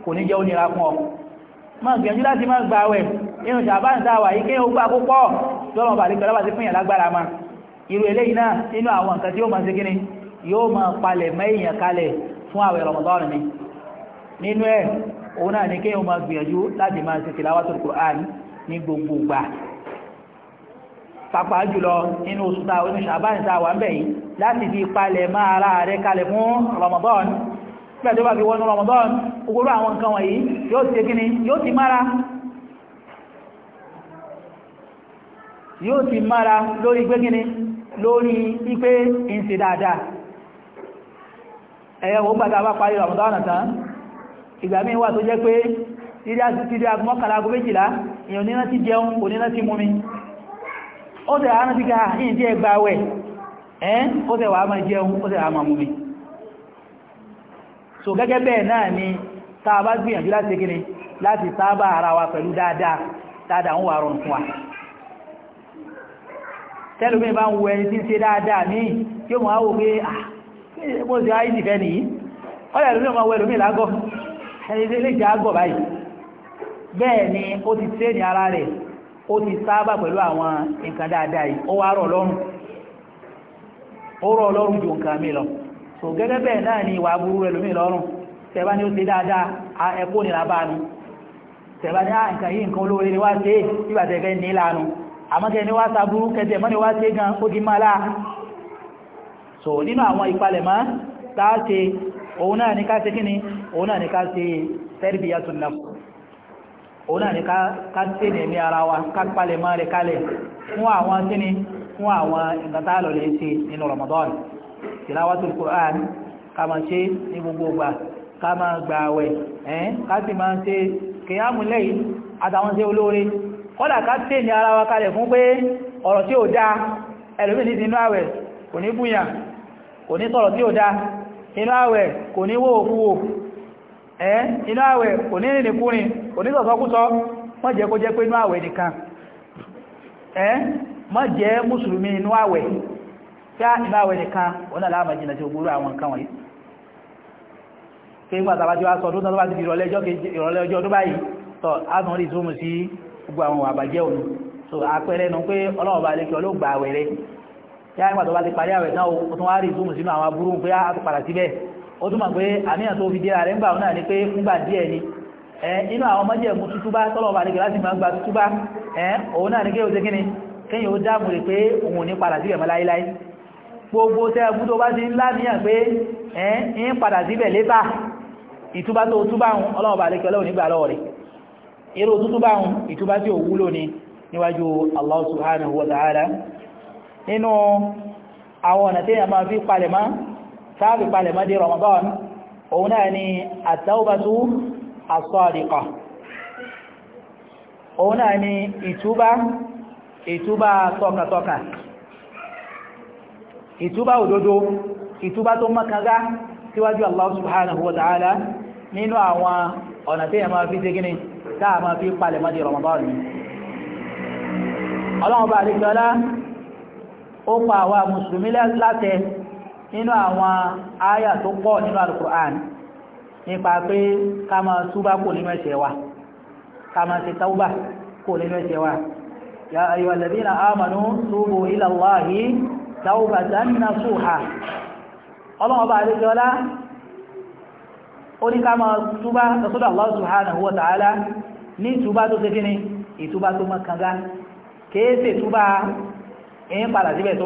kò ní jẹ́ onira fún ọ máa gbìyànjú láti máa gba àwẹ̀ inú ṣàbáǹ sáwà yìí kí ó ma irú eléyìí náà nínú àwọn nǹkan tí ó máa ṣe kíni yóò máa palẹ̀ mẹ́yìn Ramadan ni ni kí ó máa gbìyànjú láti máa ṣe tìlàwátò Kùránì ní gbogbo gbà pàpà jùlọ nínú oṣù tá oní ṣàbáyé tá wà ń bẹ̀ yìí láti fi palẹ̀ máa ra rẹ̀ kalẹ̀ fún Ramadan nígbà tó bá fi wọnú Ramadan ogoro àwọn nǹkan wọ̀nyí yóò ti kíni yóò ti mára yóò ti mára lórí pé kíni lórí ipé ìsìn dáadáa ẹ̀yẹ̀ wọ́n gbàtà bá parí Ramadan tán ìgbà míì wà tó jẹ́ pé títí agbọ́kànlá agbó méjìlá èyàn níná ti jẹun kò níná ti múmi ó tẹ̀ àánà ti gáà ní ìdí ẹgbà wẹ̀ ẹ́n ó tẹ̀ wà á máa jẹun ó tẹ̀ wà múmi so gẹ́gẹ́ bẹ́ẹ̀ náà ni tá a bá gbìyànjú láti kíni láti sábà ara wa pẹ̀lú dáadáa dáadáa ń wà rọrùn fún wa tẹ́lùmí bá ń wo ẹni tí ń ṣe dáadáa ní yóò mọ̀ áwò pé àà ah, mo ṣe bẹ́ẹ̀ ni ó ti tẹ́ ní ara rẹ̀ ó ti sáábà pẹ̀lú àwọn nǹkan dáadáa yìí ó wá rọ̀ lọ́rùn ó rọ̀ lọ́rùn ju nǹkan mi lọ so gẹ́gẹ́ bẹ́ẹ̀ náà ni ìwà aburú rẹ̀ lómi lọ́rùn tẹ̀bá ni ó ti dáadáa ẹ̀kọ́ nira bá nu tẹ̀bá ni ah, nǹkan yìí nǹkan olóore ni wá ṣe é nígbà tẹ̀fẹ́ ní ìlànà àmọ́ kẹ́ ni wá saburú kẹtẹ̀ mọ́ ni wá ṣe gan ó ti máa so nínú àwọn ìpalẹ̀mọ́ tá a ṣe òun náà ni ká ṣe kíni òun náà ni ká ṣe tẹ́rìbìyàtún náà òun náà ni ká tẹ́lẹ̀ ẹ̀mí ara wa ká palẹ̀ máa rẹ̀ kalẹ̀ fún àwọn kíni fún àwọn nǹkan tá a lọ lè ṣe nínú Ramadan tilawatul Qur'an ká máa ṣe ní gbogbo gbà ká máa gbà àwẹ̀ ẹ̀ ká sì máa ṣe kìyàmù lẹ́yìn àtàwọn ṣe olóore kọ́dà ká tẹ́lẹ̀ ara wa kalẹ̀ fún pé ọ̀rọ̀ tí ò dáa ẹlòmíì ní inú àwẹ̀ kò ní búyàn kò ní sọ̀rọ̀ tí ò dáa inú àwẹ̀ kò ní wó òkú wò ẹ́ inú àwẹ̀ kò ní rìnrìn kúrin kò ní sọ̀sọ́kúsọ́ má jẹ́ kó jẹ́ pé inú àwẹ̀ nìkan ẹ́ má jẹ́ mùsùlùmí inú àwẹ̀ tí a inú àwẹ̀ nìkan wọ́n láàmà jìnà tí ògbúrú àwọn nǹkan wọ̀nyí kí n gbàtàbá tí wá sọ ọdún so àpẹẹrẹ nu pé ọlọ́ọ̀bà lẹ́kẹ́ ọlọ́gbà àwẹ̀ rẹ̀ tí a ń gbàtàbá ti parí àwẹ̀ náà ó tún ó túnmọ̀ pé àníyàn tó fi di ààrẹ ńgbà náà ni pé ńgbà díẹ̀ ni inú àwọn ọmọdé ẹ̀mú tútúbá tọ́lọ̀ bá nìkẹ́ láti máa gba tútúbá òun náà ni kí o ṣe kíni kíyàn ó dáàmù rẹ̀ pé òun ní padà síbẹ̀ mọ́ gbogbo tẹ́ tó bá ti ńlá pé ń padà síbẹ̀ ìtúbá tó túbá lọ́wọ́ rẹ̀ irú ìtúbá tí ò wúlò ni níwájú Allah sáàbì palẹ̀ mọ́dé Ramadan òun náà ni àtàúbàtú àsọ́ọ̀dìkọ̀ òun náà ni ìtúbá ìtúbá tọkàtọkà ìtúbá òdodo ìtúbá tó mọ́kànlá síwájú Allah subhanahu wa ta'ala nínú àwọn ọ̀nà tí ẹ̀mọ́ fi ṣegíní táà máa fi palẹ̀ mọ́dé Ramadan ni ọlọ́run bá àríkọ́lá ó pa àwa mùsùlùmí látẹ̀ n'inu awon aya to bo inu al-quran ni kwafe kama su ba kolinwar cewa ya a yi walibi na amonu subo ila Allah hi da obadanina su ha alamobada jola o ni kama tu ba rasu da Allah su ha na wataala ni tu ba to sai fi ni e tu ba su makanga ka e se tu ba in fara ribe tu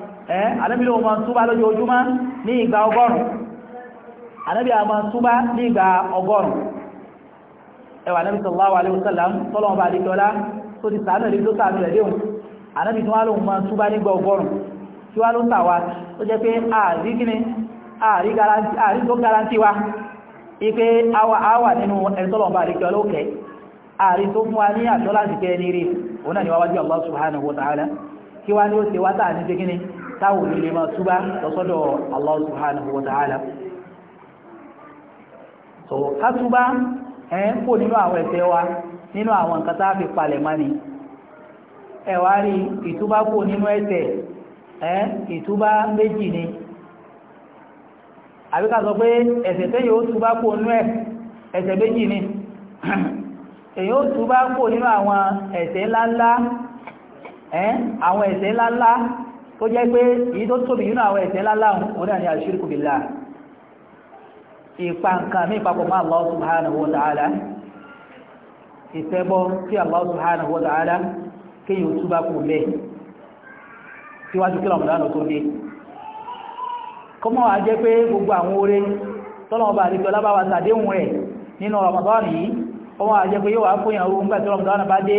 ẹ́ eh, anábìlẹ̀ ọmọ túbá lójoojúmọ́ ní ìgbà ọgọ́rùn anábì ọmọ túbá ní ìgbà ọgọ́rùn ẹwà anábì sallallahu alaihi wasallam tọ́lọ́wọ́n bá adékọ́lá tó ti sàánù ẹ̀lẹ́ tó sàánù ẹ̀lẹ́ òun anábì tí wọ́n lóun mọ́ túbá nígbà ọgọ́rùn tí wọ́n ló sàwà tó jẹ́ pé ààrí kíni ààrí tó garanti wa ipe awa awa nínú ẹni tọ́lọ́wọ́n bá adékọ́lá òkè ààrí tó fún wa kí wá ní ó ṣe ní ṣe kíni táwọn òní lè máa túbá lọ́sọ́dọ̀ Allah subhanahu so ká túbá ẹ̀ ń kó nínú àwọn ẹ̀ṣẹ̀ wa nínú àwọn nǹkan tá a fi palẹ̀ mọ́ ni ẹ wá rí ìtúbá kó nínú ẹ̀ṣẹ̀ ẹ̀ ìtúbá méjì ni àbí ká sọ pé ẹ̀ṣẹ̀ tẹ́yìn ó túbá kó nínú ẹ̀ ẹ̀ṣẹ̀ méjì ni èyí ó túbá kó nínú àwọn ẹ̀ṣẹ̀ ńláńlá ẹ̀ àwọn ẹ̀ṣẹ̀ ńláńlá tó jẹ́ pé èyí tó tóbi yìí náà àwọn ẹ̀ṣẹ̀ láláhùn òun náà ni àṣírìkù billah ìpa nǹkan mí papọ̀ mọ́ Allah subhanahu wa ta'ala ìṣẹbọ tí Allah subhanahu wa ta'ala kéyìn ó túbá kù lẹ̀ síwájú kí lọ́mọdánù tó dé kọ́mọ́ wa jẹ́ pé àwọn oore tọ́lọ́mọba yìí kọ́mọ́ wa jẹ́ pé tí Ramadan bá dé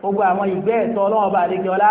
gbogbo àwọn ìgbẹ́ ẹ̀tọ́ ọlọ́mọba àti ìjọba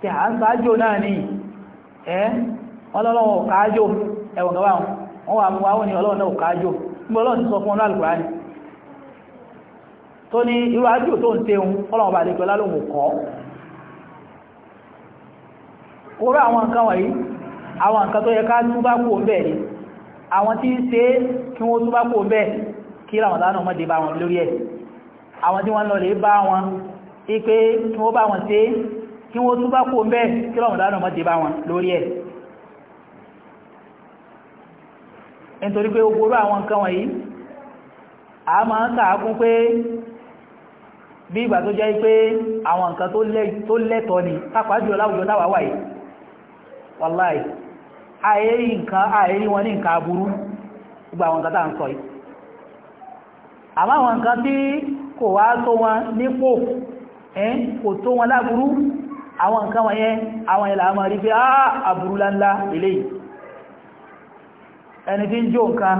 tí a ń sáájò náà ní ẹ́ wọ́n lọ́lọ́wọ́ káájò ẹwọ̀n gaba wọn wà mú wáwọ́ ní ọlọ́run náà káájò nígbà ọlọ́run ti sọ fún Al-Kùránì tó ní irú ájò tó ń teun ọlọ́run bá lẹ́gbẹ̀ẹ́ lálóhùn kọ́ orú àwọn nǹkan wọ̀nyí àwọn nǹkan tó yẹ ká túbá kò ń bẹ̀ ni àwọn tí ń ṣe kí wọ́n túbá kò ń bẹ̀ kí làwọn dáná mọ́ dé bá wọn lórí ẹ̀ àwọn tí wọ́n lọ lè bá wọn ipé kí wọ́n bá wọn ṣe kí wọ́n tún bá kó mẹ́ kí rọmọdánù dánà ti bá wọn lórí ẹ̀ nítorí pé ogoro àwọn nǹkan wọ̀nyí a máa ń kàákún pé bí ìgbà tó jẹ́ pé àwọn nǹkan tó lẹ́tọ̀ọ́ ni pápá láwùjọ táwà wà àìrí nǹkan àìrí wọn ní nǹkan aburú gbogbo àwọn nǹkan tá ń sọ yìí àwọn nǹkan tí kò wá tó àwọn nǹkan wọ̀nyẹn àwọn ilẹ̀ àmà rí pé áà ah, àbúrúlá ńlá ilé ẹni tí ń jó nǹkan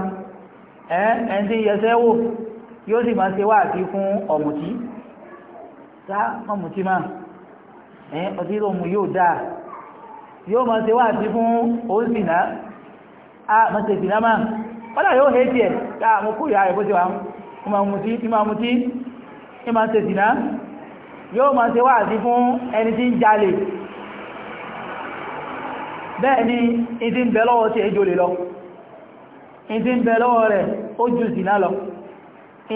ẹni tí ń yẹsẹ́ wò yóò sì máa ṣe wáàtí fún ọ̀mùtí tá ọ̀mùtí máa ọtí tó mú yóò dáa yóò máa ṣe wáàtí fún òsìnà a máa kọ́lá yóò hẹ́ tiẹ̀ tá mo kúrò ààrẹ yóò máa ṣe wáàsí fún ẹni tí ń jalè bẹ́ẹ̀ ni ìdí ń bẹ lọ́wọ́ sí ẹjọ́ lè lọ ìdí ń bẹ lọ́wọ́ rẹ̀ ó ju zìnà lọ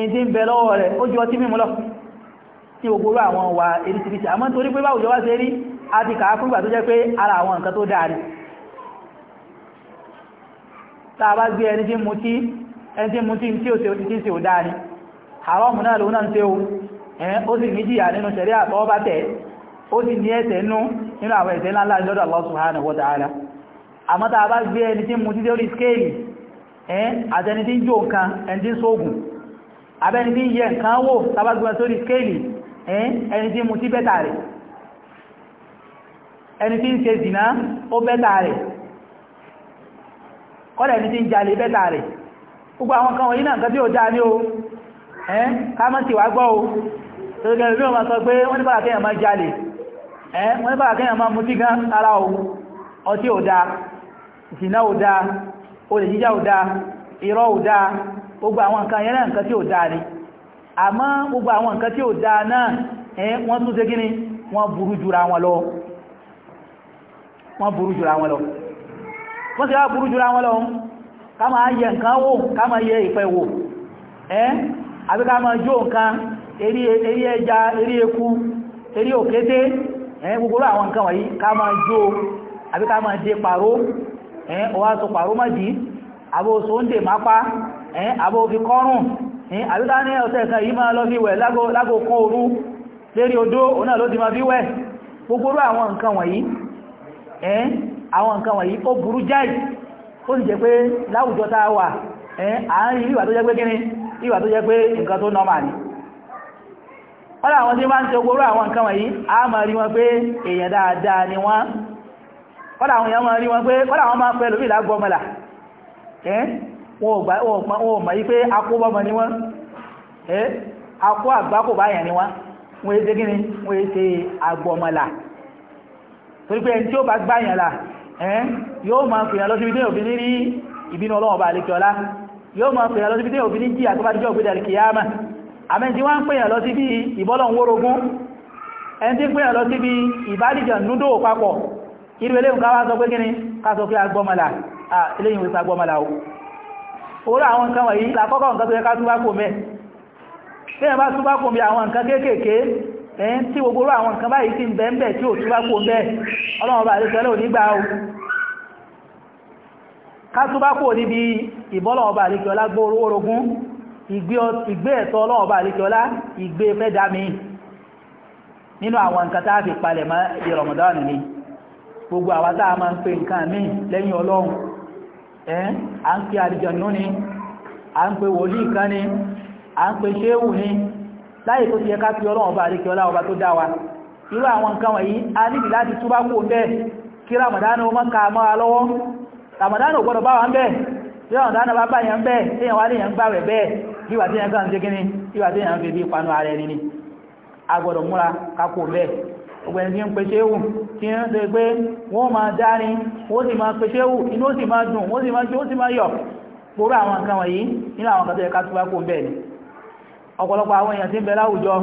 ìdí ń bẹ lọ́wọ́ rẹ̀ ó ju ọtí mímu lọ tí gbogbo àwọn wà eríṣiríṣi àmọ́ torí pé báwùjọ wá ṣe ó sì ní jìyà nínú ṣẹ̀rí àtọ́ bá tẹ̀ ó sì ní ẹ̀ṣẹ̀ nú nínú àwọn ẹ̀ṣẹ̀ ńláńlá lọ́dọ̀ Allah subhanahu wa a bá gbé ẹni tí mú títí orí skéèlì àtẹni tí ń jò nǹkan ẹni tí ń sóògùn abẹ́ni tí ń yẹ nǹkan wò tàbá gbé rẹ̀ gbogbo àwọn kan wọ̀nyí náà dáa ní o ẹ́ ká mọ́ sí wá gbọ́ o tẹ́lẹ̀ ìlú ọmọ sọ pé wọ́n ní bára kẹ́yàn máa jalè ẹ́ wọ́n ní bára kẹ́yàn máa mutí gan ara ohun ọtí ò dáa ìsìná ò dáa olè jíjà ò dáa irọ́ ò dáa gbogbo àwọn nǹkan yẹn náà nǹkan tí ò dáa ni àmọ́ gbogbo àwọn nǹkan tí ò dáa náà ẹ́ wọ́n tún ṣe kí ni wọ́n burú jura wọn lọ wọ́n burú jura wọn lọ wọ́n sì wá burú jura wọn lọ ká máa yẹ nǹkan wò ká máa yẹ ìpẹ́ wò ẹ́ àbí ká máa jó nǹkan Eri ẹja eri eku eri òkété ẹ̀yìn gbogbo àwọn nǹkan wọ̀nyí ká máa jó àbí ká máa dé pàró ẹ̀yìn ọwá sọ pàró mọ́ jì àbó mápá ẹ̀yìn àbó fi kọ́rùn ẹ̀yìn àbí ká ní ọ̀sẹ̀ kan yìí máa lọ fi wẹ̀ lágò kan òru lérí odó òun náà ló ti máa fi wẹ̀ gbogbo àwọn nǹkan wọ̀nyí ẹ̀yìn àwọn nǹkan ó burú jáì ó sì jẹ́ pé láwùjọ tá a wà kọ́lá àwọn tí bá ń ṣe ogoro àwọn nǹkan wọ̀nyí a máa rí wọn pé èèyàn dáadáa ni wọ́n kọ́lá àwọn èèyàn máa rí wọn pé kọ́lá àwọn máa pẹ́ lórí ìlágbọ́mọlà wọn ò mọ̀ yí pé akóbọ́mọ ni wọ́n akó àgbákò báyàn ni wọ́n wọ́n èé ṣe gíní wọ́n èé ṣe agbọ́mọlà torí pé ẹni tí ó bá gbáyàn là yóò máa pèèyàn lọ síbi tí òfin rí ìbínú ọlọ́wọ̀n bá àmẹ́ tí wọ́n ń pèyàn lọ sí bí ìbọ́lọ̀ wórógún ẹni tí ń pèyàn lọ sí bí ìbádìjàn núdò papọ̀ irú eléyìn ká wá sọ pé kíni ká sọ pé agbọ́mọlà eléyìn wípa agbọ́mọlà o orú àwọn nǹkan wọ̀nyí lákọ́kọ́ nǹkan tó yẹ ká túbákò mẹ́ fẹ́yàn bá túbákò mẹ́ àwọn nǹkan kéékèèké ẹ̀yìn tí gbogbo orú àwọn nǹkan ìbọ́lọ̀ ọba àdéṣẹ́ ọlá gbó igbe ẹ̀tọ́ ọlọ́run bá àlékè igbe ìgbé fẹ́ mi nínú àwọn nǹkan tá a fi palẹ̀ mọ́ ni gbogbo àwa a máa ń pe nǹkan míì lẹ́yìn ọlọ́run ẹ̀ à ń ni à ń pe wòlíì kan ni à ń pe ṣéwù ni láyé tó ti yẹ ká fi ọlọ́run bá ọba tó dá wa a lati tí ọ̀nà dáná bá bá yẹn bẹ́ẹ̀ tí yẹn wá lè yẹn gbà rẹ̀ bẹ́ẹ̀ ìwà tí yẹn gbà ń jẹ́ kíní ìwà tí yẹn fi bí panu ara ẹni ni agbọ̀dọ̀ múra kakò bẹ́ẹ̀ ọgbẹ̀ni tí ń pe ṣéwù tí ń ṣe pé wọ́n máa dárin wọ́n sì máa pe ṣéwù inú ó sì máa dùn wọ́n sì máa ṣe ó sì máa yọ̀ gbòrò àwọn nǹkan wọ̀nyí nínú àwọn kan tó yẹ ká túbá kò bẹ́ẹ̀ ni ọ̀pọ̀lọpọ̀ àwọn èèyàn tí ń bẹ láwùjọ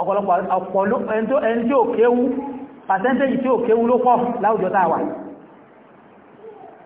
ọ̀pọ̀lọpọ̀ ẹni tí ò kéwu pàṣẹ́ntéjì tí ò kéwu ló pọ̀ láwùjọ a wà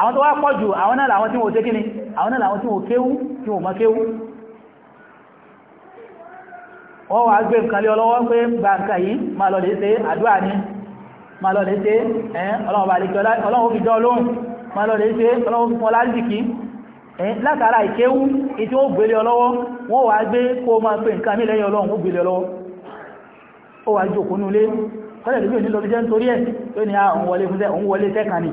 àwọn tó wá pọ̀ jù àwọn náà làwọn tí wọ́n tẹ́ kíni àwọn náà làwọn tí wọ́n kéwú tí wọ́n mọ́ kéwú wọ́n wá gbé nǹkan lé ọlọ́wọ́ pé gba nǹkan yìí máa lọ lè ṣe àdúrà ní máa lọ lè ṣe ọlọ́wọ́ fi dán lóhùn lè ṣe ọlọ́wọ́ fi fún ọlọ́wọ́ máa pé nǹkan mílẹ̀ ọlọ́wọ́ ah, ni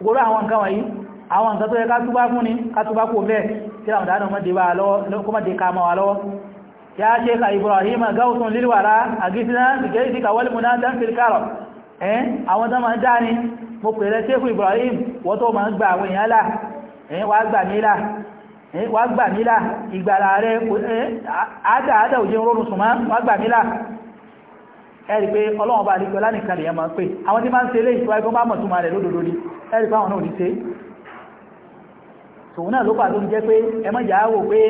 gbogbo àwọn nǹkan wọ̀nyí àwọn nǹkan tó yẹ ká fún ni ká túbá kò bẹ́ẹ̀ tí àwọn dáadọ́ mọ́dé ká mọ́ wa lọ́wọ́ ya ṣe ka Ibrahim gautun lilwara a gisina ìgẹ́ ìdíkà wọ́lì múná dán filkarọ̀ ẹ́n àwọn tó ma ń dáni mo pèrè ṣékù Ibrahim wọ́n tó ma ń gba àwọn èèyàn là ẹ́n wá gbà mílà ìgbàlà rẹ̀ àádà àádà òjò rọrùn sùnmọ́ wá gbà mílà ẹ̀rì pé ọlọ́run bá rí pé lánìkan lèyàn máa ń pè àwọn tí máa ń ṣe lé ìtura ẹgbọ́n bá mọ̀ tó rẹ̀ lódòdó ni ẹ̀rì pé àwọn náà ò ní ṣe tòun náà ló pàá tó ń jẹ́ pé ẹmọ́ ìyá wò pé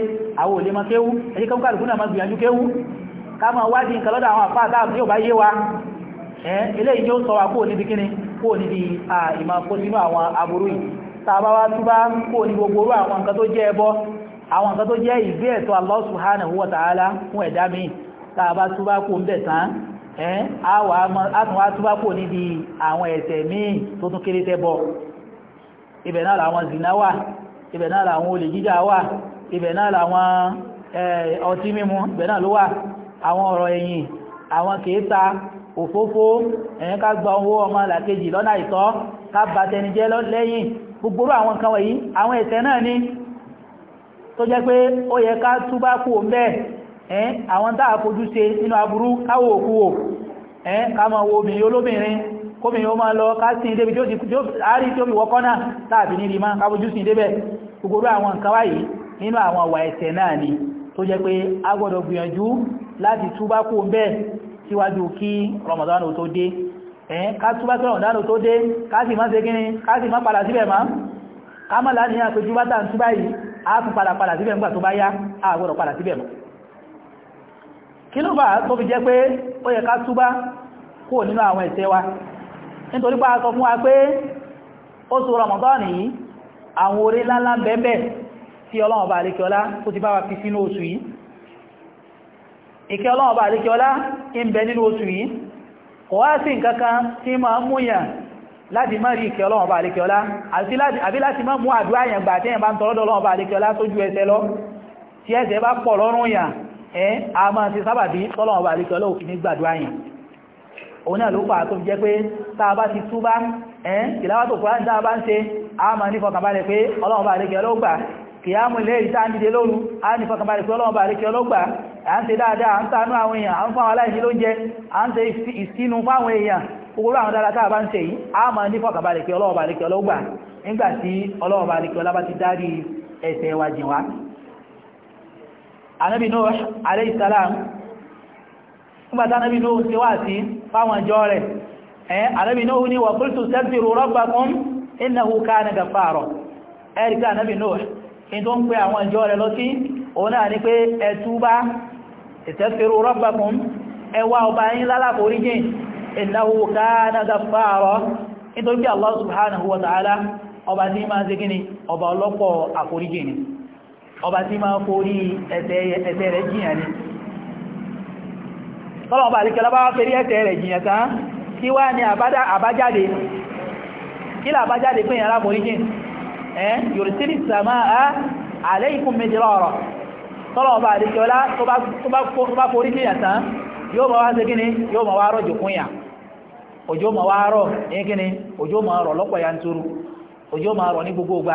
àwọn olè mọ́ kéwú ẹ̀yí kan kàrùkú náà máa gbìyànjú kéwú ká máa wádìí nǹkan ni ó sọ a bá wá túbá kó ní gbogbo orú àwọn nǹkan tó jẹ́ ẹbọ àwọn nǹkan tó jẹ́ ìgbé ẹ̀tọ́ Allah wa ta'ala fún ẹ̀dá mi tá túbá kó ń bẹ̀ tán ẹ́n àwà àtúnwà túbá kò níbi àwọn ẹ̀ṣẹ̀ míì tó tún kéré tẹ́bọ̀ ibẹ̀ náà làwọn zina wà ibẹ̀ náà làwọn olè jíjà wà ibẹ̀ náà làwọn ọtí mímu ibẹ̀ náà ló wà àwọn ọ̀rọ̀ ẹ̀yìn àwọn kèéta òfófó ẹ̀yìn ká gba owó ọmọ làkejì lọ́nà àìtọ́ ká bà tẹnijẹ́ lẹ́yìn gbogbo àwọn nǹkan wọ̀nyí àwọn ẹ̀ṣẹ̀ náà ni tó jẹ́ pé ó yẹ ká túbá kò ẹ́n àwọn tàà fojú se nínú aburú káwò òkú o ká ma wo obìnrin olóbìnrin kóbìnrin ó ma lọ kásìn débi tí ó àárí tí ó fi wọ́kọ́ náà tààbí ní rí si kábojú sí awọn gbogbo àwọn nǹkan wáyìí nínú àwọn àwà ẹ̀ṣẹ̀ náà ni tó jẹ́ pé a gbọ́dọ̀ gbìyànjú láti túbá kó bẹ́ẹ̀ síwájú kí tó dé kí ló bá tó fi jẹ́ pé ó yẹ ká túbá kúrò nínú àwọn ẹ̀ṣẹ̀ wa nítorí pé a sọ fún wa pé oṣù Ramadan yìí àwọn orí ńláńlá bẹ́ẹ̀bẹ̀ tí ọlọ́run bá alékiọlá tó ti bá wa fi sínú oṣù yìí ìkẹ́ ọlọ́run bá alékiọlá ń bẹ nínú oṣù yìí kò wá sí nǹkankan tí láti má rí ìkẹ́ ọlọ́run bá alékiọlá àbí láti má mú àdúrà yẹn gbà tí yẹn bá ń tọrọ́dọ̀ ọlọ́run bá alékiọlá tó ju ẹ̀ṣẹ̀ lọ tí ẹ̀ṣẹ̀ bá pọ̀ lọ́rùn yàn ẹ́ a máa ti sábàbí tọ́lọ̀wọ̀n bá àríkẹ́ ọlọ́wọ́ fi ní gbàdúrà yìí òun náà ló fà tó jẹ́ pé tàà bá ti túbá ẹ́ ìlàwàtò fúra dáa bá ń ṣe a máa ní fọkànbalẹ̀ pé ọlọ́wọ̀n bá àríkẹ́ ọlọ́gbà kì á mú ilé ìta ń dìde lóru a ní fọkànbalẹ̀ pé ọlọ́wọ̀n bá àríkẹ́ ọlọ́gbà à ń ṣe dáadáa à ń ṣàánú àwọn èèyàn à ń fún àwọn aláìní lóúnjẹ à ń ṣe ìsínú fáwọn èèyàn gbogbo àwọn dára tàà bá ń ṣe yìí a máa ní fọkànbalẹ̀ pé ọlọ́wọ̀n bá àríkẹ́ ọlọ́gbà nígbàtí ọlọ́wọ̀n bá àríkẹ́ ọlá bá ti dárí ẹ̀ṣẹ̀ wa jìn wá anábì Nuh alayhi salam nígbàtá anábì Nuh ti wá sí fáwọn ìjọ rẹ̀ Nuh ní wa qultu istaghfiru rabbakum innahu kana ghaffara ẹ́ríkà anábì Nuh in lọ ni ọba tí máa forí ẹ̀ṣẹ̀ rẹ̀ jìyàn ni tọ́lọ̀ ọba àríkẹ́lá bá fẹ́rí ẹ̀ṣẹ̀ rẹ̀ jìyàn tán kí wá ní àbájáde kí là àbájáde pé yàrá ẹ́ yorùsílì sàmà àlẹ́ìkún méjìlá ọ̀rọ̀ ọba tó bá yóò wá yanturu gbogbo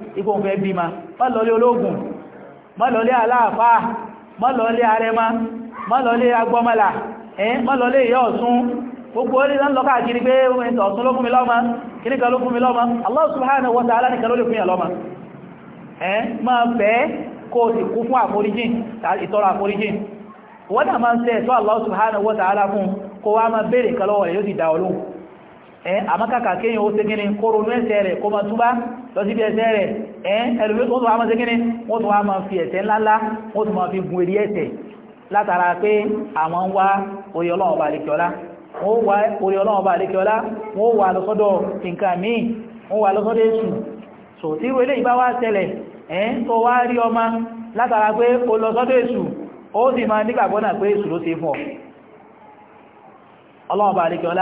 ipò fẹ́ bí ma má lọlé ológun má lọlé aláàfáà má lọlé arẹmá má lọlé agbọ́mọ́là ẹ́ má lọlé ìyá ọ̀sún gbogbo orí lọ káàkiri pé ọ̀sún ló fún mi lọ́mọ kíníkà ló fún mi lọ́mọ Allah subhanahu wa ta'ala nìkan ló lè fún yà lọ́mọ ẹ́ máa fẹ́ kó o sì kú fún àforíjìn ìtọrọ àforíjìn wọ́n náà máa ń tẹ́ ẹ̀tọ́ Allah subhanahu wa ta'ala fún kó wá máa béèrè kan lọ́wọ́ rẹ̀ yóò ẹ́ eh, àmákàkà kéyàn ó ṣe gíní rẹ̀ kó ma túbá lọ sí ẹ̀ṣẹ̀ rẹ̀ ẹ́ ẹ̀rùmí ma gíní wọ́n wá ma fi ẹ̀ṣẹ̀ ńláńlá wọ́n ma fi gun èrí ẹ̀ṣẹ̀ látara pé àwọn wá wá orí ọba àlekíọlá wọ́n wà lọ́sọ́dọ̀ so tí irú eléyìí bá wá ṣẹlẹ̀ eh, o lọ́sọ́dọ̀ èṣù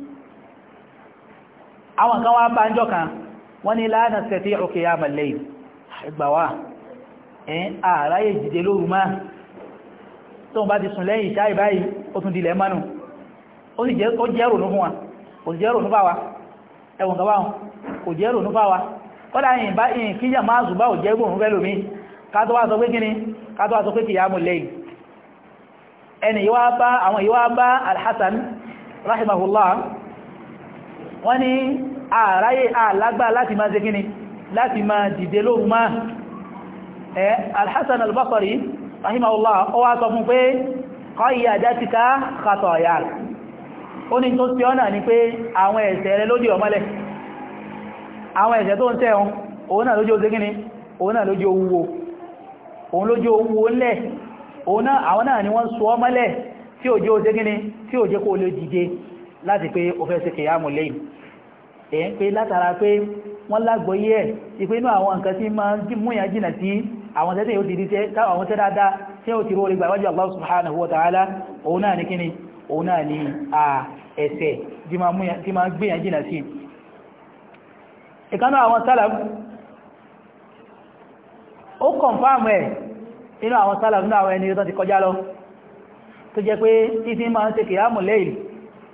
àwọn kan wá bá ń jọ kan wọ́n ní la nastati'u qiyam al-layl ìgbàwà ẹ̀yìn ààráyè jìde lóru máa tó ń bá ti sùn lẹ́yìn ìṣá ìbáyìí ó tún dilẹ̀ mánu ó jẹ́ rònú fún wa ẹni yíwá bá àwọn yíwá bá al rahimahullah wọ́n ní àráyé àlágbà láti máa ni láti máa dìde lóru máa ẹ̀ alhassan albasari rahimahullah ó wá sọ fún pé kọ́ ìyà játíká kàtọ̀ ọ̀yà ó ní tó sí ọ́nà ni pé àwọn ẹ̀ṣẹ̀ rẹ lódí ọmọlẹ̀ àwọn ẹ̀ṣẹ̀ tó ń tẹ́ wọn òun náà lójú ozekini òun náà lójú owó òun lójú owó ńlẹ̀ òun náà àwọn ni wọ́n sọ ọmọlẹ̀ láti pé o fẹ́ ṣe kìyàmù lẹ́yìn èyí ń pé látara pé wọ́n lágbóyé ẹ̀ ti pé inú àwọn nǹkan tí máa ń múyàn jìnà sí àwọn tẹ́tẹ́ yóò ti di tẹ́ káwọn àwọn tẹ́ dáadáa tí ó ti rórí gbà wájú Allah subhanahu wa ta'ala òun náà ní kíni òun náà ní ẹ̀ṣẹ̀ tí máa gbéyàn jìnà sí ìkanú àwọn sálàm ó kọ̀nfàmù ẹ̀ inú àwọn sálàm náà àwọn ẹni tó ti kọjá lọ tó jẹ́ pé títí máa ń ṣe kìyàmù lẹ́yìn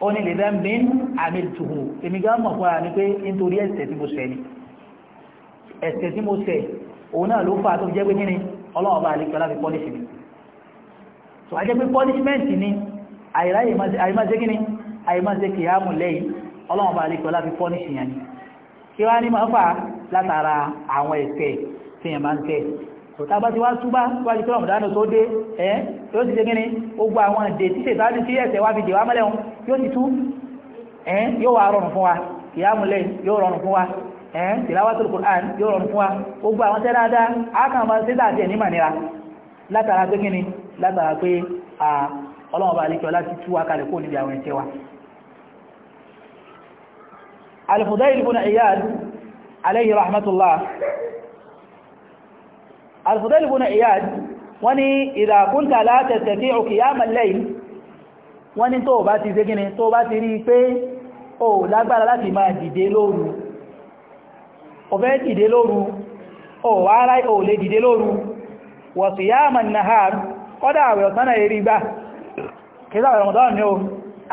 ó ní lè dá mi àmì tùhù èmi gá mọ̀ fúnra mi pé nítorí ẹ̀ṣẹ̀ tí mo ṣẹ̀ ni ẹ̀ṣẹ̀ tí mo ṣẹ̀ òun náà ló fà tó jẹ́ pé nínú ọlọ́wọ́ bá àlejò láti pọ́líṣì mi so a jẹ́ pé pọ́líṣímẹ́ǹtì ni ma gíní àìmáṣe kìyàmù lẹ́yìn ọlọ́wọ́ bá àlejò láti pọ́líṣì yẹn ni kí wá ní máa fà látara àwọn ẹ̀ṣẹ̀ tí yẹn máa ń tẹ̀ tàbá ti wá túbá tó wájú tó rọ̀mùdánù tó dé ẹ́ yóò ti dégínní gbogbo àwọn èdè títẹ̀ tàbí tí ẹ̀sẹ̀ wá fi dè wá mọ́lẹ́hun yóò ti tú ẹ́ yóò wá rọrùn fún wa ìyámúlẹ̀ yóò rọrùn fún wa ẹ́ tìláwàtul Qur'an yóò rọrùn fún wa gbogbo àwọn tẹ́ dáadáa ákàn máa ṣe dáadé ní mànira látara pé kíni látara pé ọlọ́run bá láti tú wa kalẹ̀ kó Iyad alayhi rahmatulah. al-Fudayl ibn Iyad wọ́n ní idha kunta la tastati'u qiyam al-layl wọ́n ní tó bá ti ṣe gíní tó bá ti rí pé o lágbára láti máa dìde lóru ọ̀fẹ́ dìde lóru o wá ara o lè dìde lóru wa qiyam an-nahar kọ́dà àwẹ̀ ọ̀sánà èrí gbá kí sáwẹ̀ Ramadan ni o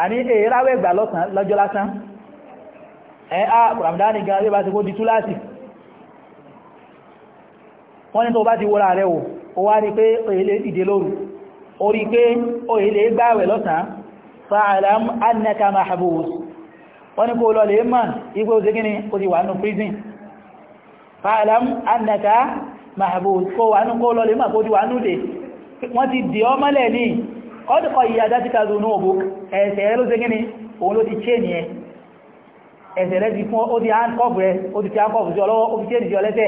àní èéráwẹ̀ gbà lọ́sàn lọ́jọ́ lásán ẹ̀ á kùràmdánì gan-an lé bá ti kó di túláàsì wọ́n ni tó bá ti wọ́ra rẹ̀ o wá rí pé òyìnlé dìde lóru o rí pé òyìnlé gbáwẹ̀ lọ́sàn annaka mahbus wọ́n ni kó lọ lè mọ̀ ipé o sígíní o ti wà nù prison annaka kó wà nù kó lọ lè kó ti wà nù dé wọ́n ti dì ọ mọ́lẹ̀ ní kọ́dùkọ́ ìyá ti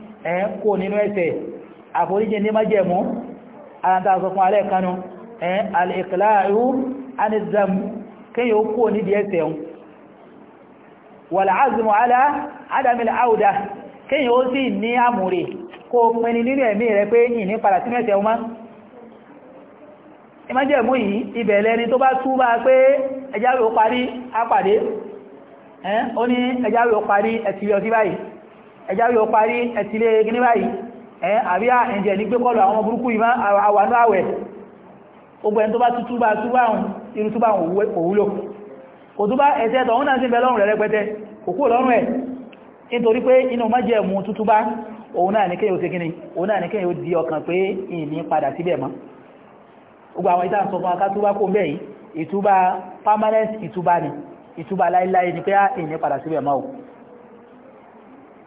ẹ̀ kò nínú ẹ̀ṣẹ̀ àforíjì ní májẹ̀mú aláta sọ fún alẹ́ kanú ẹ̀ alìkìláàrú anizam kíyà ó kò ní díẹ̀ṣẹ̀ ohun wàlàázùmọ̀ alá adamil auda kíyà ó sì ní àmúrí kó pinni nínú ẹ̀mí rẹ pé ìní padà sínú ẹ̀ṣẹ̀ ọmọ ìmájẹ̀mú yìí ibẹ̀lẹ̀ ni tó bá túbá ní ẹjáwé ó parí ẹjá yóò parí ẹ̀tìlé gíní báyìí ẹ̀ àbí ẹ̀jẹ̀ ní gbékọ́lù àwọn burúkú ìmá àwànú àwẹ̀ gbogbo ẹni tó bá tútú bá túbáhùn irú túbáhùn òwúlò kò túbá ẹ̀sẹ̀ tọ̀hún náà sí bẹ lọ́rùn rẹ̀ rẹpẹtẹ òkú lọ́rùn ẹ̀ nítorí pé inú májẹ̀ mú tútú bá òun náà ní kéyò ṣe kíni òun náà ní kéyò ìní padà síbẹ̀ mọ́ gbogbo ni ìtúbá láíláí ni pé ìní padà síbẹ̀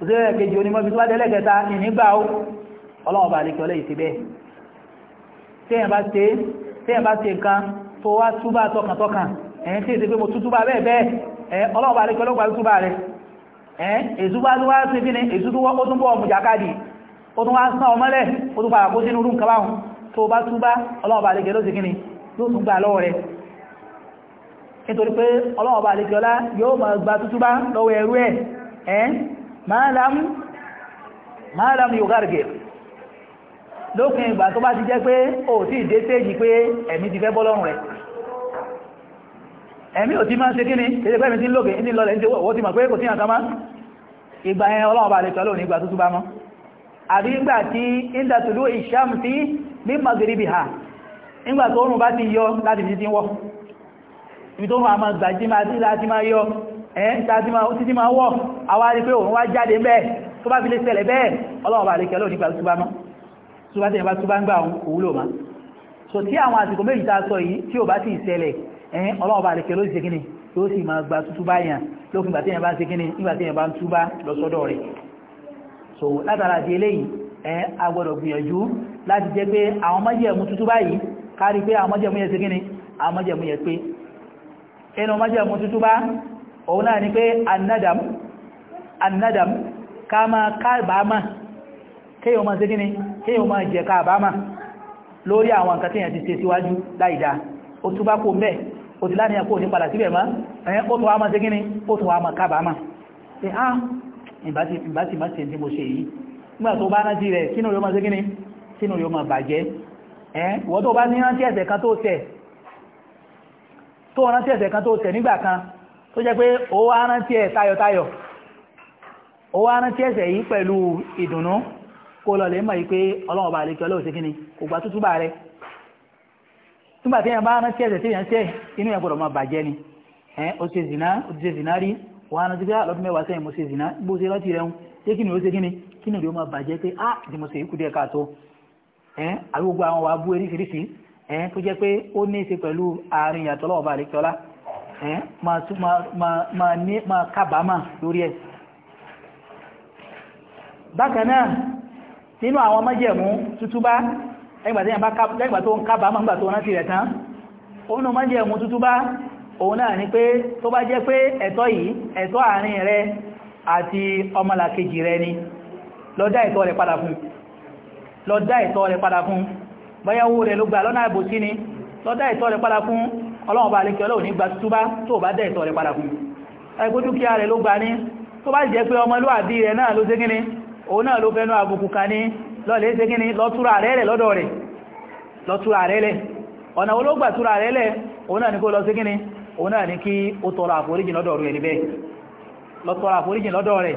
òṣèré ẹ̀kejì onímọ̀ fi tó bá délẹ̀ kẹta ìnígbà ó ọlọ́wọ́ bá lè kí ọlẹ́yìí ti bẹ́ẹ̀ téèyàn bá ṣe téèyàn bá ṣe nǹkan tó wá túbà tọkàntọkàn ẹ̀yìn tí èsì pé mo tútúbà bẹ́ẹ̀ bẹ́ẹ̀ ọlọ́wọ́ bá lè kí ọlọ́gbà túbà rẹ̀ èsúbá tó wá ṣe kí ni èsú tó ó tún bọ́ ọmọ jàkadì ó tún ni yóò tún gbà lọ́wọ́ rẹ̀ nítorí pé ọlọ́wọ́ bá lè kí ọlá yóò máa gba tútúbá lọ́wọ́ ẹrú ẹ̀ ma lam ma lam yugargir a. ìgbà tó bá ti jẹ́ pé o ti dé stage pé ẹ̀mí ti fẹ́ bọ́ rẹ̀ ò ti máa n kíni ni, pẹ́mí tí lókè ní lọ́lẹ̀ ní owó ti mọ̀ pé kò sí àkàmá ìgbà yẹn ọlọ́run bá lè tọ́lọ́ ní ìgbà tó àbí ìgbà tí ẹ̀yìn títí máa wọ́ àwárí pé òun wá jáde bẹ́ẹ̀ tó bá fi lè ṣẹlẹ̀ bẹ́ẹ̀ Ọlọ́run bá lè kẹ́ lónìí pàtó túbá mọ́ bá túbá ń gbà so tí àwọn àsìkò méjì tá a sọ yìí tí ò bá ti ṣẹlẹ̀ ẹ̀yìn Ọlọ́run bá lè kẹ́ lónìí ṣekínì yóò sì máa gba túbá so látara di eléyìí ẹ a gbọ́dọ̀ gbìyànjú láti jẹ́ pé àwọn májẹ̀mú tútú báyìí kárí pé àwọn májẹ̀mú yẹn ṣekínì bá òun náà ni pé annadam annadam ká máa kábàámà kéyàn máa ṣe gíní kéyàn máa jẹ kábàámà lórí àwọn nǹkan téèyàn ti ṣe síwájú láìdá ó túbá kó mẹ́ ó ti láníyàn kó ní padà síbẹ̀ mọ́ ẹ̀yẹn ó tún wá máa ṣe gíní ó tún wá máa kábàámà pé á ìbá ti máa ṣe tí mo ṣe tó jẹ́ pé ó wá rántí ẹ̀ tayọ̀tayọ̀ ó wá rántí ẹ̀ṣẹ̀ yìí pẹ̀lú ìdùnnú kó lọ lè mọ̀ yìí pé ọlọ́run bá lè kí ọlọ́run sí kí ni kò gbà tútù bá rẹ túbà tí yẹn bá rántí ẹ̀ṣẹ̀ tí yẹn tẹ̀ inú yẹn gbọ́dọ̀ máa bàjẹ́ ni ẹ ó ṣe zìnà ó ti ṣe zìnà rí wàá rántí pé ah, lọ́dún mẹ́wàá sẹ́yìn mo ṣe zìnà bó ṣe rántí rẹ̀ ń ṣé kí ni ó ṣe kí ni kí ni ó máa bàjẹ́ pé ah, ma kábàámà lórí ẹ̀ bákan náà nínú àwọn májẹ̀mú tútúbá lẹ́gbà tó ń kábàámà nígbà tó rántí rẹ̀ tán òun náà májẹ̀mú tútúbá òun náà ni pé tó bá jẹ́ pé ẹ̀tọ́ yìí ẹ̀tọ́ àárín rẹ àti ọmọlàkejì rẹ ni lọ dá ẹ̀tọ́ rẹ padà fún lọ dá ẹ̀tọ́ rẹ padà fún báyá owó rẹ ló gbà lọ́nà àbòsí ni lọ dá ẹ̀tọ́ rẹ padà fún ọlọ́run bá alékẹ́ ọlọ́run ní gba túbá tó bá dẹ̀ ìtọ̀ rẹ̀ padà fún ẹgbẹ́ dúkìá rẹ̀ ló gba ní tó bá jẹ́ pé ọmọlúwàbí rẹ̀ náà ló ségíní òun náà ló fẹ́nu àbùkù kan ní lọ́lẹ̀ ségíní lọ́túrà rẹ̀ lẹ̀ lọ́dọ̀ rẹ̀ lọ́túrà rẹ̀ lẹ̀ lọ́dọ̀ rẹ̀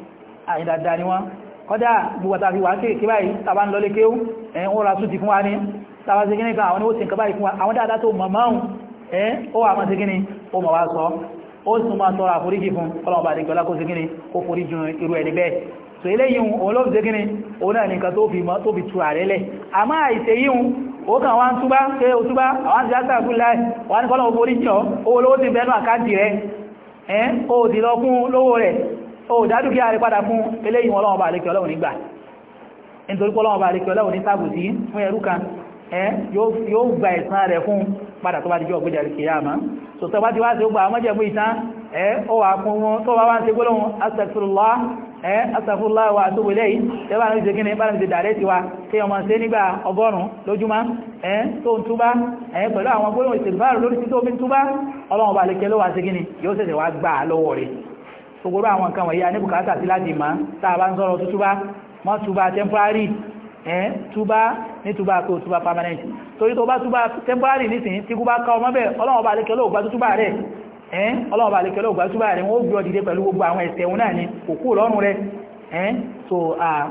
àìdàdà ni wọ́n kọ́dá gbogbo àtàfi wà kéèké báyìí tàbá ń lọ lékéú ẹ̀yìn ó ra sútì fún wa ní tàbá sí gíníkà àwọn oníwòsàn kà báyìí fún wa àwọn dáadáa tó mọ̀ máun ẹ́ ó wà mọ́ sí gíní ó mọ̀ wá sọ ó sì máa tọrọ àforíjì fún ọlọ́mọba àdìgbò lákó sí gíní ó forí ju irú ẹni bẹ́ẹ̀ so eléyìí ní kọ́lọ̀ ó dádúkìá rẹ̀ padà fún eléyìn wọn lọ́wọ́ bá àríkẹ́ ọlọ́run nígbà nítorí pọ́ lọ́wọ́ bá àríkẹ́ ọlọ́run ní sábùsí fún ẹrú kan yóò gba ẹ̀san rẹ̀ fún padà tó bá di jọ ọgbẹ́jà àríkẹ́ yá so tọ́ bá ti wá sí gbà mọ́jẹ̀mú ìtàn ó wà fún wọn tó bá wá ń ṣe gbólóhùn astagfirullah astagfirullah wa atubu ilayhi tẹ́bà ní ṣe kíni bára ní ṣe dàrẹ́ tiwa tí ọmọ ṣe nígbà ọgọ́rùn-ún lójúmọ́ tó ń túbá pẹ̀lú gbogbo àwọn nǹkan wọ̀nyí a ní bùkátà sí láti máa tàà bá ń sọ̀rọ̀ tó mọ́ túbá temporary ẹ̀ túbá ní túbá kó túbá permanent torí tó bá túbá temporary nísìn tí kú bá ká ọmọ bẹ́ ọlọ́wọ́ bá lékelé ògbà túbá rẹ̀ ẹ̀ ọlọ́wọ́ bá lékelé ògbà túbá rẹ̀ wọ́n gbé ọdìdé pẹ̀lú gbogbo àwọn ẹ̀ṣẹ̀ òun ni kò kú lọ́rùn so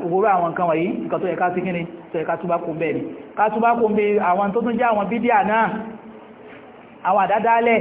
gbogbo àwọn nǹkan wọ̀nyí nǹkan tó yẹ ká sí ni ká túbá kó bẹ́ẹ̀ àwọn tó tún jẹ́ àwọn bídíà náà àwọn àdádálẹ̀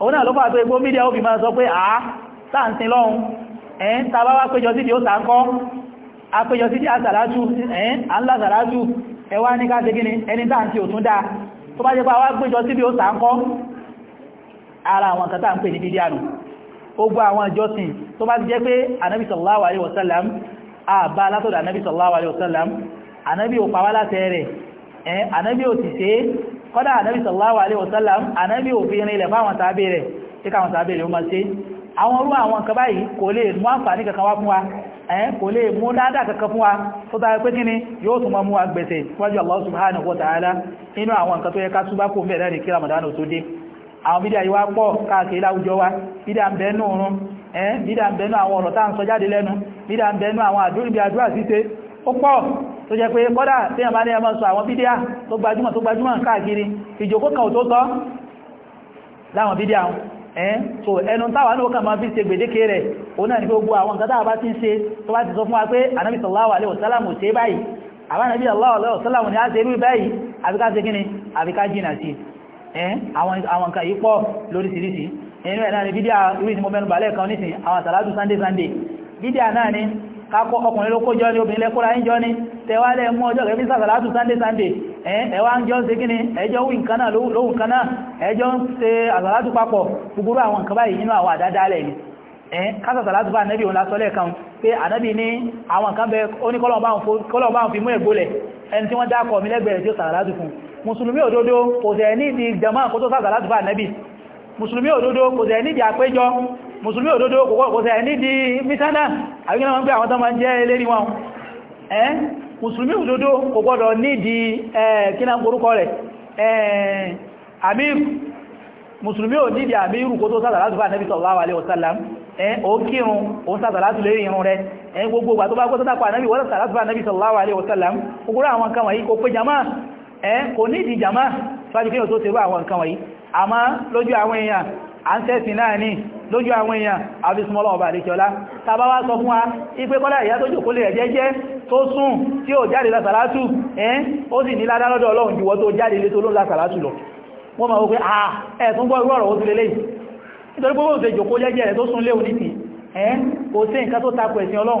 òun náà ló fà tó egbó mídíà ó fi máa sọ pé àá sáàntín lọ́hun ẹ̀yìn tàbá wá péjọ sí di ó sàkọ́ apéjọ sí di àsàlájú ẹ̀yìn àńlásàlájú ẹwà ní ká tegíní ẹni táàntí ò tún dáa tó bá jẹ́ pé wá péjọ sí di ó sàkọ́ ara àwọn kan táà ń pè ní mídíà nù gbogbo àwọn ìjọsìn tó bá ti jẹ́ pé ànábì sallallahu alaihi wasallam àbá látọ̀dọ̀ ànábì sallallahu alaihi wasallam ànábì ò pàwálá tẹ́ẹ̀rẹ̀ ẹ̀ eh, ànábì ò ti ṣe kọ́dá ànábì sallallahu alaihi wasallam ànábì ò fi rinlẹ̀ fáwọn tàbí rẹ̀ tí káwọn tàbí rẹ̀ ó máa ṣe àwọn orú àwọn nǹkan báyìí kò lè mú àǹfààní kankan wá fún wa ẹ̀ eh, kò lè mú dáadáa kankan fún wa tó tàbí pé kíni yóò tún mọ́ mú wa gbèsè wájú Allah subhanahu wa ta'ala inú àwọn nǹkan tó yẹ ká túbá eh, ó pọ̀ tó jẹ́ pé kọ́dà tí a bá ní ẹmọ́ sọ àwọn bídíà tó gbajúmọ̀ tó gbajúmọ̀ káàkiri ìjòkó kan tó tọ́ láwọn bídíà ẹ́n so ẹnu táwà ní ọkà máa fi ṣe gbèdéke rẹ̀ òun náà ní gbogbo àwọn nǹkan táwà bá ti ń ṣe tó bá ti sọ fún wa pé anábì sallallahu alaihi wasallam ò ṣe báyìí àbánabi sallallahu alaihi wasallam ni a ṣe rú báyìí àbíká ṣe kíni àbíká jìnà sí ẹ́n àwọn nǹkan yìí pọ̀ lóríṣiríṣi ẹnu ẹ̀ náà ni bídíà irú ìsinmi mọ́mẹ́nu bàálẹ̀ kan nísìn àwọn sàlátù sunday sunday bídíà náà ni kakọ ọkùnrin ló kójọ ní obìnrin lẹ́kọ́ra ń jọ ní tẹwàálẹ̀ mú ọjọ́ rẹ̀ fíṣà sàlátù sunday sunday ẹwà ń jọ ń ṣe kí ni ẹjọ́ wí nǹkan náà lóhùn kan náà ẹjọ́ ń ṣe àsàlátù papọ̀ gbogbo àwọn nǹkan báyìí nínú àwọn àdádálẹ̀ ni kásà sàlátù bá nẹ́bí òun lásọ́lẹ̀ kan pé ànábì ní àwọn nǹkan bẹ oníkọ́lọ̀báhùn fi mú ẹ̀gbólẹ̀ ẹni tí wọ́n dákọ̀ mi lẹ́gbẹ̀ẹ́ tí ó sàlátù fún mùsùlùmí òdodo kò tẹ̀ ní ìdí jama kó tó sàlátù bá nẹ́bí mùsùlùmí òdodo kò tẹ̀ nídìí àpéjọ mùsùlùmí òdodo kò tẹ̀ nídìí mítánà àríkínà wọn pé àwọn tó máa ń jẹ́ eléri wọn ẹ́ mùsùlùmí òdodo kò gbọ́dọ̀ nídìí kíná orúkọ rẹ̀ àmìrù mùsùlùmí ò nídìí àmìrù kó tó sàtà láti bá nẹ́bí sallallahu alaihi wasallam ó kírun òun sàtà láti lè irun rẹ̀ gbogbo ìgbà tó bá gbọ́ sátàpà nẹ́bí wọ́n sàtà láti bá nẹ́bí sallallahu alaihi wasallam gbogbo àwọn kan wọ̀nyí kò pé jama ẹ kò ní ìdí jàmá sáájú kí o tó tẹ̀rọ àwọn nǹkan wọ̀nyí àmá lójú àwọn èèyàn à ń tẹ́sì náà ní lójú àwọn èèyàn àbísmọ́lọ́ ọba àdékẹ́ọlá tàbá wá sọ fún wa ipé kọ́lá ìyá tó jòkó lè ẹ̀jẹ́ jẹ́ tó sùn tí ó jáde lásàlátù ẹ́n ó sì ní ládá lọ́dọ̀ ọlọ́run jùwọ́ tó jáde lé tó ló lásàlátù lọ wọ́n ma wó pé àà ẹ̀sùn gbọ́ irú ọ̀rọ̀ ó ti lélẹ́yìn nítorí pé ó sì jòkó jẹ́jẹ́ rẹ̀ tó sùn léwu nítì ẹ́n kò sí nǹkan tó ọlọ́run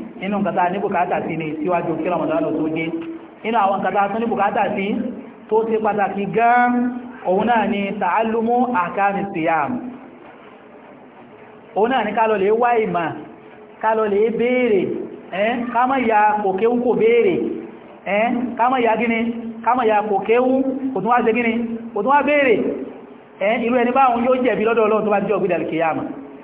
inú nǹkan ní bùkátà sí ni síwájú kí Ramadan tó dé inú àwọn nǹkan tá ní bùkátà sí tó ṣe pàtàkì gan òun náà ni ta'allumu ahkami siyam òun náà ni ká lọ lè wá ìmà ká lọ lè béèrè ká má ya kòkéwú kò béèrè ká má ya gíní ká má ya kòkéwú kò tún wá ṣe gíní kò tún wá béèrè irú ẹni báwọn yóò jẹ̀bi lọ́dọ̀ Ọlọ́run tó bá jẹ́ ògbídàlì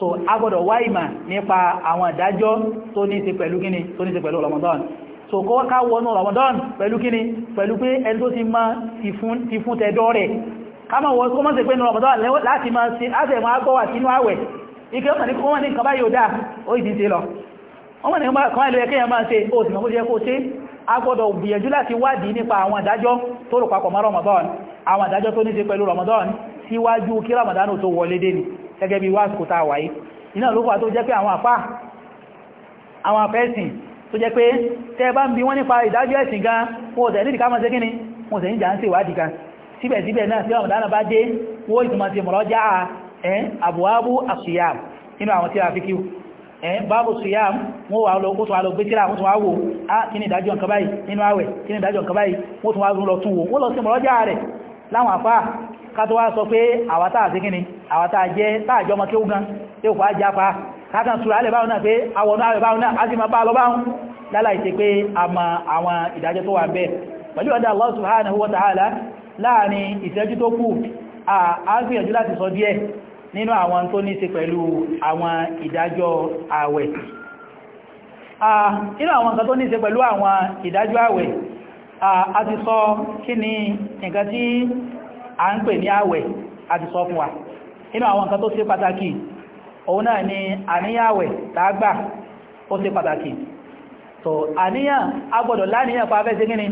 so a gbọ́dọ̀ wá ìmọ̀ nípa àwọn ìdájọ́ tó ní ṣe pẹ̀lú kíni tó ní ṣe pẹ̀lú Ramadan so kọ́ ká wọnú Ramadan pẹ̀lú kíni pẹ̀lú pé ẹni tó ti ma ti fún tẹ́dọ́ rẹ̀ káàmà wọ́n kó mọ́ sí pé ní Ramadan láti ma ṣe láti ẹ̀mọ́ agbọ́wà sínú àwẹ̀ ike ọmọ ní kọ́ wọ́n ní nǹkan báyìí ò dáa ó ìdí ṣe lọ ọmọ ní kan ìlú ẹkẹ́ yẹn máa ṣe ó sì Ramadan àwọn ìdájọ́ tó ní ṣe Ramadan síwájú kí Ramadan tó wọlé dé ni gẹ́gẹ́ bí wáàsì kò tá wà yìí iná ló fà tó jẹ́ pé àwọn àpá àwọn àfẹ́sìn tó jẹ́ pé tẹ́ bá ń bi wọ́n nípa ìdájọ́ ẹ̀sìn gan wọ́n tẹ̀ nídìí ká máa ṣe kíni wọ́n tẹ̀ níjà ń ṣe ìwádìí gan síbẹ̀síbẹ̀ náà sí ọmọdé náà bá dé wó ìtumọ̀ ti mọ̀rọ̀ já ẹ̀ àbúwábú àṣìyàm nínú àwọn tí a fi kíw ẹ̀ báàbù ṣìyàm wọ́n wà lọ kótó alọ gbétíra kátó wá sọ pé àwátá àti kíni àwátá jẹ́ táàjọ́ ọmọ kí ó gan tí ó fà á jápa kákan sùúrù alẹ́ báwọn náà pé àwọ̀nà alẹ́ báwọn náà á sì máa bá lọ báwọn láláì ṣe pé a mọ àwọn ìdájọ́ tó wà ń bẹ̀ pẹ̀lú ọ̀dá Allah subhanahu wa ta'ala láàrin ìṣẹ́jú tó kù a a ń pè ní àwẹ̀ àti sọ fún wa inú àwọn nǹkan tó ṣe pàtàkì òun náà ni àníyàwẹ̀ ó pàtàkì so àníyàn agbọ́dọ̀ láníyàn pa afẹ́ gíní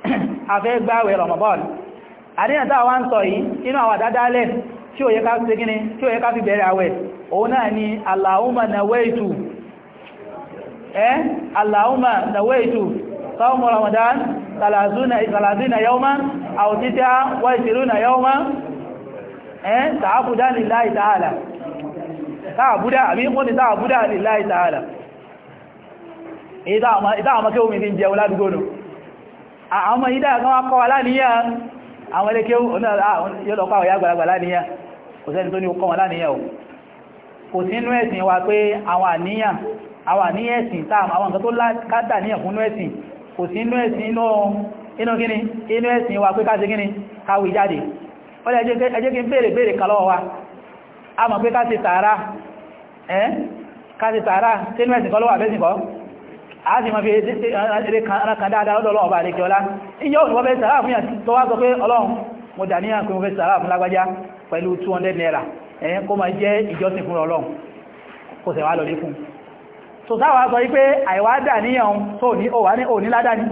afẹ́ gbáwẹ̀ Ramadan àníyàn tàà wá ń sọ yìí inú àwọn àdádálẹ̀ tí ó yẹ ká sí gíní tí ó yẹ ká fi bẹ̀rẹ̀ صوم رمضان ثلاثون ثلاثين يوما أو تسعة وعشرون يوما تعبدا لله تعالى تعبدا أمين قل تعبدا لله تعالى ìdá àmọ́ kí omi ti ń jẹ oládùgbónù àwọn ìdá kan wá kọ́ aláníyà àwọn ilé kí yóò lọ́pàá ọ̀yá gbàlagbà láníyà kò sẹ́ni tó ní kọ́ wọn láníyà o kò sí inú ẹ̀sìn wa pé àwọn àníyàn àwọn àníyàn ẹ̀sìn táàmù àwọn nǹkan tó kádà níyàn fún inú ẹ̀sìn kò sí inú ẹ̀sìn inú gíní inú ẹ̀sìn wa pé ka gíní káwì jáde ó lè ẹjẹ́ kí n bèèrè bèèrè kalọ́ wa a mọ̀ pé káṣe tààrà ẹ́ káṣe tààrà tí inú ẹ̀sìn kọlọ́wà bẹ́sìn kọ́ a sì mọ̀ fi eré kan dáadáa lọ́dọ̀ ọlọ́ọ̀bà àlejò so sáwà sọ wípé àìwádà níyàn tó ní ó wà ní òní ládá ní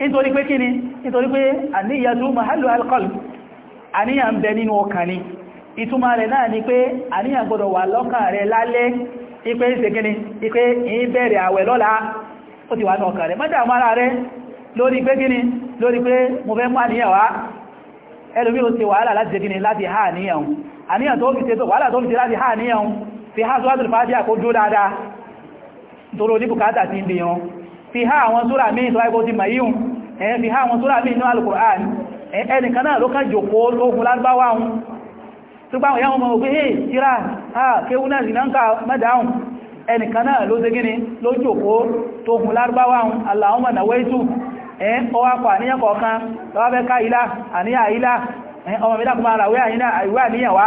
nítorí pé kíni nítorí pé àníyàtú mahalu alqalb àníyàn bẹ nínú ọkàn ni ìtumà rẹ̀ náà ni pé àníyàn gbọdọ̀ wà lọ́kàn rẹ̀ lálẹ́ ipé ìsẹ̀ kíni ipé ìyí bẹ̀rẹ̀ àwẹ̀ lọ́la ó ti wà ní ọkàn rẹ̀ mọ́dà mara rẹ̀ lórí pé kíni lórí pé mo fẹ́ mú àníyàn wá ẹlòmí ó ti wàhálà láti ṣe kíni láti ha àníyàn àníyàn tó fi ṣe tó wàhálà tó fi ṣe láti ha àníyàn fi ha sọ́wọ́sùn fàájì àkójú dáadáa tóró ní bùkátà ti ń bí wọn fi há àwọn súrà míì tó wáyébó ti mayíun ẹ̀ fi há àwọn súrà míì ní alukur'an ẹnìkan náà ló kàn jòkó ogun lágbáwá wọn tó gbáwọn yáwọn mọ̀ pé hey tíra ha kéwú náà zìnà ń ká mẹ́dáhùn ẹnìkan náà ló ṣe gíní ló jòkó na wẹ́tù ẹ ọwá kọ àníyàn kọ̀ọ̀kan lọ́wọ́ fẹ́ ká ilá àníyàn ilá ọmọ mídàkùnmọ́ àràwẹ́ àníyàn wá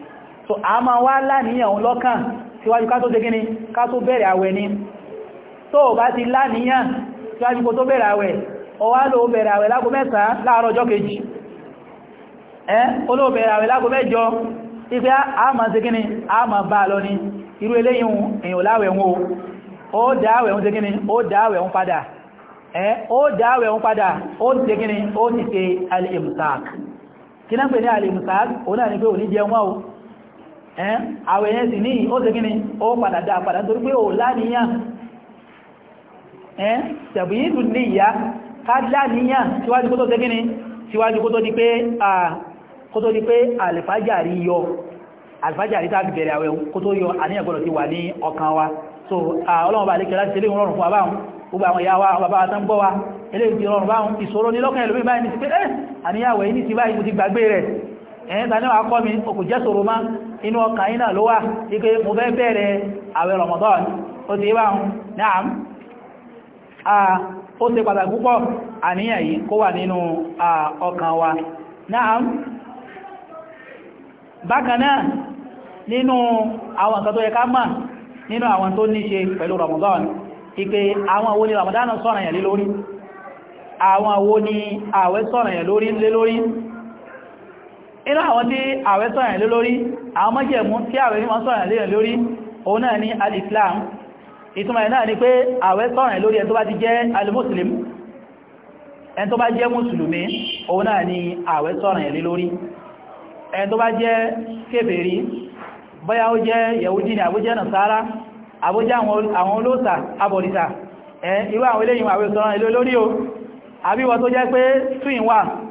so a máa wá láníyàn òun lọ́kàn síwájú ká tó ṣe gíní ká tó bẹ̀rẹ̀ àwẹ̀ ni tó o bá ti láníyàn síwájú kó tó bẹ̀rẹ̀ àwẹ̀ o wá lò bẹ̀rẹ̀ àwẹ̀ lágo mẹ́ta láàárọ̀ ọjọ́ kejì ẹ́ olóòbẹ̀rẹ̀ àwẹ̀ lágo mẹ́jọ ipẹ́ a máa ṣe gíní a máa ni irú eléyìn èyàn láwẹ̀ wọn o ó dáwẹ̀ ń ṣe gíní ó dáwẹ̀ ń padà ẹ́ ó dáwẹ̀ ń padà ó ṣe gíní ó ti ṣe kí náà pè ní al òun náà ni pé òní jẹun wá o àwẹ̀ yẹn sì ní ó ṣe gíní ó padà dá padà torí pé ò láníyàn tẹ̀bù yìí tún ní ìyá ká láníyàn síwájú kó tó ṣe gíní síwájú kó tó di pé àlìfájàrí yọ àlìfájàrí tàbí bẹ̀rẹ̀ àwẹ̀ kó tó yọ àníyàn gbọ́dọ̀ ti wà ní ọkàn wa so ọlọ́run bá lè kẹ́lá ti ṣe léhun rọrùn fún abáhùn gbogbo àwọn ìyá wa àwọn bàbá tán gbọ́ wa eléyìí ti rọrùn báhùn ìṣòro ní lọ́kàn ẹlòmí báyìí ní ti pé ẹ́ àníyàwó yìí ní ti báyìí mo ti gbàgbé rẹ̀ ẹ̀yìn tàníwà kọ́ mi òkùnjẹ́sòro máa inú ọkàn yín náà ló wà ike mo fẹ́ bẹ̀rẹ̀ àwẹ̀ Ramadan ó ti bá hun naam ó ṣe pàtàkì púpọ̀ àníyàn yìí kó wà nínú ọkàn wa naam bákan náà nínú àwọn nǹkan tó yẹ ká mọ̀ nínú àwọn tó ní pẹ̀lú Ramadan ike àwọn wo ni Ramadan sọ̀rọ̀ yẹn lé lórí ni àwẹ̀ sọ̀rọ̀ yẹn lórí lé lórí inú àwọn tí àwẹ́ sọ̀rọ̀ lé lórí àwọn mọ́jẹ̀mú tí àwẹ́ ní wọ́n sọ̀rọ̀ lé lórí òun náà ni al-islam ìtumọ̀ náà ni pé àwẹ́ sọ̀rọ̀ lórí ẹ tó bá ti jẹ́ al-muslim ẹn tó bá jẹ́ mùsùlùmí òun náà ni àwẹ́ sọ̀rọ̀ lé lórí ẹn tó bá jẹ́ kèfèrí bóyá ó jẹ́ yahudi ni àbújẹ́ nàsára àbújẹ́ àwọn olóòsà abọ̀dìsà irú àwọn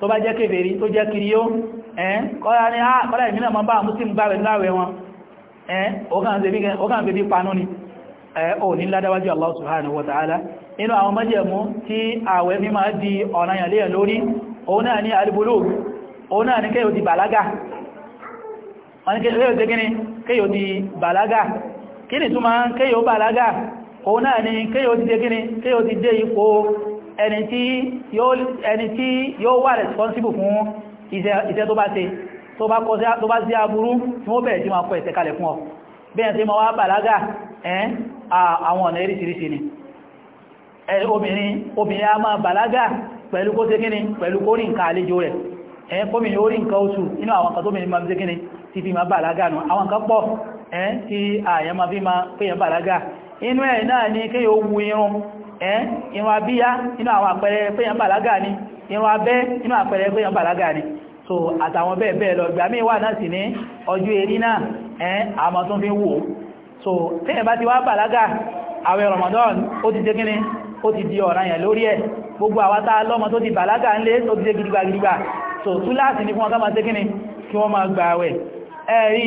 tó bá jẹ́ kèfèrí tó jẹ́ kiri yóò ẹ́n kọ́lá ní àà ah, kọ́lá ìmìnà ma bá muslim gbá rẹ̀ láwẹ̀ wọn ẹ́n ọkàn bèbí panú ni ò ní ládáwájú Allah subhanahu wa ta'ala inú àwọn májẹ̀mú tí àwẹ̀ mímá di ọ̀nà ìyàlẹ́yàn lórí òun náà ní al-bulugh òun náà ní kéyò di bàlágà kí ni túnmà kéyò bàlágà òun náà ní kéyò ti dé ipò ẹni tí yóò wà responsible fún iṣẹ́ tó bá ṣe tó bá kọjá tó bá sí aburú tí wọ́n bẹ̀rẹ̀ tí wọ́n kọ ẹ̀tẹ̀ fún ọ bẹ́ẹ̀ tí wọ́n wá bàlágà àwọn ọ̀nà eríṣiríṣi ni obìnrin obìnrin a máa bàlágà pẹ̀lú kó ṣe kíni pẹ̀lú kó rí nǹkan àlejò rẹ̀ ẹ́n kómìnrin ó rí nǹkan oṣù inú àwọn kan tómìnrin máa ṣe kíni ti fi máa bàlágà nù àwọn kan pọ̀ ẹ́n tí àyàn máa fi máa ìrun abíyá inú àwọn àpẹẹrẹ péyàn bàlágà ni ìrun abẹ́ inú àpẹẹrẹ péyàn bàlágà ni so àtàwọn bẹ́ẹ̀ bẹ́ẹ̀ lọ gbàmí wà náà sì ní ọjọ́ erí náà ẹ́ àmọ́ tó fi wò so téèyàn bá ti wá bàlágà àwẹ̀ Ramadan ó ti jẹ́ kíní ó ti di ọ̀ranyàn lórí ẹ̀ gbogbo àwátá lọ́mọ tó ti bàlágà ń lé tó ti jẹ́ gidigba gidigba so túláàsì ní fún wọn ká máa jẹ́ kíní kí wọ́n máa gbà àwẹ̀ ẹ̀rí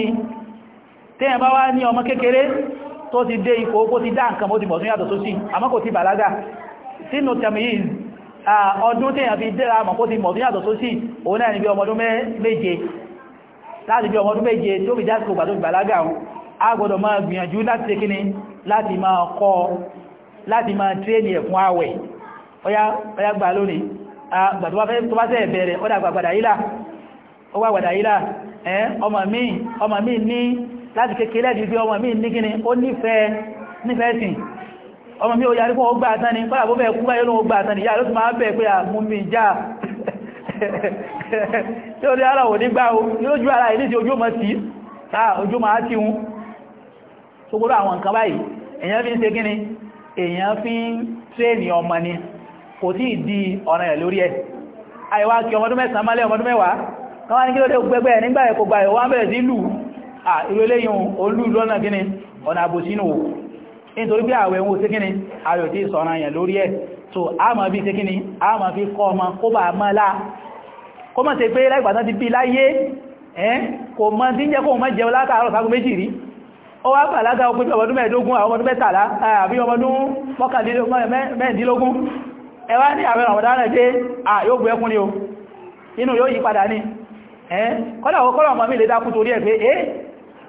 téèyàn tó ti dé ipò ó ti dá nǹkan mọ́ ti mọ̀ tún yàtọ̀ tó sí àmọ́ kò ti bàlágà sínú tamiyiz ọdún tí èyàn fi dẹ́ra mọ̀ kó ti mọ̀ tún yàtọ̀ tó sí òun náà ni bí ọmọdún méje láti bí ọmọdún méje tó fi jásìkò gbà tó fi bàlágà ọ̀hún a gbọ́dọ̀ máa gbìyànjú láti ṣe kíni láti máa kọ́ láti máa tréni ẹ̀fún àwẹ̀ ọya gbà lónìí gbà tó bá fẹ́ bẹ̀rẹ̀ ọdà gbàgbàdà yílà ọmọ mi ní láti kékeré di bí ọmọ mi ní kíni ó nífẹ̀ẹ́ nífẹ̀ẹ́ sìn ọmọ mi ò yàrí fún ọgbà àtán ni kọ́lá bó bẹ́ẹ̀ kú báyé lóhun ọgbà àtán ni ìyá ló ti máa bẹ̀ pé àmú mi já tí ó rí ara ò ní gbá o yóò ju ara ìlú ti ojú ọmọ tí ojú máa ti hun tó gbọ́dọ̀ àwọn nǹkan báyìí èèyàn fi ń ṣe kíni èèyàn fi ń tréènì ọmọ ni kò tí ì di ọ̀nà ẹ̀ lórí ẹ̀ àìwá kí ọmọdún mẹ́sàn-án málẹ̀ ọmọdún mẹ́wàá kọ́wá ní kí ló dé gbẹgbẹ́ nígbà ẹ̀kọ́ gbà ẹ̀wọ́ bẹ̀rẹ̀ sí lù irú eléyìn olú lọ́nà gíní ọ̀nà àbòsínú nítorí pé àwẹ̀ ohun síkíní àwẹ̀ tí sọ̀rọ̀ àyàn lórí ẹ̀ so a ma bí síkíní a ma fi kọ́ ọmọ kó bà mọ́ lá kó mọ́ ṣe pé láìpàtán ti bí láyé ẹ́ kò mọ́ tí ń jẹ́ kó mọ́ jẹun látàárọ̀ sago méjì rí ó wá bàlágà ó pé ọmọdún mẹ́ẹ̀dógún àwọn ọmọdún mẹ́tàlá àbí ọmọdún mọ́kàndínlógún ẹ wá ní àwẹ̀ ọ̀dá náà dé à yóò gbé ẹkùn ni o inú yóò yí padà ní ẹ́ kọ́lọ̀ ọmọ mi lè dákú torí ẹ̀ pé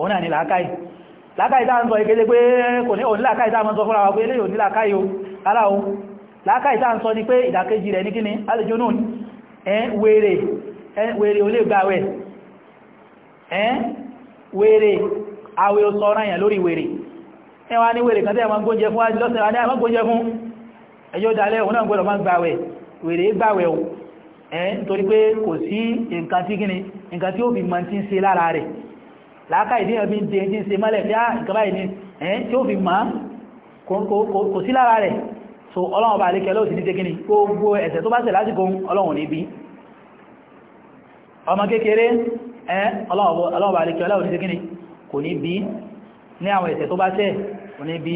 òun náà ni làákàyè làákàyè táà ń sọ ìkéde pé kò ní òní làákàyè táà mọ́ sọ fúnra wa pé eléyìí òní làákàyè o ara o làákàyè táà ń sọ ni pé ìdàkejì rẹ̀ ní kíni alìjónún wèrè wèrè olè gbàwẹ̀ wèrè àwẹ̀ ò sọ́rọ̀ yẹn lórí wèrè ẹwà ní wèrè kan tẹ́ ma gbóúnjẹ fún wájú lọ́sẹ̀ wájú ma gbóúnjẹ fún ẹjọ́ dalẹ̀ òun náà gbọ́dọ̀ nítorí pé kò sí nǹkan tí gíní nǹkan tí ó fi mọ̀ tí ń ṣe lára rẹ̀ láàká ìdíyàn bí ń tẹ́ ń ṣe mọ́lẹ̀ tí á ìkọba ìní ẹ̀yìn tí ó fi máa kò sí lára rẹ̀ so ọlọ́run bá lè kẹlọ́ òsìdí tẹ́kíní gbogbo ẹ̀ṣẹ̀ tó bá ṣẹ̀ lásìkò ọlọ́run níbi ọmọ kékeré ọlọ́run bá lè kẹlọ́ òsìdí tẹ́kíní kò ní bí ní àwọn ẹ̀ṣẹ̀ tó bá ṣẹ̀ kò ní bí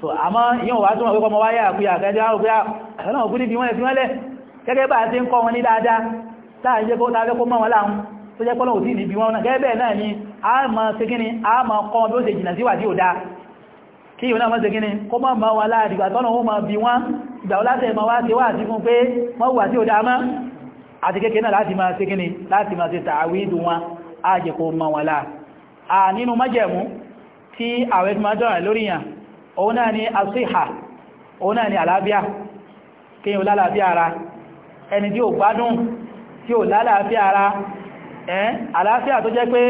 so àmọ́ ìyàn wá túnmọ̀ pẹ́kọ́ mọ́ wáyé àkúyà àkẹ́jẹ́ a ma ṣe gíní a ma kọ́ bí ó ṣe jìnà síwà tí ó dá kí yíò náà ma ṣe gíní kó má ma wà láàrìgbà tọ́nà ó ma bí wọ́n ìgbà látẹ̀ ma wá ṣe wà sí fún pé mọ́ wà tí ó dá mọ́ àti kéèkéé náà láti ma ṣe gíní láti ma ṣe tààwídù wọn a jẹ kó ma wà láà a nínú májẹ̀mú tí àwẹ̀ fi máa dọ́rẹ̀ lórí yàn òun náà ni asíhà òun náà ni àlàáfíà kí yíò lálàáfíà ara ẹni tí ò gbádùn tí ò lálàáfíà ara ẹ́ àlàáfíà tó jẹ́ pé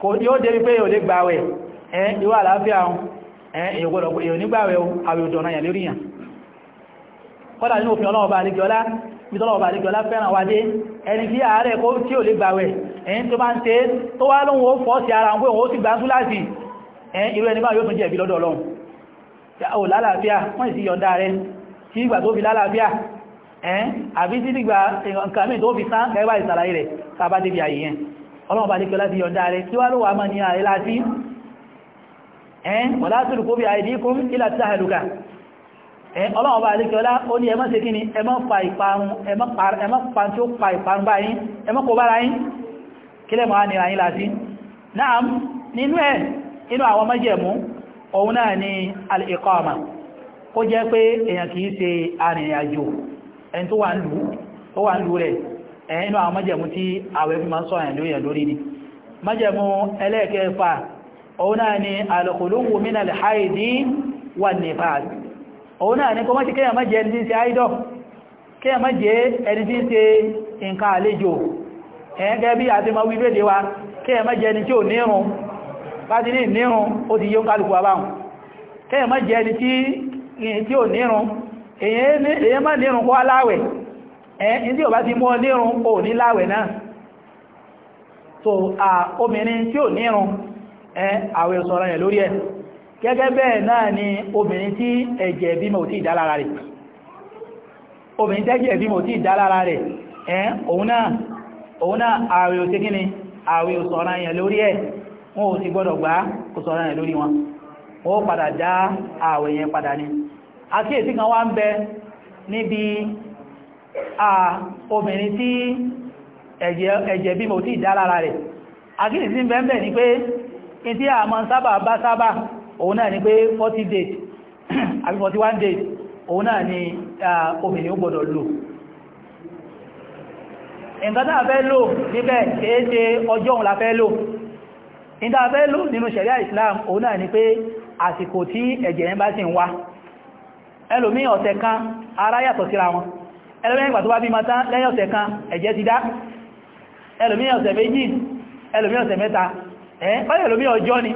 kò yóò dé wípé yóò lè gbàwẹ̀ ẹ̀ ìwà àlàáfíà ohun ẹ̀ èyàn nígbàwẹ̀ àwẹ̀ òjò ọ̀nà yàn lórí yàn kọ́dà nínú òfin ọlọ́ọ̀bà àríkíọlá ìtọ́lọ̀ọ̀bà àríkíọlá fẹ́ràn wádé ẹni tí ààrẹ kó tí ò lè gbàwẹ̀ ẹ̀yìn tó bá ń tẹ́ tó wá lóhun ó fọ́ sí ara wọn ó sì gbá súláàsì ẹ̀yìn irú ẹni bá yóò tún jẹ́ ìbí lọ́dọ̀ Ọlọ́run ò lálàáfíà wọ́n sì yọ̀ǹda rẹ̀ ọlọ́ọ̀bá lè kọlá ti yọ̀dá rẹ̀ tí wá ló wà mọ́ ní ààrẹ láti ẹn wọ̀lá tùrù kó bí àìdíkún ilá tí àhàlùkà ọlọ́ọ̀bá lè kọlá ó ni ẹmọ́ pa ìparun ẹmọ́ pa tí ó pa ìparun báyìí ẹmọ́ kò bára yín kílẹ̀ mọ́ ní ààrẹ láti náàm nínú ẹ̀ inú àwọn mọ́jẹ̀mú òun náà ni al-iqama kó wà ń lú rẹ̀ ẹ̀yìn náà májẹ̀mú tí àwẹ̀ fi máa ń sọ́yàn lórí lórí ni májẹ̀mú ẹlẹ́ẹ̀kẹfà òun náà ni alùkùlùwù mínà lẹ́háìdí wà nífàs òun náà ni kó má ti kéyà má jẹ ẹni tí ń ṣe àìdọ̀ kéyà má jẹ ẹni tí ń ṣe nǹkan àlejò ẹ̀ẹ́gẹ́ bí àti ma wílé lè wa kéyà má jẹ ẹni tí ò nírun bá má nírun kó aláwẹ̀ ẹ̀yìn tí ò bá ti mú ọ nírun ò ní láwẹ̀ náà so obìnrin tí ò nírun ẹ àwẹ̀ sọ̀rọ̀ yẹn lórí ẹ̀ gẹ́gẹ́ bẹ́ẹ̀ náà ni obìnrin tí ẹ̀jẹ̀ bímọ ò tí ìdálára rẹ̀ obìnrin tẹ́jẹ̀ bímọ ò tí ìdálára rẹ̀ ẹ̀ òun náà òun náà àwẹ̀ ò sí kíni àwẹ̀ ò sọ̀rọ̀ yẹn lórí ẹ̀ wọn ò sì gbọ́dọ̀ gbà kò sọ̀rọ̀ yẹn obìnrin tí ẹ̀jẹ̀ bí mo ti dá lára rẹ̀ àkíyè sí bẹ́ẹ̀ ni pé in tí a mọ́ sábà bá sábà òun náà ni pé 40 days àbí 41 days òun náà ni obìnrin ó gbọ́dọ̀ lò nǹkan tá a fẹ́ lò níbẹ̀ kéèṣe ọjọ́ òun la fẹ́ lò nígbà fẹ́ lò nínú ṣẹ̀ríà Islam òun náà ni pé àsìkò tí ẹ̀jẹ̀ yẹn bá sì ń wá ẹlòmí ọ̀sẹ̀ kan ara yàtọ̀ síra wọn ẹlòmíì ìgbà tó bá bí ma tán lẹ́yìn ọ̀sẹ̀ kan ẹ̀jẹ̀ ti dá ẹlòmíì ọ̀sẹ̀ méjì ẹlòmíì ọ̀sẹ̀ mẹ́ta ẹ́ báyẹ̀ ẹlòmíì ọjọ́ ni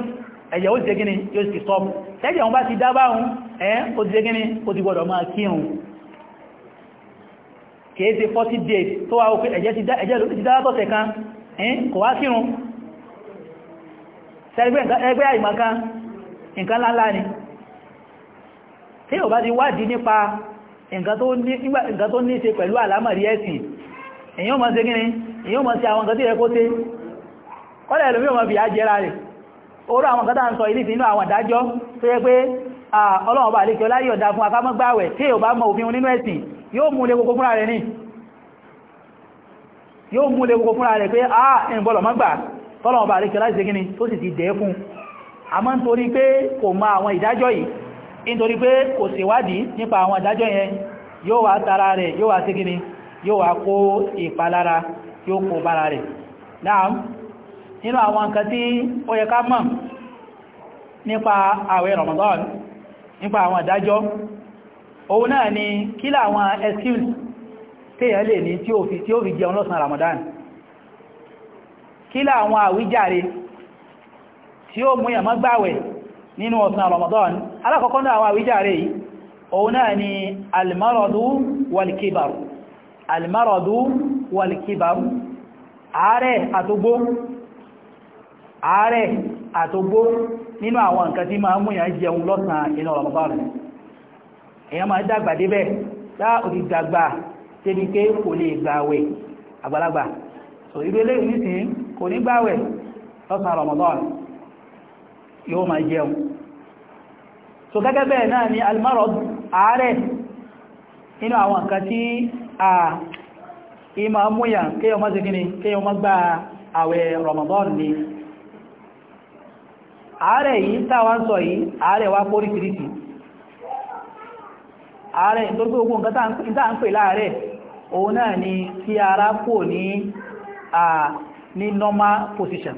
ẹ̀jẹ̀ ó ti ṣe gíní yóò ti stop tẹ́jẹ̀ wọn bá ti dá báhùn ẹ́ ó ti ṣe gíní ó ti gbọdọ̀ máa kírun kìí ṣe 40 days tó wá òkú ẹ̀jẹ̀ ti dá látọ̀sẹ̀ kan kò ti wádìí nípa nǹkan tó ní ṣe pẹ̀lú àlámọ̀rí ẹ̀sìn èyàn mọ̀ sí gíní èyàn mọ̀ sí àwọn nǹkan tí ẹ kó tẹ́ kọ́lẹ̀ ẹlòmí ọmọ bí ajẹ́ra rẹ̀ orú àwọn nǹkan tàà sọ ilé ìsinú àwọn àdájọ́ tó yẹ pé ọlọ́run bá lékẹ́ láyé ọ̀dá fún akámọ́gbàwẹ̀ tí ò bá mọ òfin nínú ẹ̀sìn yóò mú lé gbogbo fúnra rẹ̀ ní yóò mú lé gbogbo fúnra rẹ̀ pé a ń bọ́lọ̀ mọ́ nítorí pé kò ṣèwádìí nípa àwọn àdájọ́ yẹn yóò wá tara rẹ̀ yóò wá ségini yóò wá kó ìpalára yóò kó bára rẹ̀ náà nínú àwọn nǹkan tí ó yẹ ká mọ̀ nípa àwẹ̀ Ramadan nípa àwọn àdájọ́ òun náà ni kí láwọn excuse lè ní tí ó fi tí nínú ọ̀sán Ramadan alákọ̀ọ́kọ́ náà wà wíjáre yìí òun náà ni almaradu walkibaru almaradu walkibaru ààrẹ àtogbó ààrẹ àtogbó nínú àwọn nǹkan tí máa múyàn jẹun lọ́sàn inú Ramadan èyàn máa dàgbà débẹ̀ láà òdì dàgbà tẹ́bi pé kò lè gbàwẹ̀ àgbàlagbà yóò máa jẹun so gẹ́gẹ́ bẹ́ẹ̀ náà ni almarod ààrẹ inú àwọn nǹkan tí a ima múyà kéyàn má zikini kéyàn má gba àwẹ̀ Ramadan ni ààrẹ yìí táwa ń sọ yìí ààrẹ wá kórí kìrìtì ààrẹ ìtorípé ogun nǹkan ń pè láàrẹ òun náà ni kí ara kò ní normal position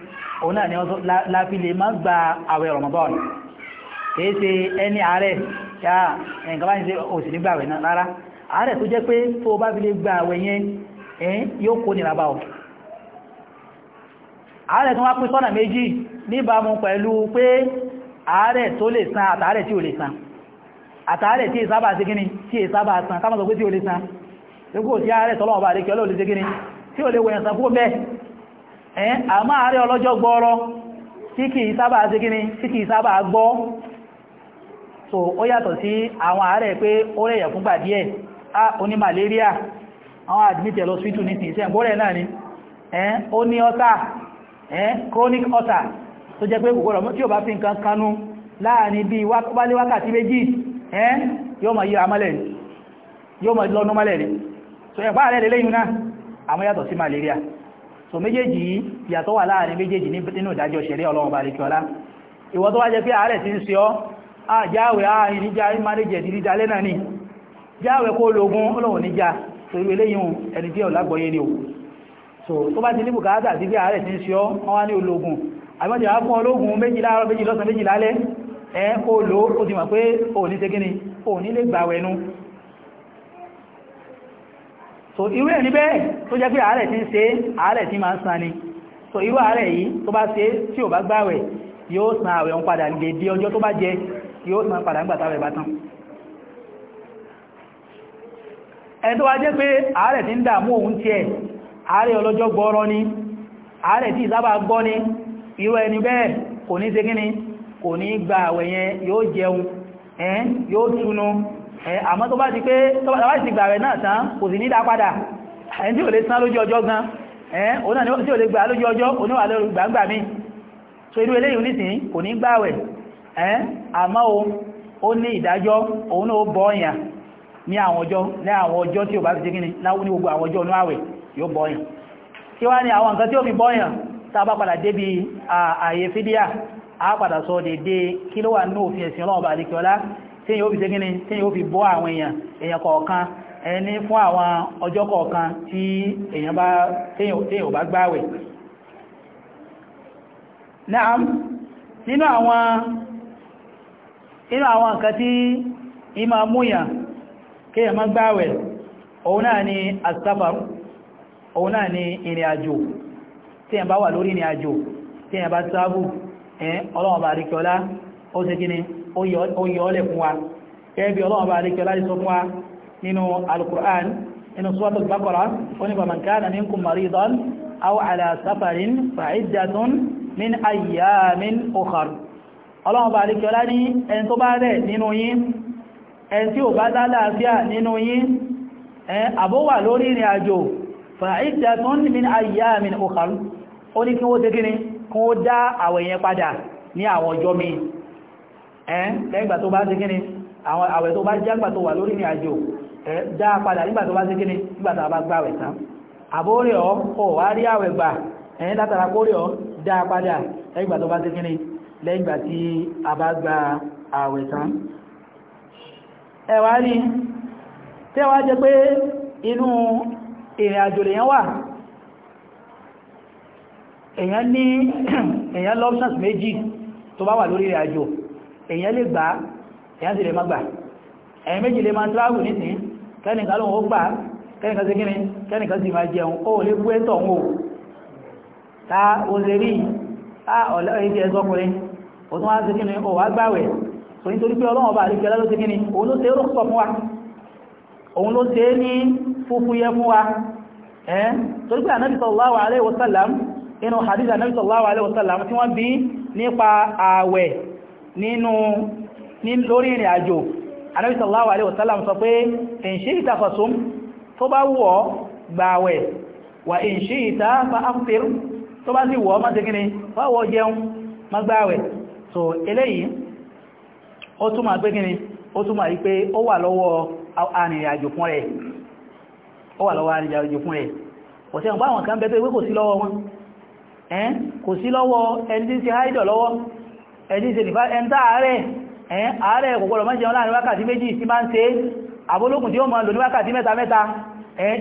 òun náà ni wọ́n la fi lè má gba àwẹ̀ Ramadan kìí ṣe ẹni àárẹ̀ yá nǹkan bá ń ṣe òsì nígbà àwẹ̀ náà rárá àárẹ̀ tó jẹ́ pé tó o bá fi lè gba àwẹ̀ yẹn ẹ̀yìn yóò kó nira bá ọ àárẹ̀ tó wá pín sọ́nà méjì níbàámu pẹ̀lú pé àárẹ̀ tó lè san àtàárẹ̀ tí ò lè san àtàárẹ̀ tí ìsábà sí gíní tí ìsábà san kámọ́sọ̀ pé tí ò lè san gbogbo tí àárẹ̀ tọ́lọ́wọ́ bá lè kí ọlọ́ọ̀lẹ́ sí gíní tí ò lè wẹ̀yàn san fún bẹ́ẹ̀ a àmá àrí ọlọ́jọ́ gbọ́ọ̀rọ̀ tí kìí sábà sí kíní tí sábà gbọ́ so ó yàtọ̀ sí àwọn pé ó gbà díẹ̀ a ó malaria àwọn admitted lọ ní tìí sẹ́gbọ́rẹ̀ náà ni ẹ́ ó ní ọ́tà ẹ́ chronic ọ́tà tó jẹ́ pé kòkòrò tí bá fi nǹkan kanú láàrin bí wálé wákàtí méjì yóò mọ̀ yóò mọ̀ lọ́nú so rẹ̀ lélẹ́yìn malaria so méjèèjì yìí ìyàtọ̀ wà láàrin méjèèjì nínú ìdájọ́ ṣẹlẹ̀ ọlọ́run balikiola ìwọ tó wá jẹ́ pé ààrẹ ti ń ṣe ọ́ àjáwẹ̀ ààrin níjà ni jáwẹ̀ kó lógún ọlọ́run níjà so ìwé ni o so tó bá ti ní bùkátà sí bí ààrẹ ti ń ṣe ọ́ wọ́n wá ní ológun àbájá wá fún ológun méjì láàárọ̀ méjì lọ́sàn méjì lálẹ́ ẹ kó lò ó ti mọ̀ pé òní ṣe kíni òní so irú ẹ̀ níbẹ̀ tó jẹ́ pé àárẹ̀ tí ń ṣe àárẹ̀ tí ń so irú àárẹ̀ yìí tó bá se tí ò bá gbààwẹ̀ yóò san àwẹ̀ òun padà lè di ọjọ́ tó bá jẹ yóò san padà nígbà táwẹ̀ ẹni tó wá jẹ́ pé àárẹ̀ tí ń dààmú òun tiẹ̀ àárẹ̀ ọlọ́jọ́ ni tí ìsábà ni gba àwẹ̀ yẹn yóò jẹun àmọ́ tó bá ti pé tó bá ti gbà rẹ̀ náà tán kò sì ní ẹni tí ò lè san lójú ọjọ́ gan òun náà tí ò lè gbà lójú ọjọ́ oníwà lórí gbàǹgbà mi so kò ní àmọ́ ó ní ìdájọ́ òun náà bọ́ ọ̀yàn ní ti láwọn gbogbo àwọn ọjọ́ yóò bọ́ ọ̀yàn kí wá ní àwọn nǹkan tí ó fi bọ́ ọ̀yàn a bá padà débi ààyè fídíà a padà tí yóò fi ṣe gíní tí yóò fi bọ́ àwọn èèyàn èèyàn kọ̀ọ̀kan ẹni fún àwọn ọjọ́ kọ̀ọ̀kan tí èèyàn bá téèyàn bá gbáwẹ̀ nínú àwọn inú àwọn nǹkan tí ìmá múyàn kéèyàn má gbáwẹ̀ òun náà ni asáfàr òun náà ni ìrìn àjò tí èèyàn bá wà lórí ìrìn àjò tí èèyàn bá sáàbù ẹ̀ ọlọ́wọ̀n bá rí kí ọlá ó ṣe gíní ó yọ ọ́lẹ̀ fún wa kẹ́ẹ̀bí ọlọ́wọ́ bá alékẹ́ láti sọ fún wa nínú alukur'an inú suratul baqara ó ní faman kana minkum maridan aw ala safarin fa iddatun min ayyamin ukhar ọlọ́wọ́ bá alékẹ́ ọlá ní ẹni tó bá bá lálàáfíà nínú yín ní kí wọ́n àwọn ọjọ́ mìí ẹ́ lẹ́gbà tó bá ṣe kíni àwọn àwẹ̀ tó bá jágbà tó wà lórí ní àjò ẹ́ dá padà nígbà tó bá ṣe kíni nígbà tó bá gbàwẹ̀ tán àbórí ọ kò wá rí àwẹ̀ gbà ẹ̀yìn látara kórí ọ dá padà lẹ́gbà tó bá ṣe kíni lẹ́gbà tí a bá gba àwẹ̀ tán ẹ wá rí tẹ́ wá jẹ́ pé inú ìrìn àjò lèyàn wà èyàn ní èyàn lọ́pṣọ́s méjì tó bá wà lórí ìrìn àjò èyàn lè gbà èyàn sì lè má gbà ẹ̀yìn méjì lè máa travel nísìn kẹ́nìkan lóun ó gbà kẹ́nìkan sí kíni kẹ́nìkan sì máa jẹun ó lè bú ẹ̀tọ̀ ń wò ta o lè rí a ọ̀lẹ́ ẹ̀yìn jẹ́ sọkùnrin ó tún wá sí kíni ó wá gbàwẹ̀ so nítorí pé ọlọ́wọ́n bá àríkẹ́ lọ́lọ́ sí kíni òun ló ṣe é rọ́pọ̀ fún wa òun ló ṣe é ní fúfúyẹ́ fún wa ẹ́ torí pé ànábì sallallahu alaihi wasallam inú hadith ànábì sallallahu alaihi wasallam tí wọ́n bí nípa ààwẹ̀ nínú lórí ìrìn àjò Ànábì sallallahu alaihi wasallam sọ pé in shi'ta fasum tó bá wù ọ́ gbààwẹ̀ wa in shi'ta fa aftir tó bá sì wù ọ́ má ṣe kíni fáwọ́ jẹun má gbààwẹ̀ so eléyìí ó túnmà pé kíni ó túnmà yí pé ó wà lọ́wọ́ arìnrìn àjò fún rẹ̀ ó wà lọ́wọ́ arìnrìn àjò fún rẹ̀ ọ̀sẹ̀ ń bá àwọn kan bẹ́ẹ̀ tó ìwé kò sí ẹni ṣe nìfà ẹntá ààrẹ ààrẹ kòkòrò mọ́ jẹun láàrin wákàtí méjì tí máa ń ṣe àbólógún tí ó máa lò ní wákàtí mẹ́ta mẹ́ta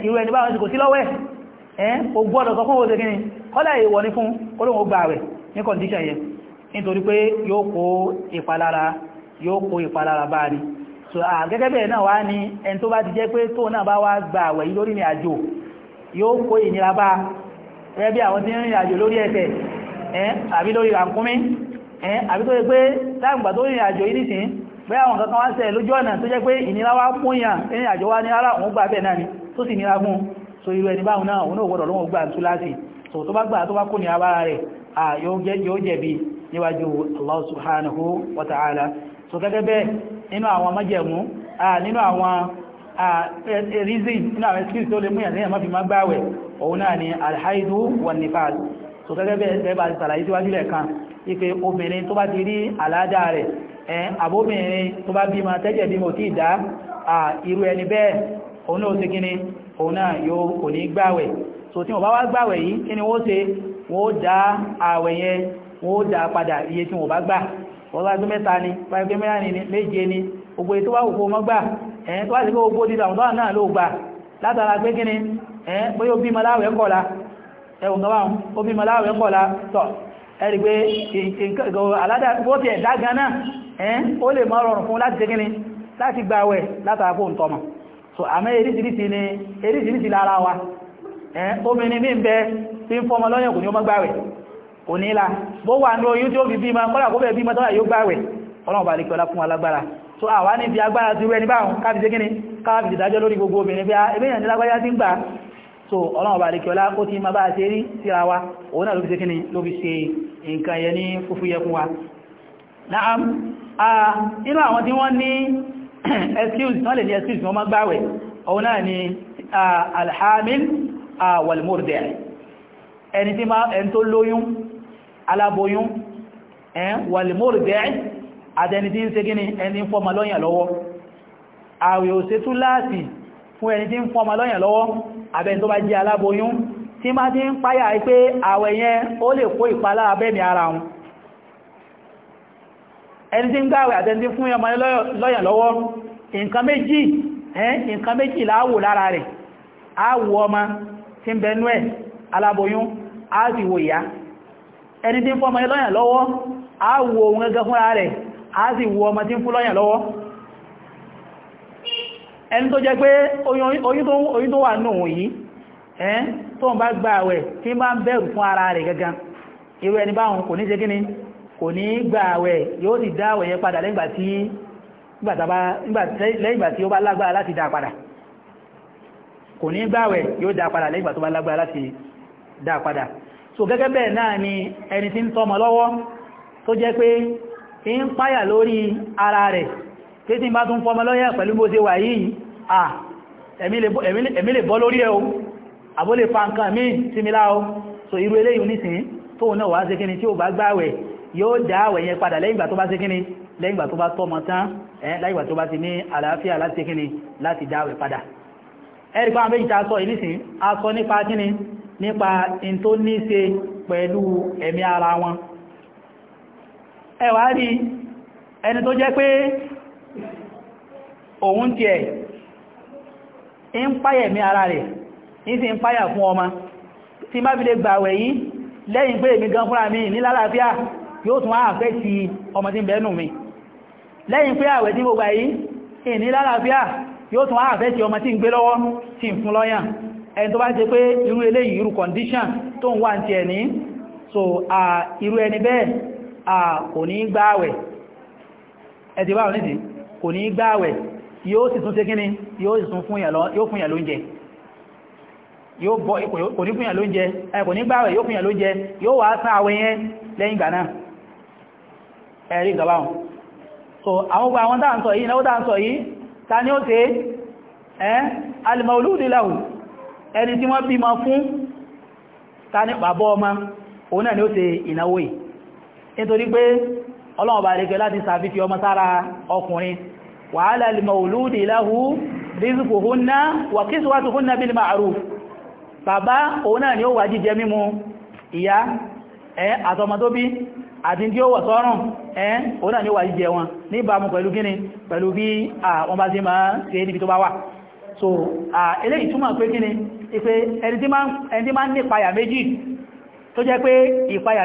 irú ẹni báwọn kò sí lọ́wẹ́ o gbọ́dọ̀ sọ fún òṣè kí ni kọ́lá ìwọ̀ ní fún olóhun gbà rẹ̀ ní condition yẹn nítorí pé yóò kó ìpalára yóò kó ìpalára bá ní so gẹ́gẹ́ bẹ̀rẹ̀ náà wá ní ẹni tó bá ti jẹ́ pé tó náà bá wá gbà wẹ̀ lórí ní àjò yóò kó ìnira bá rẹ́ bí àwọn tí ń rìn àjò lórí ẹsẹ̀ àbí lórí ràkúnmí ẹ̀ àbí tó yẹ pé láàgbà tó rìnrìn àjò ìdísìn pé àwọn kankan wá ṣẹlẹ̀ lójú ọ̀nà tó jẹ́ pé ìnira wá múyàn ní àjò wá ní ara òun gbà bẹ́ẹ̀ náà ni tó sì nira fún so irú ẹni báhùn náà òun náà gbọ́dọ̀ lóhun gbà tú láti so tó bá gbà tó bá kó ní abára rẹ̀ à yóò jẹ̀bi níwájú Allah subhanahu wa ta'ala so gẹ́gẹ́ bẹ́ẹ̀ nínú àwọn májẹ̀mú nínú àwọn reason nínú àwọn excuse tó lè múyàn lẹ́yìn máfi má gbáwẹ̀ òun náà ni alhaidu wa nifas so gẹ́gẹ́ bẹ́ẹ̀ bá ti sàlàyé síwájú lẹ́ẹ̀kan ipe obìnrin tó bá ti rí àládá rẹ̀ ẹn àbóbìnrin tó bá bímọ tẹ́jẹ̀ bímọ tí ìdá à irú ẹni bẹ́ẹ̀ òun náà ó ṣe kíni òun náà yóò kò ní gbàwẹ̀ so tí wọ́n bá wá gbàwẹ̀ yìí kí ni wọ́n ṣe wọ́n dá àwẹ̀ yẹn wọ́n dá padà iye tí wọ́n bá gbà wọ́n ni pàgbé mẹ́rin ni méje ni gbogbo èyí tó bá wùkú mọ́gbà ẹ̀yìn tó bá ti gbogbo dídà ọ̀dọ́ náà ló gbà látara pé kíni ẹ̀yìn bóyá ó bímọ láwẹ̀ kọ́la ẹ̀wọ̀n gbọ́n ó bímọ láwẹ̀ kọ́la tọ̀ ẹ̀rí pé aládàgbóti ẹ̀dá gan náà ẹ́n ó lè mọ́ rọrùn fún láti tẹ́gíní láti gba àwẹ̀ látàkó ń tọmọ̀ so àmẹ́ eríṣìíríṣìí ni eríṣìíríṣìí lára wa ẹ́n obìnrin mí ń bẹ tí ń fọmọ lọ́yàn kò ní ó mọ́ gbáwẹ̀ kò ní la bó wà ní oyún tí ó fi bí ma kọ́lá kó bẹ̀ bí ma tọ́lá yóò gbáwẹ̀ ọlọ́run bá lè kí ọlá fún alágbára so àwa ní fi agbára ti rú ẹni báhùn káàfi tẹ́gíní káàfi ìdájọ́ lórí gbogbo obìnrin bí i ah, ebéyàn ní lágbájá ti ń gbà so ọlọ́run ọba àríkẹ́ọlá ó ti máa bá ṣe rí síra wa òun náà ló fi ṣe kíni ló fi ṣe nǹkan yẹ ní fúfú yẹ wa na'am inú àwọn tí wọ́n ní excuse wọ́n lè ní excuse wọ́n má gbáwẹ̀ òun náà ni alhamil walmurde ẹni tí máa ẹni tó lóyún aláboyún walmurde àtẹni tí ń ṣe kíni ẹni fọ́mọ lọ́yàn lọ́wọ́ àwẹ̀ òṣètú láti lọ́wọ́ abẹ́ tó bá jẹ́ aláboyún tí má ti ń páyà pé àwẹ̀ yẹn ó lè kó ìpalá abẹ́mi ara wọn ẹni tí ń gbàwẹ̀ àtẹni fún ọmọ lọ́yàn lọ́wọ́ nǹkan méjì nǹkan méjì láàwò lára rẹ̀ àwò ọmọ tí ń bẹnú ẹ̀ aláboyún àwò ìyá ẹni tí ń fún ọmọ ẹni tó jẹ pé oyún tó wà náà yìí ẹ́n tó ń bá gba àwẹ̀ tí ma ń bẹ̀rù fún ara rẹ̀ gangan irú ẹni báhùn kò ní ṣe kíni kò ní gba àwẹ̀ yóò sì dá àwẹ̀ yẹn padà lẹ́yìngbà tí ó bá lágbára láti dá padà kò ní gba àwẹ̀ yóò dá padà lẹ́yìngbà tó bá lágbára láti dá padà so gẹ́gẹ́ bẹ́ẹ̀ náà ni ẹni tí ń tọ́mọ lọ́wọ́ tó jẹ́ pé ń páyà lórí ara rẹ̀ títí bá tún fọmọ lọ́yẹ́ pẹ̀lú bó ṣe wà yìí à ẹ̀mí lè bọ́ lórí ẹ̀ o àbó lè fa nǹkan mí símílá o so irú eléyìí nísìn tóun náà wá ṣe kíni tí ó bá gbáwẹ̀ yóò dá àwẹ̀ yẹn padà lẹ́yìn ìgbà tó bá ṣe kíni lẹ́yìn ìgbà tó bá tọ́mọ tán lẹ́yìn ìgbà tó bá ti ní àlàáfíà láti ṣe kíni láti dá àwẹ̀ padà ẹ̀rí fáwọn méjì tá a sọ yìí nísìn ẹni tó jẹ́ pé òun tí ẹ̀ ń páyẹ̀ mí ara rẹ̀ ní sí ń páyà fún ọmọ tí má fi lè gbàwẹ̀ yìí lẹ́yìn pé èmi gan fúnra mi ní lálàáfíà yóò tún àfẹ́ ti ọmọ tí ń bẹ́nu mi lẹ́yìn pé àwẹ̀ tí mo gbà yìí ní lálàáfíà yóò tún àfẹ́ ti ọmọ tí ń gbé lọ́wọ́ tí ń fún lọ́yàn ẹni tó bá ṣe pé irú eléyìí irú condition tó ń wà ti ẹni so irú ẹni bẹ́ẹ̀ kò ní gbàwẹ̀ ẹ̀ ti bá wọn nìdí kò ní gbáwẹ̀ yóò sì tún ségíní yóò sì tún fúnyà lóúnjẹ kò ní fúnyà lóúnjẹ kò ní gbáwẹ̀ yóò fúnyà lóúnjẹ yóò wá sán àwọn yẹn lẹ́yìn ìgbà náà ẹ̀rí ìgbàbáhùn so àwọn gbogbo àwọn dáǹsọ̀ ta ni ọlọ́run bá rẹ̀kẹ́ láti sàfífí ọmọ sára ọkùnrin wa 'ala al-mawludi lahu rizquhunna wa kiswatuhunna bil ma'ruf bàbá òun náà ni ó wà jíjẹ mímu ìyá ẹ́ àtọmọdóbí àti tí ó wọ̀ sọ́rùn òun náà ni ó wà jíjẹ wọn níbàámu pẹ̀lú gíní pẹ̀lú so eléyìí túmọ̀ pé gíní ipe ẹni tí máa ń nípa ìpayà méjì tó jẹ́ pé ìpayà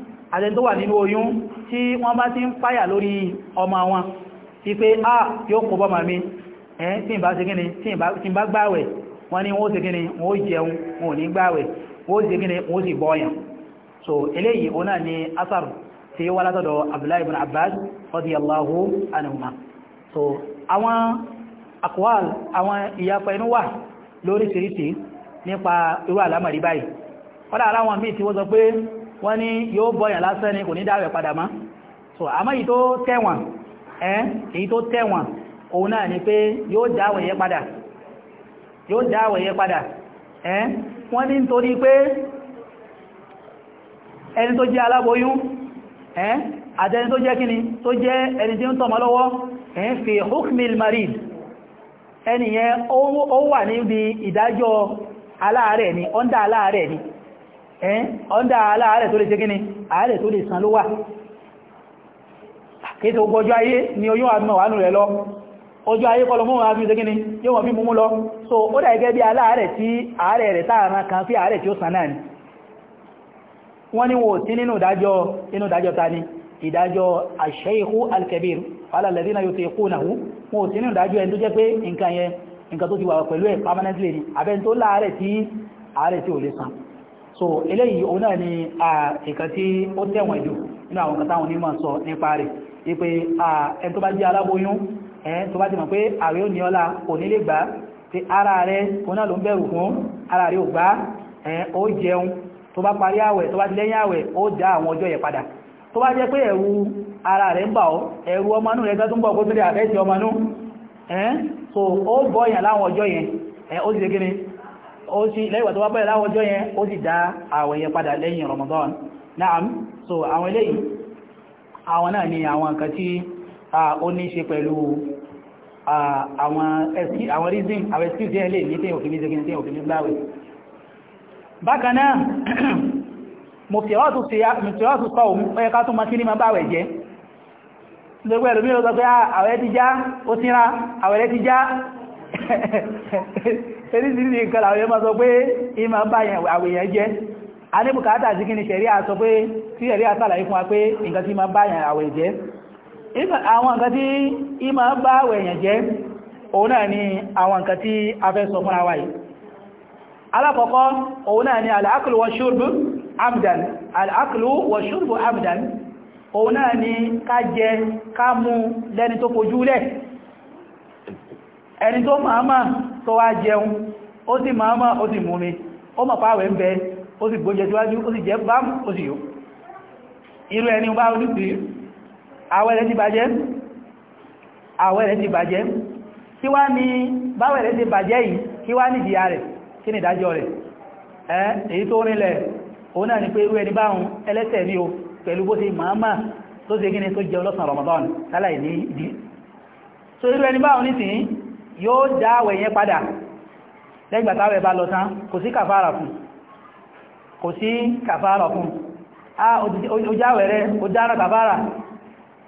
àtẹni tó wà nínú oyún tí wọ́n bá ti ń páyà lórí ọmọ wọn ti pé a ah, yóò kó bọ́mà mi ẹ́ tí ìbá ṣe gíní tí ìbá gbáwẹ̀ wọ́n ní wọ́n ṣe gíní wọ́n jẹun wọ́n ní gbáwẹ̀ wọ́n ṣe gíní wọ́n sì bọ́ọ̀yàn so eléyìí òun náà ni asar tí ó wá látọ̀dọ̀ abdullahi ibn abbas radiyallahu anhuma so àwọn akwal àwọn ìyapa inú wà lóríṣiríṣi nípa irú àlámọ̀rí báyìí wọ́n lára àwọn míì tí wọ́n ní yóò bọ́yàn lásán ni kò ní dáwẹ̀ padà má so àmọ́ èyí tó tẹ̀wọ̀n ẹ́ èyí tó tẹ̀wọ̀n òun náà ni pé yóò dáwẹ̀ yẹ padà yóò dáwẹ̀ yẹ padà ẹ́ wọ́n ní nítorí pé ẹni tó jẹ́ aláboyún ẹ́ àtẹni tó jẹ́ kíni tó jẹ́ ẹni tí ń tọ́mọ lọ́wọ́ ẹ́ fi ó wà níbi ìdájọ́ aláàárẹ̀ ni ọ́ndà aláàárẹ̀ ni ẹ́n ọ́ndà aláàrẹ̀ tó lè ṣe gíní ààrẹ̀ tó lè san ló wà kéèsè ogun ọjọ́ ayé ni oyún àmọ́ wà nù rẹ̀ lọ ọjọ́ ayé kọlọ mọ́ àmì so ó dà gẹ́gẹ́ bí aláàrẹ̀ tí ààrẹ̀ rẹ̀ táàrán kan fi ààrẹ̀ tí ó san náà ni alkebir alàlẹ́dínà yóò ti kú náà wọ́n sí nínú ìdájọ́ ẹni tó jẹ́ pé nǹkan yẹn nǹkan tó ti wà pẹ̀lú so eléyìí òun náà ni ẹ̀kan tí ó tẹ̀wọ̀n jù nínú àwọn kan táwọn onímọ̀ sọ nípa rẹ̀ wípé ẹni tó bá jẹ́ aláboyún ẹni tó bá ti mọ̀ pé ààrẹ ò ní ọlá kò ní lè gbà tí ara rẹ̀ òun náà ló ń bẹ̀rù fún ara rẹ̀ ò gbà ó jẹun tó bá parí àwẹ̀ tó bá ti lẹ́yìn àwẹ̀ ó dá àwọn ọjọ́ yẹn padà tó bá jẹ́ pé ẹ̀rù ara rẹ̀ ń bà ọ́ ẹ̀rù ọmọnú rẹ̀ tó ń bọ̀ kó tó dé àfẹ́ ti ọmọnú so ó bọ́ yẹn láwọn ọjọ́ yẹn ó sì ṣe kí ó sì lẹ́wà tó wá bẹ̀rẹ̀ láwọn ọjọ́ yẹn ó sì dá àwẹ̀ yẹn padà lẹ́yìn Ramadan naam so àwọn eléyìí àwọn náà ni àwọn nǹkan tí ó ní ṣe pẹ̀lú àwọn reason àwọn excuse yẹn lè ní tí òfin ní tí òfin ní gbáwẹ̀ bákan náà mọ̀fíwọ́tù sọ́wọ́ ẹ̀ká tó ma kí ní ma báwẹ̀ jẹ́ gbogbo ẹ̀lú mí lọ sọ pé àwẹ̀ ti já ó tíra àwẹ̀ ti já eríṣiríṣi nǹkan àwọn èèyàn máa sọ pé ìmọ̀ bá àwèyàn jẹ́ a ní bùkátà sí kí ni ṣẹ̀rí àsọ pé tí ẹ̀rí àsàlàyé fún wa pé nǹkan tí ma bá àyàn àwẹ̀ jẹ́ àwọn nǹkan tí ìmọ̀ bá àwẹ̀yàn jẹ́ òun náà ni àwọn nǹkan tí a fẹ́ sọ fún àwa yìí alákọ̀ọ́kọ́ òun náà ni al ẹni tó máa máa tó wá jẹun ó sì máa mọ́ ó sì mú mi ó mọ̀ páwẹ̀ ń bẹ ó sì gbóúnjẹ síwájú ó sì jẹ bám ó sì yó irú ẹni bá olùsí àwẹ̀ rẹ̀ ti bàjẹ́ àwẹ̀ rẹ̀ ti bàjẹ́ kí wá ní báwẹ̀ ti bàjẹ́ yìí kí wá ní ìdíyà rẹ̀ kí ni ìdájọ́ rẹ̀ èyí tó rinlẹ̀ òun náà ni pé irú ẹni báhùn ẹlẹ́ṣẹ̀ ní o pẹ̀lú bó ti máa tó ṣe gíní tó jẹ ọlọ́sàn Ramadan láláì ní ìdí so irú ẹni báhùn nísìnyí yóò dá àwẹ̀ yẹn padà lẹ́gbàtàwẹ̀ bá lọ tán kò sí kàfàrà fún kò sí kàfàrà fún a ojáwẹ̀ rẹ̀ o dára kàfàrà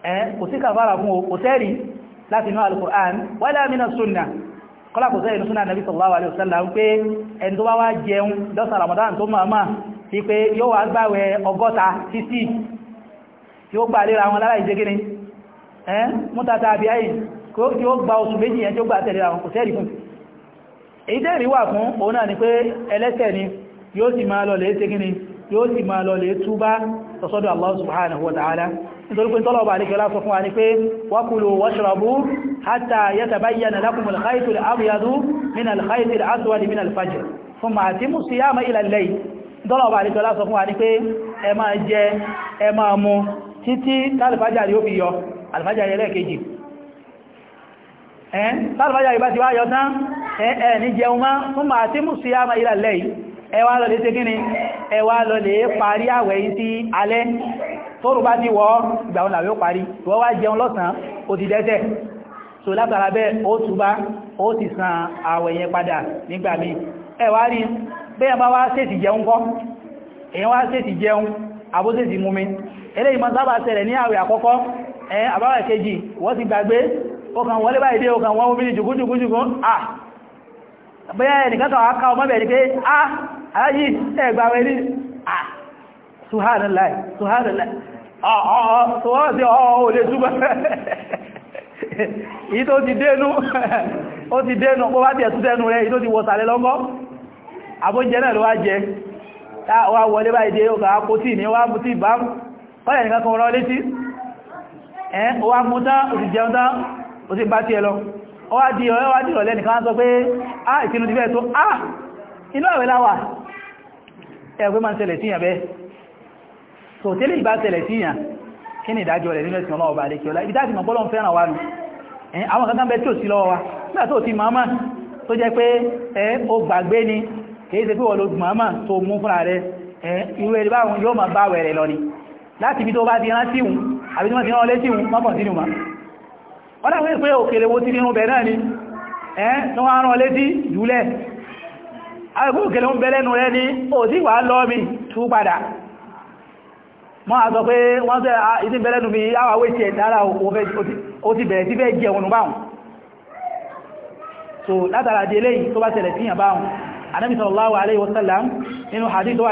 ẹ kò sí kàfàrà fún o tẹ́rì láti inú al-Qur'an wala mina suna jẹun yóò wá gbàwẹ̀ sisi wọn lára ìjẹ́gẹ́ni ẹ́ mútàtà tí ó gba oṣù méjì yẹn tí ó gbà tẹ̀lé àwọn kò sẹ́rì fún èyí tẹ́rì wà fún òun náà ni pé ẹlẹ́ṣẹ̀ ni yóò sì máa lọ lè ṣe gíní yóò sì máa lọ lè túbá sọ́sọ́dọ̀ Allah subhanahu wa ta'ala nítorí pé tọ́lọ̀ bá alékẹ́lá sọ fún wa ní pé wakulu washrabu hatta yatabayyana lakum alkhaytu al-abyadu min alkhayti al-aswad min fi yọ alfàjà yẹlẹ́kejì ẹ̀ẹ́n tàbí ìbá ti wá yọ tán ẹ̀ẹ́ ní jẹun máa fún màá tí mú sí àmà ìlà lẹ́yìn ẹwà lọ lè ṣe kíni ẹwà lọ lè parí àwẹ̀ yìí sí alẹ́ tóòrù bá ti wọ́ ìgbà ọ̀nà àwẹ̀ ó parí wọ́n wá jẹun lọ́sàn ó ti dẹ́ṣẹ̀ so látara bẹ́ẹ̀ ó túbá ó ti san àwẹ̀ yẹn padà nígbà míì ẹwà rí bẹ́ẹ̀ bá wá ọkàn wọlé báyìí dé ọkàn wọ́n obìnrin jùgúnjùgúnjùgún ah bẹ́ẹ̀ nìkátà àká ọmọ bẹ̀rẹ̀ pé ah aláyí ẹgbà rẹ̀ ní ah subhanallah subhanallah ah, ah, ah, wọ́n wọlé báyìí dé ọkà àpótí ní wá mú tí ìbámu kọ́lẹ̀ nìkan kan rán létí ẹ́ wá mú tán òsì jẹun tán ó sì bá tí ẹ lọ ọwá di ọ̀rẹ́ wá di ọ̀lẹ́ nìkan sọ pé ah ìtinú ti fẹ́ tó ah inú àwẹ̀ láwà ẹgbẹ́ ma ń ṣẹlẹ̀ síyàn bẹ́ so tẹ́lẹ̀ ìbá ṣẹlẹ̀ síyàn kí ni ìdájọ́ rẹ̀ nínú ẹ̀sìn ọlọ́ọ̀bà àdékíọlá ibi táàkì mọ̀ bọ́lọ̀ ń fẹ́ràn wa nù àwọn kankan bẹ tí ò sí lọ́wọ́ wa nígbà tó ti màmá tó jẹ́ pé ẹ ó gbàgbé ni kìí ṣe pé wọ́n lo màmá tó mú fúnra rẹ̀ ẹ irú ẹni báwọn yóò máa bá wẹ̀rẹ̀ lọ ni láti ibi tó bá ti rántí wù àbí tó máa ti rán létí wù mọ́kànlélùmọ́ wọ́n dáwọn ìpé òkèrè wo ti ní oúnbẹ̀ náà ni ẹ́ tó wá rán létí jùlẹ̀ àìkú òkèrè oúnbẹ̀ lẹ́nu rẹ ní ò tí wà lọ́ọ̀mì tú padà mọ́ àzọ pé wọ́n tẹ́ ah, ìdí bẹ̀lẹ́nu mi áwàwé ti ẹ̀dára ó ti bẹ̀rẹ̀ sí fẹ́ jẹ òun báhùn so látara di eléyìí tó bá tẹ̀lẹ̀ sí yàn báhùn anábi sallallahu alaihi wasallam nínú hadith wà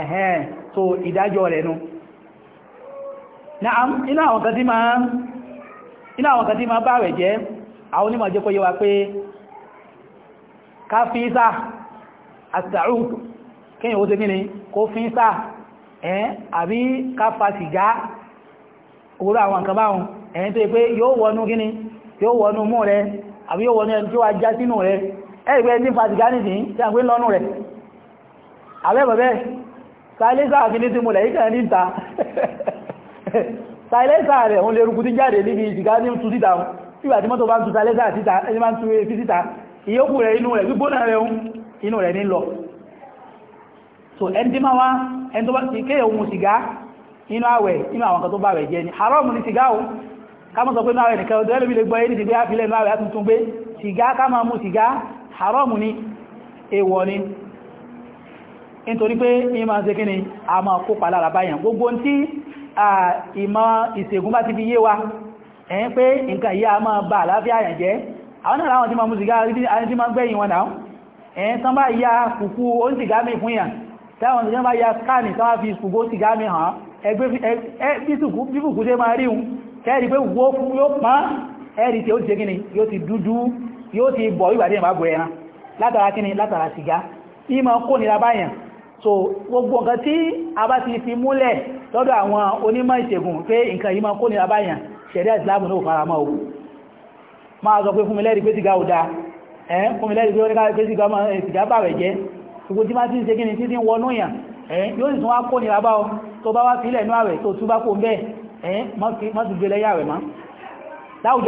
ẹ̀hẹ́n so ìdájọ́ rẹ̀ nú iná àwọn kan tí ma bá rẹ̀ jẹ́ àwọn onímọ̀ jẹ́ kó wa pé ká fi sá àtàrùn kíyàn ó ṣe gíní kó fi sá ẹ̀ẹ́n àbí ká fa sìgá òwúrò àwọn nǹkan báhùn ẹ̀yìn tó yẹ pé yóò wọnú gíní yóò wọnú mú rẹ̀ àbí yóò wọnú ẹni tí wá já sínú rẹ̀ ẹ̀ẹ́gbẹ́ ní fa sìgá nìsín tí a gbé lọ́nù rẹ̀ àbẹ́bẹ̀bẹ́ silẹ́sà fi ní símúlẹ̀ ìkẹ́ ní ìta silẹ́sà rẹ̀ òun lè rúkú tí jáde níbi ìjìká ní tú síta ìgbà tí mọ́tò bá ń tú silẹ́sà síta ẹni máa ń tú fi síta ìyókù rẹ̀ inú rẹ̀ gbígbóná rẹ̀ inú rẹ̀ ní lọ so ẹni tí máa wá ẹni tó bá ti kéè ohun sìgá inú àwẹ̀ inú àwọn kan tó bá rẹ̀ jẹ́ ni haram ni sìgá o ká mọ́ sọ pé náà rẹ̀ nìkan ọdún ẹlòmí lè gbọ́ ẹni ti gbé àfilẹ̀ náà rẹ̀ á tuntun gbé sìgá ká máa mú sìgá haram ni nítorí pé ìmá ṣe kí ni a máa kópa lára báyàn gbogbo tí ìmọ̀ ìṣègùn bá ti fi yé wa ẹ̀yìn pé nǹkan yí a máa bá àláfíà àyàn jẹ́ àwọn náà láwọn tí ma mú sìgá àti ma gbẹ̀yìn wọn náà ẹ̀yìn tán bá ya kùkú ó ń sìgá mi fún yàn táwọn tí wọ́n bá ya káàní ìmọ̀ kò nira báyàn so gbogbo nǹkan tí a bá ti fi múlẹ̀ lọ́dọ̀ àwọn onímọ̀ ìṣègùn pé nǹkan yìí máa kó ní abáyàn ṣẹ̀ríà ìsìláàmù náà fara mọ́ òun máa sọ pé fún mi lẹ́rìí pé sìgá ò dáa ẹ̀ fún mi lẹ́rìí pé oníkà pé eh, sìgá bàwẹ̀ jẹ́ gbogbo tí máa ti ń ṣe kíni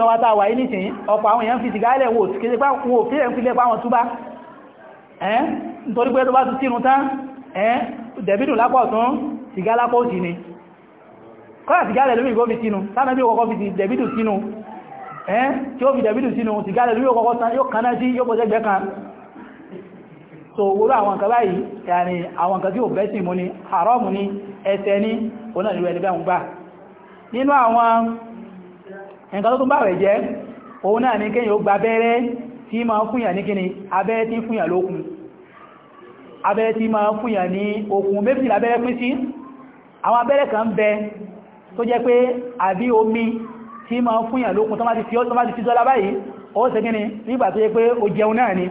wa tá a wà yìí nìsín ọ̀pọ̀ àwọn èèyàn fi sìgá lẹ̀ wò kéde pé wọn ò nítorí pé tó bá tún sínú tán ẹ́ dẹ̀bìdùn lápá ọ̀tún sìgá lápá òsì ni kọ́lá sìgá lẹ̀ lómi gómi sínú sáàmẹ́bí ọkọ̀ fi dẹ̀bìdùn sínú ẹ́ tí ó fi dẹ̀bìdùn sínú sìgá lẹ̀ lómi ọkọ̀ yóò kaná sí yóò pọ̀sẹ́gbẹ́ kan so wúrú àwọn nǹkan báyìí yàní àwọn nǹkan tí ò bẹ́ sí mú ni haramu ni ẹsẹ ní ọ̀nà ìlú ẹni bẹ́ẹ̀ ń gbà nínú àwọn nǹkan tó tún bá rẹ̀ jẹ́ òun náà ní kéyàn ó gba abẹ́rẹ́ tí ma ń fúnyà ní kíni abẹ́rẹ́ tí fúnyà lókun abẹ́rẹ́ tí máa ń fúnyàn ní okùn méjì lábẹ́rẹ́ pín sí àwọn abẹ́rẹ́ kan bẹ tó jẹ́ pé àbí omi tí máa ń fúnyàn lókun tó má ti fi dọ́lá báyìí ó ṣe gíní nígbà tó jẹ́ pé ó jẹun náà ni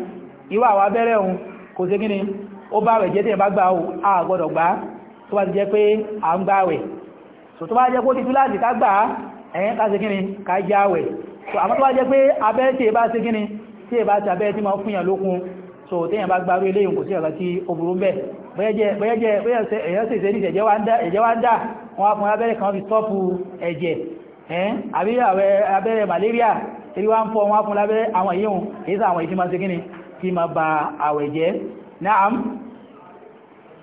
irú àwọn abẹ́rẹ́ òun kò ṣe gíní ó bá rẹ̀ jẹ́ tẹ́yẹ̀ bá a gbọ́dọ̀ gbà tó bá ti jẹ́ pé à ń gbà wẹ̀ so tó bá jẹ́ kó ti tú láti ká gbà ẹ̀yẹn ká ṣe so téèyàn bá gbárù eléyìí kò sí ọ̀gá tí ó burú bẹ́ẹ̀ bóyẹ́jẹ́ bóyẹ́jẹ́ bóyẹ́sẹ̀ èyàn sì ṣe ní ìṣẹ̀jẹ́ wá ń dá wọ́n á fún abẹ́rẹ́ kan fi stọ́pù ẹ̀jẹ̀ ẹ́n malaria tí wá ń fọ́ wọ́n á fún lábẹ́rẹ́ àwọn ba àwẹ̀ naam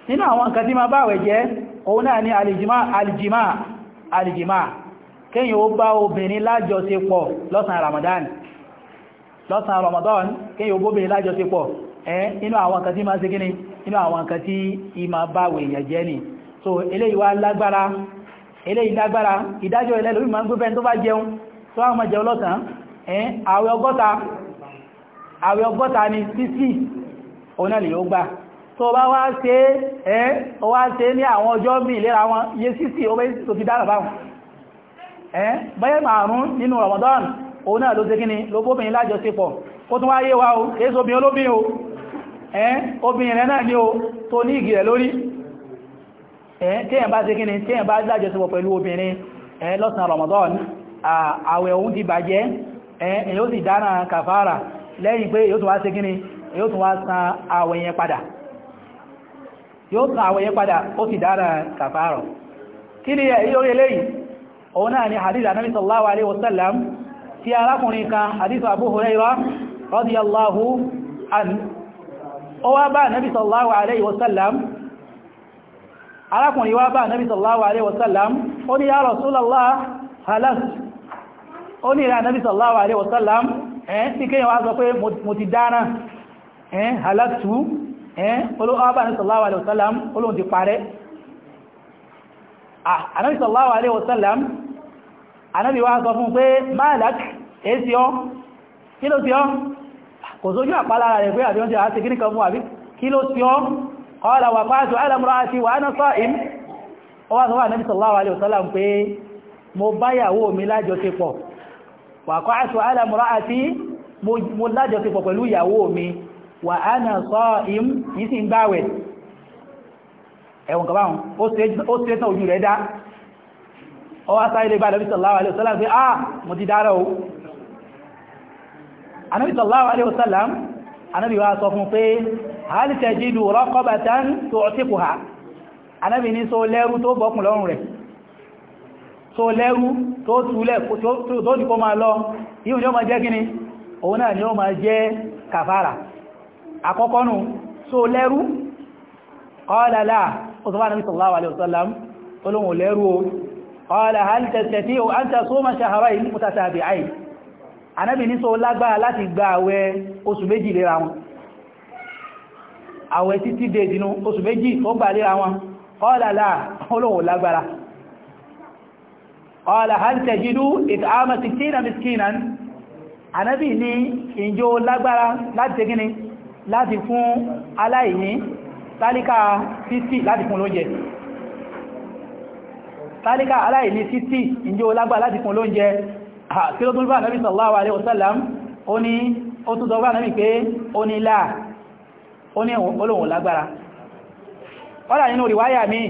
nínú àwọn nǹkan tí ma bá àwẹ̀ jẹ́ òun náà ni alìjìmá alìjìmá alìjìmá kéyìn ó bá obìnrin lájọṣepọ̀ lọ́sàn Ramadan lọ́sàn Ramadan kéyìn ó bóbìnrin ẹ́ eh, inú àwọn kan tí ma ṣe kíní inú àwọn kan tí ìmá báwẹ̀ èèyàn jẹ́ ni so eléyìí wá lágbára eléyìí lágbára ìdájọ́ ilẹ̀ lórí ma ń gbé fẹ́ni tó bá jẹun tó wá máa jẹun lọ́sàn eh, ẹ́ ọgọ́ta ni sísì òun náà lè yóò gbà tó bá wá ṣe ẹ́ eh, ó wá ṣe ní àwọn ọjọ́ míì lera wọn yé sísì ó Ramadan òun náà ló ṣe kíni ló bóbìnrin lájọṣepọ̀ kó tún wáyé wá o kéèsò obìnrin olóbìnrin o ẹ́ obìnrin rẹ̀ náà ní o tó ní ìgì rẹ̀ lórí ẹ́ téèyàn bá bá lájọṣepọ̀ Ramadan àwẹ̀ òun ti bàjẹ́ ẹ́ èyí ó sì dáná kàfàrà lẹ́yìn pé yóò tún wá ṣe kíni yóò tún wá san àwẹ̀ yẹn padà ni èyí lórí eléyìí òun náà ni hadith anábì tí arákùnrin kan àdísọ Abu Hurairah radiyallahu anhu ó wá bá Nabi sallallahu alaihi wasallam arákùnrin wá bá Nabi sallallahu alaihi wasallam ó ní ya Rasulullah halas ó ní ìrà Nabi sallallahu alaihi wasallam ẹ́ tí kéyàn wá sọ pé mo ti dáná ẹ́ halatu ẹ́ olóòwà bá ah, sọ fún pé malak èsì ọ́ kí ló sí ọ́ kò sójú àpálára rẹ̀ pé àti wọ́n ti àti kí nìkan fún àbí kí ló sí ọ́ ọ̀là wà pàásù alamura àti wà ánà sọ ìm ó wá sọ́wọ́ ànábì sallallahu alaihi wasallam pé mo báyàwó mi lájọṣepọ̀ mo lájọṣepọ̀ pẹ̀lú ìyàwó mi wà ánà sọ ìm yìí sì ń gbáwẹ̀ ẹ̀wọ̀n kàbáhùn ó sì ẹ́tàn ojú rẹ̀ dá ọwá sáyé lè bá ànábì sallallahu alaihi wasallam pé ah mo ti dára o anábì sallallahu alaihi wasallam anábì wá sọ fún pé hal tajidu raqabatan tu'tiquha anábì ní so lẹ́rú tó bọ́kùn lọ́rùn rẹ̀ so lẹ́rú tó túlẹ̀ tó ní kó máa lọ yíò ni ó máa jẹ́ kíni òun náà ni ó máa jẹ́ kàfàrà àkọ́kọ́ nù so lẹ́rú qala anábì ní so lágbára láti gba àwẹ̀ oṣù méjì lera wọn àwẹ̀ títí dé ìdínú oṣù méjì ó gbà lera wọn ọ́làlá olóhùn lágbára ọ́là hal tajidu ìtààmà 16 miskinan anábì ní ìjọ lágbára láti gíní láti fún aláìní tálíkà 50 láti fún lóúnjẹ tálíkà aláìní 50 ìjọ lágbára láti fún lóúnjẹ kí ló tún bá nàbí sallallahu alaihi wasallam ó ní ó tún sọ bá nàbí pé ó ní láà ó ní olóhùn lágbára wọ́n nínú ríwáyà mi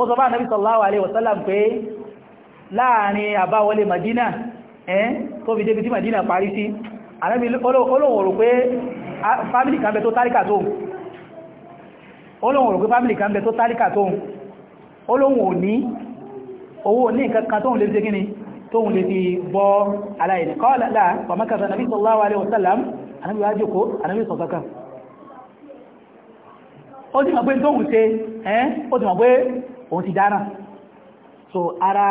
ó sọ bá nàbí sallallahu alaihi wasallam pé láàrin àbáwọlé Madina ẹ́ tó fi débi tí Madina parí sí ànábì olóhùn rò pé fámílì kan bẹ tó táríkà tó olóhùn rò pé fámílì kan bẹ tó táríkà ò ní owó ní nǹkan kan tó ń lè ṣe gíní tóun lè fi bọ́ aláìní kọ́ọ̀lá láà pàmọ́kàtà nàbí sallallahu alaihi wasallam anábí wá jòkó anábí sọ̀sọ́kà ó ti mọ̀ pé tóun ṣe ẹ́ ó ti mọ̀ pé òun ti dáná so ara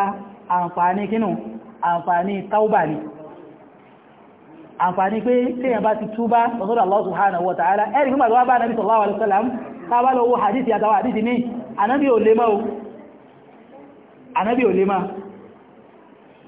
àǹfààní kínú àǹfààní taubà ni àǹfààní pé téèyàn bá ti túbá lọ́sọ́dọ̀ Allah subhanahu wa ta'ala ẹ̀rì fún màlúwà bá nàbí sallallahu alaihi wasallam tábà lọ́wọ́ hadith yàtàwà hadith ní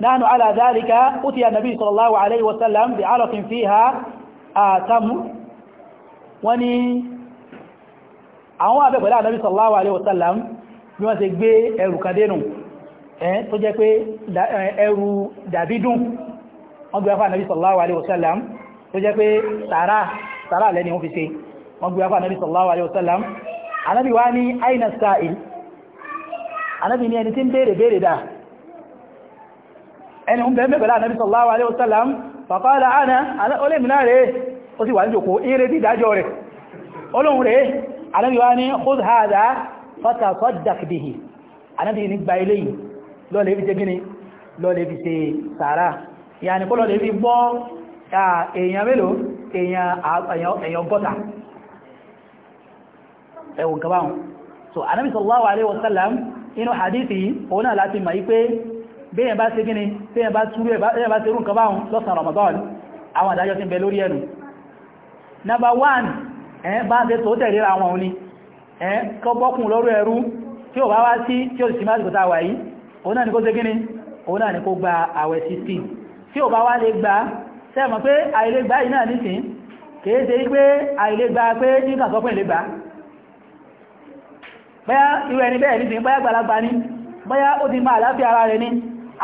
نحن على ذلك أتي النبي صلى الله عليه وسلم بعرق فيها تمر وني àwọn abẹ́ pẹ̀lú ànábì sallallahu alaihi wasallam bí wọ́n ṣe gbé ẹrù kàdénù ẹ́ tó jẹ́ pé ẹrù dàbídùn wọ́n gbé afá ànábì sallallahu alaihi wasallam tó jẹ́ pé tààrà tààrà lẹ́ni wọ́n fi ṣe wọ́n gbé afá ànábì sallallahu alaihi wasallam ẹni ń bẹ̀ẹ́ pẹ̀lú Ànábì sallallahu alaihi wasallam faqala ana olèmìnà rẹ̀ ó sì wà ní jòkó eré tí ìdájọ́ rẹ̀ olóhun rẹ̀ Ànábì wá ní khudh hadha fatasaddaq bihi Ànábì ní gba ilé yìí lọ́lẹ̀ fi ṣe gíní lọ́lẹ̀ fi ṣe sàárà yàní kó lọ́lẹ̀ fi gbọ́ so Ànábì sallallahu alaihi wasallam inú hadithi òun náà láti mọ̀ yí pé bẹ́yàn bá ṣe gíní bẹ́yàn bá túrú ẹ̀ bẹ́yàn bá ṣe rú nǹkan báhùn lọ́sàn Ramadan àwọn àdájọ́ ti ń bẹ lórí ẹnu nàbà 1 ẹ̀ẹ́ bá ń ṣe tó tẹ̀lé àwọn òní ẹ̀ẹ́ kọ́bọ́kùn lọ́rú ẹrú tí ó bá wá sí tí ó sì máa kòtà ni kó ni kó gba àwẹ̀ 16 tí ó bá wá lè gba sẹ́mọ̀ pé àìlè gba yìí náà nìsín kìí ṣe pé àìlè gba pé nígbà sọ pé ìlè gba bóyá irú ẹni bẹ́ẹ̀ nìsín bóyá ti máa àlàáfíà ara rẹ̀ ni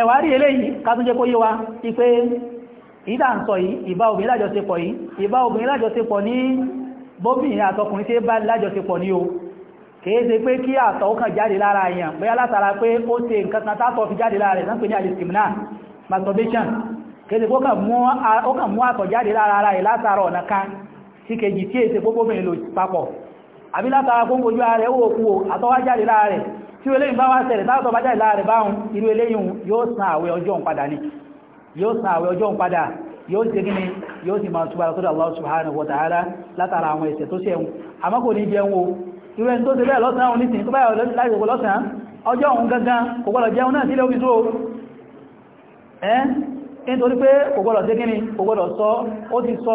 ẹ̀wà rí eléyìí kátúnjẹ́ kó yé wa ti pé ìdá ń sọ yìí ìbá obìnrin lájọṣepọ̀ yìí ìbá obìnrin lájọṣepọ̀ ní bóbìnrin àtọkùnrin tí bá lájọṣepọ̀ ní o kìí ṣe pé kí àtọ̀ ó kàn jáde lára èèyàn bóyá látara pé ó ṣe nǹkan kan tátọ̀ fi jáde lára rẹ̀ náà pè ní alistimna masturbation kìí ṣe pé ó kàn mú àtọ̀ jáde lára rẹ̀ látara ọ̀nà kan sí kejì tí èsè pópóbìnrin lò papọ̀ àbí látara kó ń bojú ààrẹ owó òkú àtọwájáde láàrẹ̀ tí eléyìn bá wá ṣẹlẹ̀ táwọn tọwájáde láàrẹ̀ báhùn irú eléyìn yóò san àwẹ̀ ọjọ́ ń padà ní yóò san àwẹ̀ ọjọ́ ń padà yóò ṣe gíní yóò sì máa túbà lọ́sọ́dọ̀ Allah subhanahu wa ta'ala látara àwọn ẹ̀ṣẹ̀ tó ṣẹ̀wọ̀n àmọ́ kò ní jẹun o irú ẹni tó ṣe bẹ́ẹ̀ lọ́sàn án nítorí pé kò gbọ́dọ̀ ṣe gíní kò gbọ́dọ̀ sọ ó ti sọ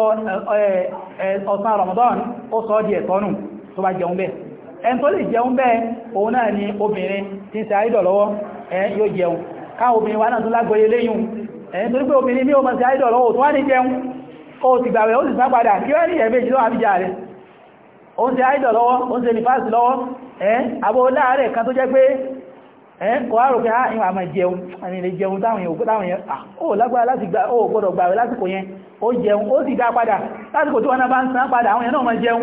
ọ̀sán Ramadan ó sọ di ẹ̀tọ́nù tó bá jẹun bẹ́ẹ̀ ẹn tó lè jẹun bẹ́ẹ̀ òun náà ni obìnrin tí ń ṣe àìdọ̀ lọ́wọ́ ẹ yóò jẹun káwọn obìnrin wa náà tún lágbóyé léyùn ẹ̀yìn torí pé obìnrin ní ọmọ sí àìdọ̀ lọ́wọ́ tó wá ní jẹun ó ti gbàwẹ̀ ó sì sá padà kí wá ní ẹ̀mẹ́jì lọ́wọ́ àbíjà rẹ̀ ó ń ṣe àìdọ̀ lọ́wọ́ ó ń ṣe nífàásì lọ́wọ́ ẹ́ abó láàárẹ̀ kan tó jẹ́ pé kò á rò pé àwọn ah, àmà jẹun àmì ilé jẹun táwọn èèyàn táwọn èèyàn ah, ó lágbára láti gba ó gbọ́dọ̀ gbàwẹ̀ lásìkò yẹn ó jẹun ó sì dá padà lásìkò tí wọn náà bá ń san padà àwọn èèyàn náà máa jẹun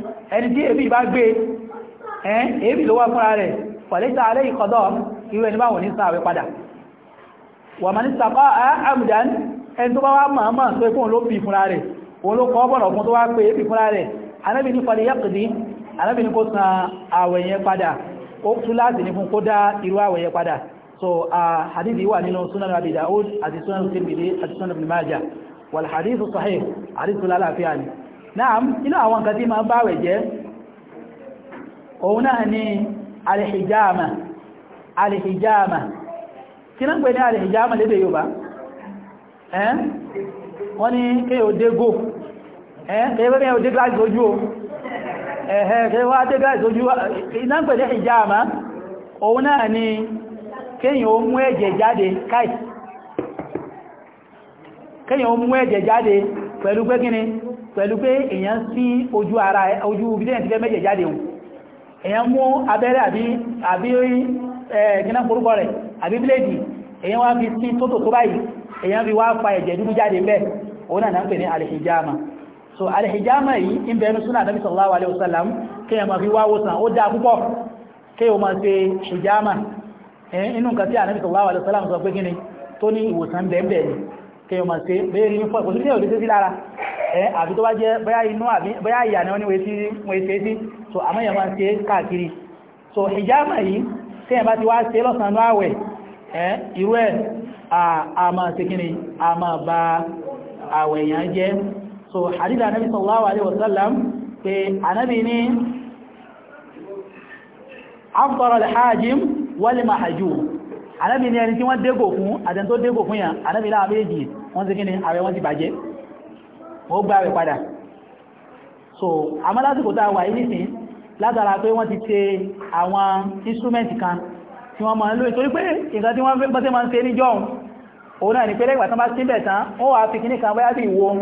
ẹni tí èbí bá gbé ẹ́n èbí ló wá fúnra rẹ̀ pọ̀lẹ́ta alẹ́ ìkọ̀dọ̀ irú ẹni báwọn ní sáàwẹ́ padà wà má ní sàkọ́ àmùdán ẹni tó bá wá mọ̀ọ́mọ̀ tó ikú ló bí fúnra rẹ̀ òun ló kọ́ bọ̀rọ̀ fún tó wá pé èbí fúnra rẹ̀ anábì ní so hadithi wà nínú sunan abi daud àti sunan tirmidhi àti sunan ibn majah wal hadithu sahih hadithu lálàáfíà naam inú àwọn nǹkan ma ni alìhìjáàmà alìhìjáàmà kí náà ń pè ní alìhìjáàmà lédè Yorùbá ẹ́n wọ́n ní kéyò dégò ẹ́n kéyò kéyò dé gíláàsì ojú o ẹ̀hẹ́ kéyò ni pẹ̀lú pé èyàn sí ojú ara ojú bídẹ́yìn ti fẹ́ mẹ́jẹ̀ jáde hù èyàn mú abẹ́rẹ́ àbí àbí ẹ̀kínà forúkọ rẹ̀ àbí bíléèdì èyàn wá fi sí tótò tó báyìí èyàn fi wá fa ẹ̀jẹ̀ dúdú jáde ń bẹ̀ òun náà ń pè ní alìhìjáàmà so alìhìjáàmà yìí ń bẹ̀ẹ́nu súnà àdábì sallallahu alaihi wasallam kí èyàn máa fi wá wòsàn ó dáa púpọ̀ kí èyàn máa ṣe hìjáàmà inú nǹkan tí àdábì sallallahu alaihi wasallam sọ pé kí ni tó ní ìwòsàn bẹ́ẹ̀ bẹ́ẹ̀ ni kéèyàn máa ṣe bẹ́ẹ̀rí ń fọ́ kò sí ní òdí sí lára ẹ́ àbí tó bá jẹ́ bóyá inú àbí bóyá ìyà ni wọ́n ní wọ́n ṣe sí so àmọ́yàn máa ṣe káàkiri so hijama yìí kéèyàn bá ti wá ṣe lọ́sànánú àwẹ̀ ẹ́ irú ẹ̀ àmà ṣekínì àmà bá àwẹ̀ èèyàn jẹ́ so hadith anabi sallallahu alaihi wasallam pé anabi ní afdara al-hajim anábì ní ẹni tí wọ́n dégò fún àtẹni tó dégò fún yàn anábì láwọn méjì wọ́n ti kíni àwẹ̀ wọ́n ti bàjẹ́ ó gbá rẹ̀ padà so àmọ́ lásìkò tá a wà yìí nísìn látara pé wọ́n ti ṣe àwọn instrument kan tí wọ́n máa ń lò pé nǹkan tí wọ́n ni pé lẹ́gbàá tán bá síbẹ̀ tán wọ́n wá fi kíní kan báyá sí ìwo wọ́n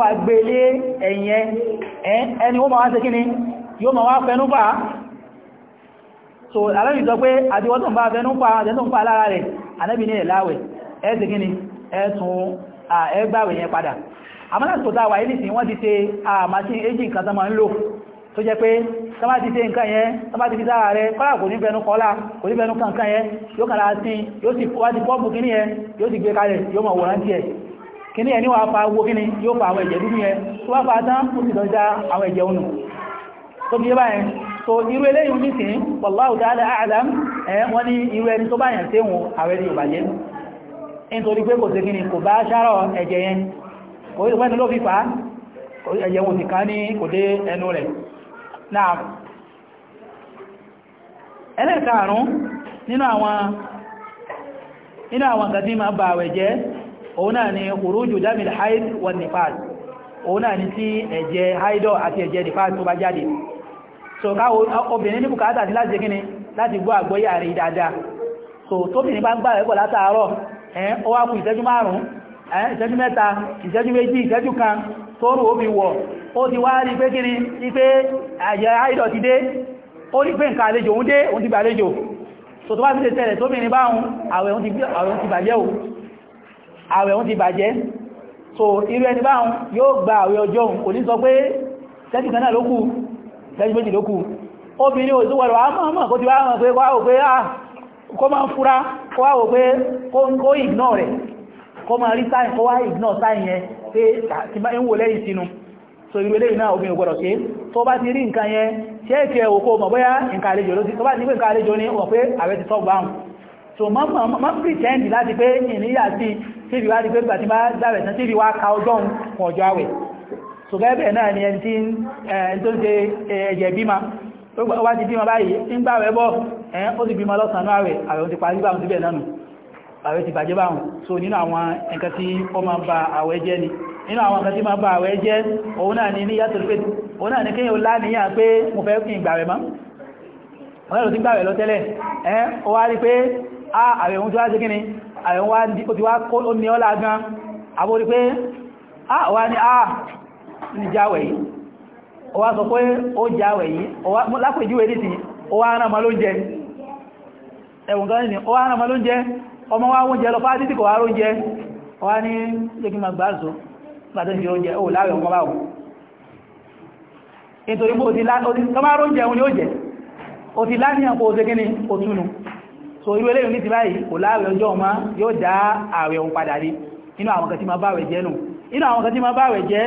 wá gbé lé ẹ̀yìn ẹni wọ́n so alábi sọ pé àtiwọ́ tó ń bá fẹ́nú pa àwọn àjẹ́sùn pa lára rẹ̀ anábi ní ẹ̀láwẹ̀ ẹ́sì gíní ẹ̀tún ẹgbàwẹ̀ yẹn padà àmọ́lásìkò tá wà nísìn wọ́n ti ṣe machine aging kan tánmà ń lò tó jẹ́ pé tánmà ti ṣe nǹkan yẹn tánmà ti fi sára rẹ̀ kọ́lá kò ní fẹ́nu kọ́lá kò ní fẹ́nu kankan yẹn yóò kàrà sí yóò sì wá ti pọ́ọ̀pù kíní yẹn yóò sì gbé kalẹ̀ yóò mọ̀ wòrán díẹ̀ kíní yẹn ní wàá fa owó kíní yóò fa àwọn ẹ̀jẹ̀ dúdú yẹn tó wá fa tán ó sì lọ já àwọn ẹ̀jẹ̀ ònù tó fi yé báyẹn so irú eléyìn nítìí wallahu ta'ala a'lam wọ́n ní irú ẹni tó báyàn tí wọn àwẹ́ ní ìbàjẹ́ nítorí pé kò sí kí ni kò bá ṣárọ̀ ẹ̀jẹ̀ yẹn kò sí pẹ́ni ló fífà ẹ̀jẹ̀ wọn ni ní kò dé ẹnu rẹ̀ náà ẹlẹ́ẹ̀karùn nínú àwọn nínú àwọn nǹkan ma bà àwẹ̀ jẹ́ òun náà ni khuruju damil haid wa ni ẹ̀jẹ̀ haidọ̀ àti ẹ̀jẹ̀ tó bá jáde so káwọ obìnrin ní bùkátà sí láti jẹ́ láti gbọ́ àgbọ́yà rẹ̀ dáadáa so tóbìnrin bá ń gbà ẹ̀kọ́ látàárọ̀ ẹ̀ ó wá kù ìṣẹ́jú márùn-ún ìṣẹ́jú mẹ́ta ìṣẹ́jú méjì ìṣẹ́jú kan wọ̀ ó ti wá rí pé àìdọ̀ ti dé ó rí pé nǹkan àlejò ń dé òun ti gbàlejò so tó bá tẹ̀lẹ̀ àwẹ̀ ti bàjẹ́ so irú ẹni ìṣẹ́jú méjì lókù obìnrin òṣùwọ̀rọ̀ ah, àmọ́ kó ti wá mọ̀ pé wáwò pé à ah, kó máa ń fura kó wáwò pé kó ignore rẹ̀ kó máa rí sáyìn kó wá ignore sáyìn yẹn pé ti ah, máa ń wò lẹ́yìn sínú so irú eléyìí náà obìnrin pretend láti pé ìníyà sí tíbi wá rí pé gbà tí bá dáwẹ̀ tán tíbi wá ka ọjọ́ ọjọ́ so bẹ́ẹ̀ náà ni ẹni tí ń tó ṣe ẹ̀jẹ̀ bímọ wá ti bímọ báyìí ń gbà rẹ̀ bọ́ ẹ̀yìn ó sì bímọ lọ́sànán ààrẹ ààrẹ ti parí báhùn síbẹ̀ náà ààrẹ ti bàjẹ́ báhùn so nínú àwọn nǹkan tí ó máa ba ààwẹ̀ jẹ́ ni nínú àwọn nǹkan tí máa ba ààwẹ̀ jẹ́ ni ní ni kéèyàn ó láníyàn pé mo fẹ́ kí n gbà rẹ̀ mọ́ wọ́n lọ sí gbà rẹ̀ lọ tẹ́lẹ̀ ẹ̀ ó wá rí pé ààrẹ òun ti Ni jáwẹ̀ yìí ó wá sọ pé ó jáwẹ̀ yìí lápèjúwe ní ti ó wá rán ma ló ń jẹ ẹ̀wùn kan ní ó wá rán ma ló ń jẹ ọmọ wá oúnjẹ lọ fáwọn títí kò wá oúnjẹ wá ní jẹ́kí ma gbá zo pàtó ń jẹ oúnjẹ ni ó jẹ òtí o ṣe so irú eléyìn ní ti báyìí kò láwẹ̀ ọjọ́ ọmọ yóò dá ààwẹ̀ òun padà rí inú àwọn kan tí ma báwẹ̀ jẹ́ jẹ́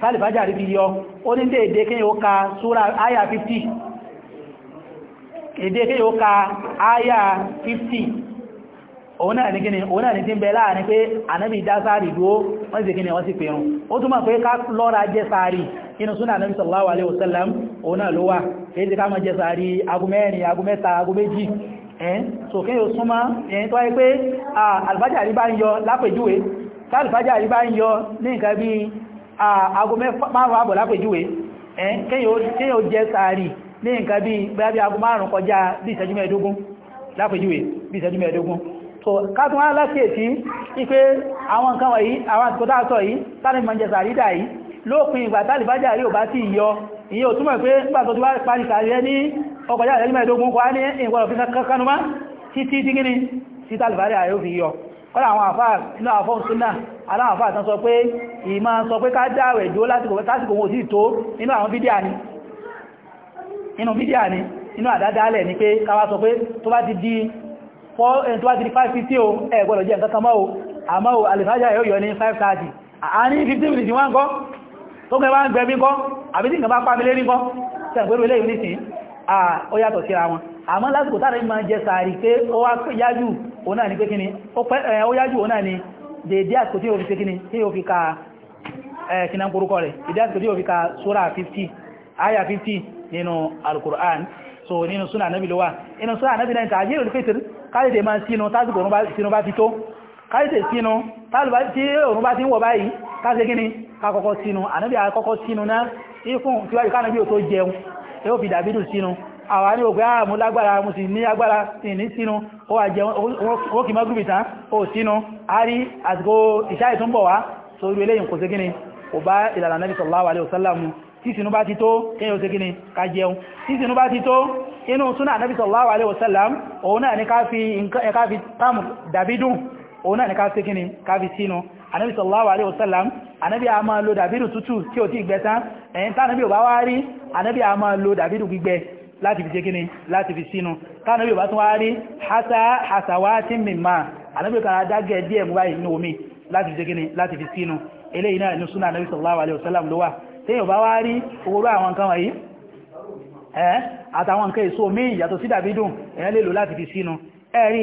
tálìfájà rí bí yọ ó ní déédé kí yóò ka súra àyà 50 èdè kí yóò ka àyà 50 òun náà ní kíni òun náà ní tí ń bẹ láàrin pé ànábì dá sáàrì dúó wọ́n sì kíni wọ́n sì pèrún ó túnmọ̀ pé ká lọ́ra jẹ sáàrì inú súnà ànábì sallallahu alaihi wasallam òun náà ló wà èdè ká mọ́ jẹ sáàrì agumẹ́rin agumẹ́ta agumẹ́jì ẹ́n so kí o súnmọ́ ẹ̀yìn tó wáyé pé alfájà rí bá ń yọ lápèjúwe tá alfájà rí bá ń yọ ní nǹkan bíi aago márùn-ún àbọ̀ lápèjúwe kéyàn ó jẹ́ sàárì ní nǹkan bí gbábí aago márùn-ún kọjá bí ìṣẹ́jú mẹ́ẹ̀dógún lápèjúwe bí ìṣẹ́jú mẹ́ẹ̀dógún so káàtùn wá lákèèsí wípé àwọn nǹkan wọ̀nyí àwọn àsìkò táàtọ̀ yìí tàbí mọ̀ jẹ sàárì dà yìí lópin ìgbà tàbí bájà rí ò bá sí yọ ìyẹn ò túnmọ̀ pé nígbà tó ti wá parí sàárì rẹ ní ọkọ̀já ìṣẹ́jú mẹ́ẹ̀dógún kọ́ ní ìwọ̀n fi kankanú má títí dígínì títàlùbárí àyófin yọ kọ́lá àwọn aláwọ̀fà àtán sọ pé ìmá sọ pé ká dáwẹ̀ jó lásìkò wọn sí tó nínú àwọn bídíà ni inú bídíà ni inú àdádálẹ̀ ni pé káwà sọ pé tó bá ti di 550 eh, o ẹ gbọ́dọ̀ jẹ́ nǹkan kan mọ́ o àmọ́ o alifájà yóò yọ ní 530 àárín 15 minutes wọ́n kọ́ tó kẹ bá ń gbẹ̀mí kọ́ àbí tí nǹkan bá pàmílé ní kọ́ tẹ̀gbẹ̀rẹ̀ ilé ìlú sí ó yàtọ̀ síra wọn àmọ́ lásìkò tààrí máa jẹ sàárì pé eh, ó yájú òun náà ni dèédé àsìkò tí yóò fi ṣe kíni tí yóò fi ka kíná ń korúkọ rẹ̀ dèédé àsìkò tí yóò fi ka sura fifty aya fifty nínú alukur'an so nínú suna anabi ló wà inú suna anabi náà tàbí yóò fi tẹ̀lé káyọ̀dé máa sínú tásìkò sínú bá ti tó káyọ̀dé sínú tí òun bá ti ń wọ̀ báyìí káṣe kíni ká kọ́kọ́ sínú anabi àkọ́kọ́ sínú náà ifun síwájú kánabi ò tó jẹun yóò fi àwa ní ògbé àmú ah, lágbára mú sí ní agbára sí ní sínú ó wà jẹ ó kì mọ́gúrùbì tán ó sínú a rí àsìkò ìṣáì tó ń bọ̀ wá sórí eléyìn kò sí gíní kò bá ìlànà Nabi sallallahu alaihi wasallam tí sinú bá ti tó kíyàn ó ṣe ká jẹun tí bá ti tó inú súnà Nabi sallallahu alaihi wasallam òun náà ni ká fi táàmù dàbídùn òun náà ni ká ṣe kíni ká fi sínú Ànábì sallallahu alaihi wasallam Ànábì a máa lo dàbídù tútù tí ó ti gbẹ tán ẹ̀yìn tánàbí ò bá wá rí Ànábì a máa lo dàbídù gbígbẹ láti fi jẹ́ kíni láti fi sínú tánàbí bá tún wá rí hasawa tí mi máa ànábì kan adágẹ́ díẹ̀ mú báyìí ní omi láti fi jẹ́ kíni láti fi sínú eléyìí náà ní súnà ànábì sallallahu alaihi wasallam ló wà téèyàn bá wá rí owóró àwọn nǹkan wọ̀nyí ẹ́ àtàwọn nǹkan èso míì yàtọ̀ sí dàbí èèyàn lè lò láti fi sínú ẹ̀rí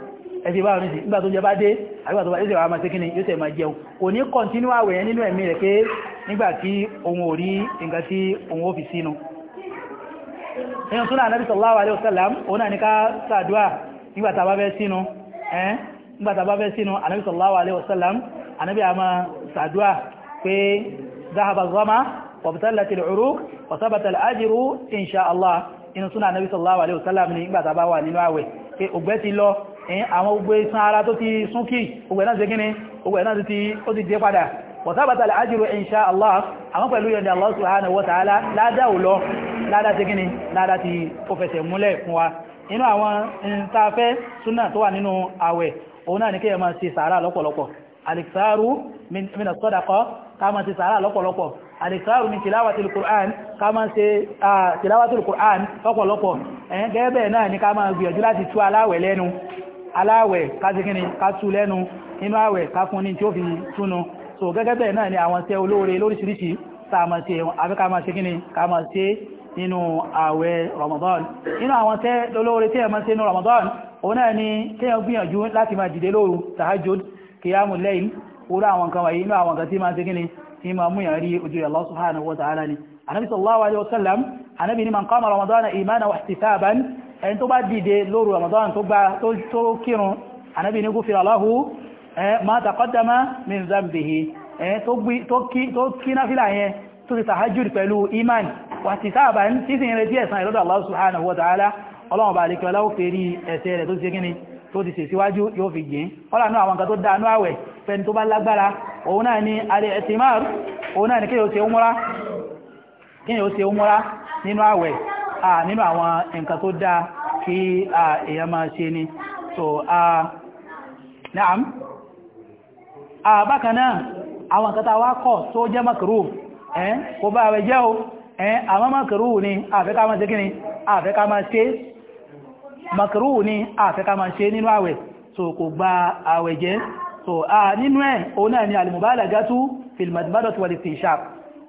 ẹ̀sìn bá rìnṣì nígbà tó jẹ bá dé àgbà tó bá ẹ̀sẹ̀ wà máa tẹ́kíní yóò tẹ̀ máa jẹun kò ní kọ̀ntínú àwẹ̀ yẹn nínú ẹ̀mí rẹ̀ pé nígbà tí òun ò rí nǹkan tí òun ó fi sínú ẹ̀yìn súnà anábì sallallahu alaihi wasallam òun náà ní ká ṣàdúà nígbà bá fẹ́ sínú ẹ̀ zama wabtalat al-uruq wa thabata insha Allah inú súnà anábì sallallahu alaihi wasallam ní nígbà tá ti lọ àwọn gbogbo iṣan ara tó ti súnkì ogbẹ̀ náà ṣe gíní ogbẹ̀ náà ti ó ti dé padà wọ̀tábàtà àjírò insha Allah àwọn pẹ̀lú yọ̀ndẹ̀ Allah subhanahu wa ta'ala ládá ò lọ ládá ti gíní ládá ti ó fẹsẹ̀ múlẹ̀ fún wa inú àwọn ìntafẹ́ súnà tó wà nínú àwẹ̀ òun náà ni kí ẹ máa ṣe sàárà lọ́pọ̀lọpọ̀ alìsáàrù mìnà sọ́dàkọ́ quran ká máa ṣe tìláwàtí quran lọ́pọ̀lọpọ̀ ẹ̀yẹn gẹ́gẹ́ bẹ́ẹ̀ náà ni ká máa gbìyànjú láti tú aláwẹ̀ lẹ́nu aláwẹ̀ kásíkíní kásù lẹ́nu inú àwẹ̀ káfún ní tí ó fi túnu so gẹ́gẹ́ bẹ́ẹ̀ náà ni àwọn tẹ́ olóore lóríṣiríṣi sáàmà ṣe àbí ká máa ṣe kíní ká máa ṣe àwẹ̀ Ramadan inú àwọn tẹ́ olóore tí ẹ máa ṣe nínú Ramadan òun ni kéèyàn gbìyànjú láti máa dìde lóru tahajjud kìyàmù lẹ́yìn orú àwọn nǹkan wáyé inú àwọn nǹkan tí máa ṣe Allah subhanahu wa ta'ala ni anabi wa sallam anabi ni Ramadan imana wa ihtisaban ẹni tó bá dìde lóru Ramadan tó gba tó kírun ànábì ní gúfèrè aláhù ma taqaddama min zambihi tó kí náfílà yẹn tó ti tahajjud pẹ̀lú iman wà ti sáàbà ń tí sì ń retí ẹ̀san ìlọ́dọ̀ Allah subhanahu wa ta'ala ọlọ́run bá alékẹ́ ọláwó fèrí ẹ̀ṣẹ̀ rẹ̀ tó ti gíní tó ti sèsíwájú nínú àwọn nǹkan tó dáa kí èèyàn máa ṣe ni so naam bákan náà àwọn nǹkan tá wá kọ̀ tó jẹ́ makaru ẹ́n kò bá rẹ̀ jẹ́ o ẹ́n àwọn makaru ni àfẹ́ká máa ṣe kí ni àfẹ́ká máa ṣe makaru ni àfẹ́ká máa ṣe nínú àwẹ̀ so kò gba àwẹ̀ jẹ́ so nínú ẹ̀ òun náà ni alimubala mubalagatu fil madmadati wal istishaq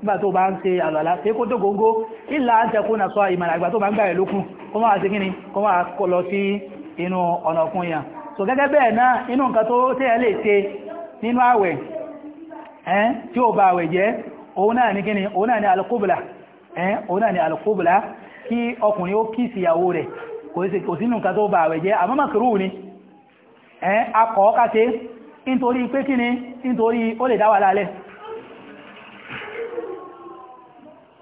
nígbà tó bá ń ṣe àlọ́lá pé kó tó góńgó ìlà ń tẹkún náà sọ ìmọ̀ràn àgbà tó bá ń gbà rẹ̀ kó máa ṣe kíni kó máa so gẹ́gẹ́ bẹ́ẹ̀ náà inú nǹkan tó tẹ́yẹ lè ṣe nínú àwẹ̀ tí ó bá àwẹ̀ jẹ́ òun náà ní kíni òun náà ní alkubla kí ọkùnrin ó kí ìsìyàwó rẹ̀ kò sínú nǹkan tó bá àwẹ̀ jẹ́ ni nítorí pé kíni nítorí ó lè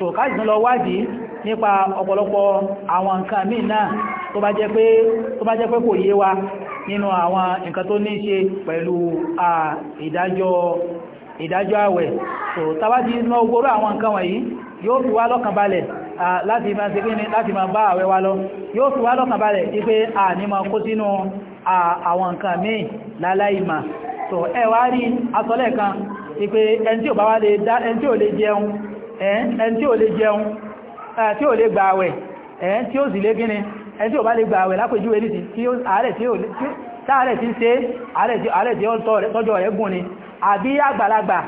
so káàkiri lọ wádìí nípa ọ̀pọ̀lọpọ̀ àwọn nǹkan míì náà tó bá jẹ́ pé tó bá jẹ́ pé kò yé wa nínú àwọn nǹkan tó ní ṣe pẹ̀lú ìdájọ́ ìdájọ́ so tàbátí iná ogoro àwọn nǹkan wọ̀nyí yóò fi wá lọ́kàn balẹ̀ láti máa ṣe kíni láti máa bá àwẹ̀ wa lọ yóò fi wá lọ́kàn balẹ̀ tí pé a ní máa kó sínú àwọn nǹkan míì láláìmà so ẹ wá rí asọ́lẹ̀ kan tí pé ẹni tí ò bá wá lè jẹun ẹn tí ò lè jẹun tí ò lè gba àwẹ̀ ẹn tí ó sì lé gíní ẹn tí ò bá lè gba àwẹ̀ lápèjúwe nìsí kí tí ń tí ó tọ́jọ́ rẹ̀ gùn ni àbí àgbàlagbà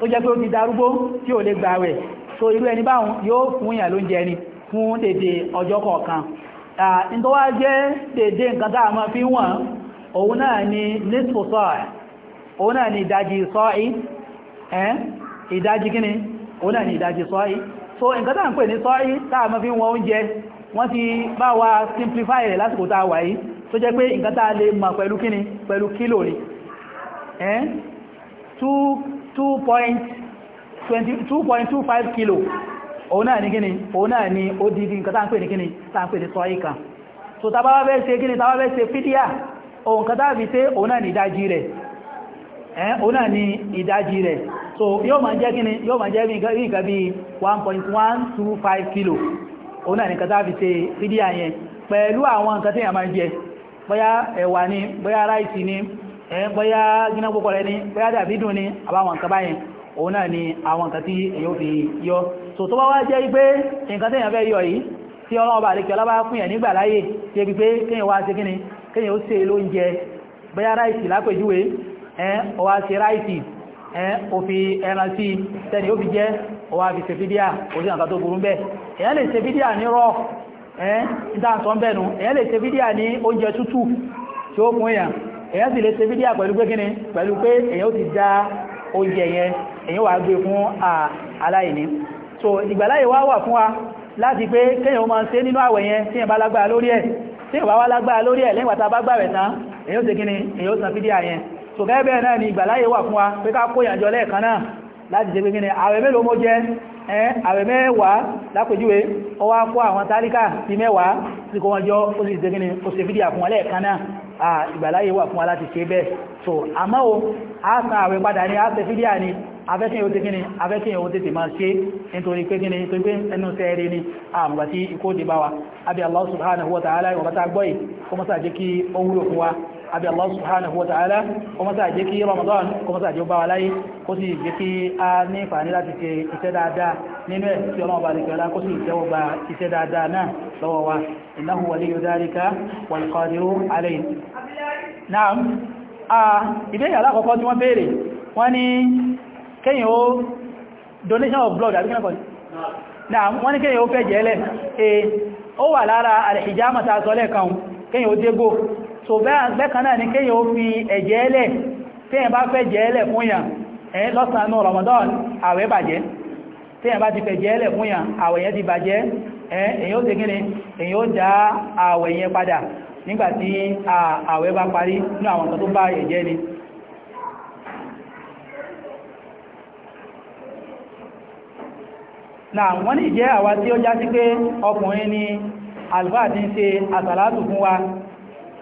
tó jẹ́ pé ó ti darúgbó tí ò lè gba àwẹ̀ so irú ẹni báhùn yóò fún ìyà ló ń jẹ ni fún dèdè ọjọ́ kọ̀ọ̀kan ní ìdájí òun náà ni ìdajì sọ́ọ̀ì so nǹkan táà ń pè ní sọ́ọ̀ì táà mọ́ fi wọn oúnjẹ wọ́n ti bá wa simplify rẹ̀ lásìkò táà wà yìí tó jẹ́ pé nǹkan táà lè mọ̀ pẹ̀lú kíni pẹ̀lú kílò ni 2.25 kilo òun náà ni kíni òun náà ni ó di di nǹkan táà ń pè ní kíni táà ń pè ní sọ́ọ̀ì so tàbá wá fẹ́ ṣe kíni tàbá fẹ́ ṣe fídíà òun kan táà fi ṣe òun náà ni ìdajì rẹ̀ òun ni ìdajì so yóò máa jẹ́ kíni yóò máa jẹ́ bí nǹkan bí 1.125 kilo òun náà nìkan tábí ṣe fídíà yẹn pẹ̀lú àwọn nǹkan tí yà máa jẹ bóyá ẹ̀wà ni bóyá ráìsì ni bóyá gíná púpọ̀ rẹ ni bóyá dàbídùn ni àbáwọn nǹkan báyẹn òun náà ni àwọn nǹkan tí èyí fi yọ so tó bá wá jẹ́ pé nǹkan tí yà fẹ́ yọ yìí tí ọlọ́ọ̀bà àdékẹ́ ọlọ́bà fún yẹn nígbà láyè tí ebi pé kéèyàn wá ṣe kíni kéèyàn ó se lóúnjẹ bóyá ráìsì lápèjúwe ẹ̀ ọwá ṣe ráìsì òfi ẹran sí tẹni ó fi jẹ́ ọwá fi ṣe fídíà òsì àkà tó burú bẹ́ èyàn lè ṣe fídíà ní rọ́ ìdáǹtọ́ bẹ̀nu èyàn lè ṣe fídíà ní oúnjẹ tútù tí ó mú èyàn èyàn sì lè ṣe fídíà pẹ̀lú pé kíni pẹ̀lú pé èyàn ó ti já oúnjẹ yẹn èyàn wà gbé fún so ìgbàláyè wá wà fún wa láti pé kéèyàn ó máa ṣe nínú àwẹ̀ yẹn tí èyàn bá lágbára lórí ẹ̀ tí èyàn bá wá lágbára lórí ẹ̀ so gẹ́gẹ́ bẹ́ẹ̀ náà ni ìgbàláyé wà fún wa pé ká kó ìyànjọ lẹ́ẹ̀kan náà láti jẹ́ gbígbín àwẹ̀ mélòó mo jẹ́ ẹ́ àwẹ̀ mẹ́wàá lápèjúwe ó wá kó àwọn tálíkà sí mẹ́wàá sí kó wọn jọ ó sì jẹ́ gbígbín ó sì fídí àfún lẹ́ẹ̀kan náà so àmọ́ o a san àwẹ̀ ni a ṣe ni afẹ́kẹ́ yóò tẹ́kẹ́ ni afẹ́kẹ́ yóò tẹ́tẹ̀ máa ṣe nítorí pé gíní tó abi Allah subhanahu wa ta'ala ìwọ̀n bá tá gbọ́ yìí àbí Allah subhanahu wa ta'ala kó má ṣe jẹ́ kí Ramadan kó má ṣe jẹ́ bá wa láyé kó sì jẹ́ kí a ní ìfàní láti ṣe iṣẹ́ dáadáa nínú ẹ̀ tí ọlọ́run bá lè kẹ́lá kó sì jẹ́wọ́ gba iṣẹ́ dáadáa náà lọ́wọ́ wa innahu of blood àbí kẹ́kọ̀ọ́ náà wọ́n ní kéyìn ó fẹ́ jẹ́lẹ̀ ó wà lára al-hijama ta sọ lẹ́ẹ̀kan so bẹ́ẹ̀kan náà ni kéyàn ó fi ẹ̀jẹ̀ ẹlẹ̀ téèyàn bá fẹ́ jẹ́ ẹlẹ̀ fún yàn ẹ̀ Ramadan àwẹ̀ bàjẹ́ téèyàn bá ti fẹ́ jẹ́ ẹlẹ̀ fún yàn àwẹ̀ yẹn ti bàjẹ́ èyàn ó ṣe kíni èyàn ó dá àwẹ̀ yẹn padà nígbàtí àwẹ̀ bá parí ní àwọn nǹkan tó bá ẹ̀jẹ̀ ni náà wọ́n ní ìjẹ́ àwa tí ó já sí pé ọkùnrin ni àlùfáà ti ń ṣe àsàlátù fún wa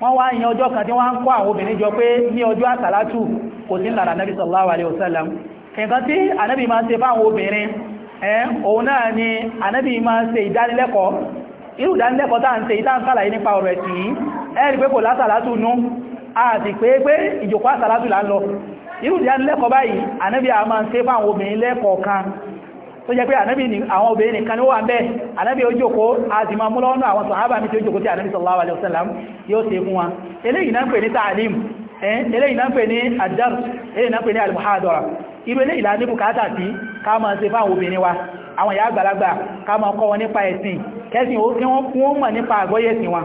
wọ́n wá yan ọjọ́ kan tí wọ́n ń kọ́ àwọn obìnrin jọ pé ní ọjọ́ àsàlátù kò sí lára anábì sallallahu alaihi wasallam nǹkan tí anábì máa ń ṣe fáwọn obìnrin ẹ̀ òun náà ni anábì máa ń ìdánilẹ́kọ̀ọ́ irú ìdánilẹ́kọ̀ọ́ tá ń ṣe ìtàn kàlàyé nípa a máa ń fáwọn obìnrin tó jẹ́ pé ànábì ní àwọn obìnrin nìkan ni ó wà ń bẹ́ ànábì ó jòkó a sì máa mú lọ́nà àwọn sọ̀hábà mi tí ó jòkó tí ànábì sallallahu alaihi wasallam yóò ṣe fún wa eléyìí náà ń pè ní ta'alim eléyìí náà ń pè ní adar eléyìí náà ń pè ní almuhadara irú eléyìí la ní bùkátà sí ká máa ṣe fáwọn obìnrin wa àwọn ìyá àgbàlagbà ká máa kọ́ wọn nípa ẹ̀sìn kẹ́sìn ó kí wọ́n mọ̀ nípa àgbọ́yẹ̀sìn wọn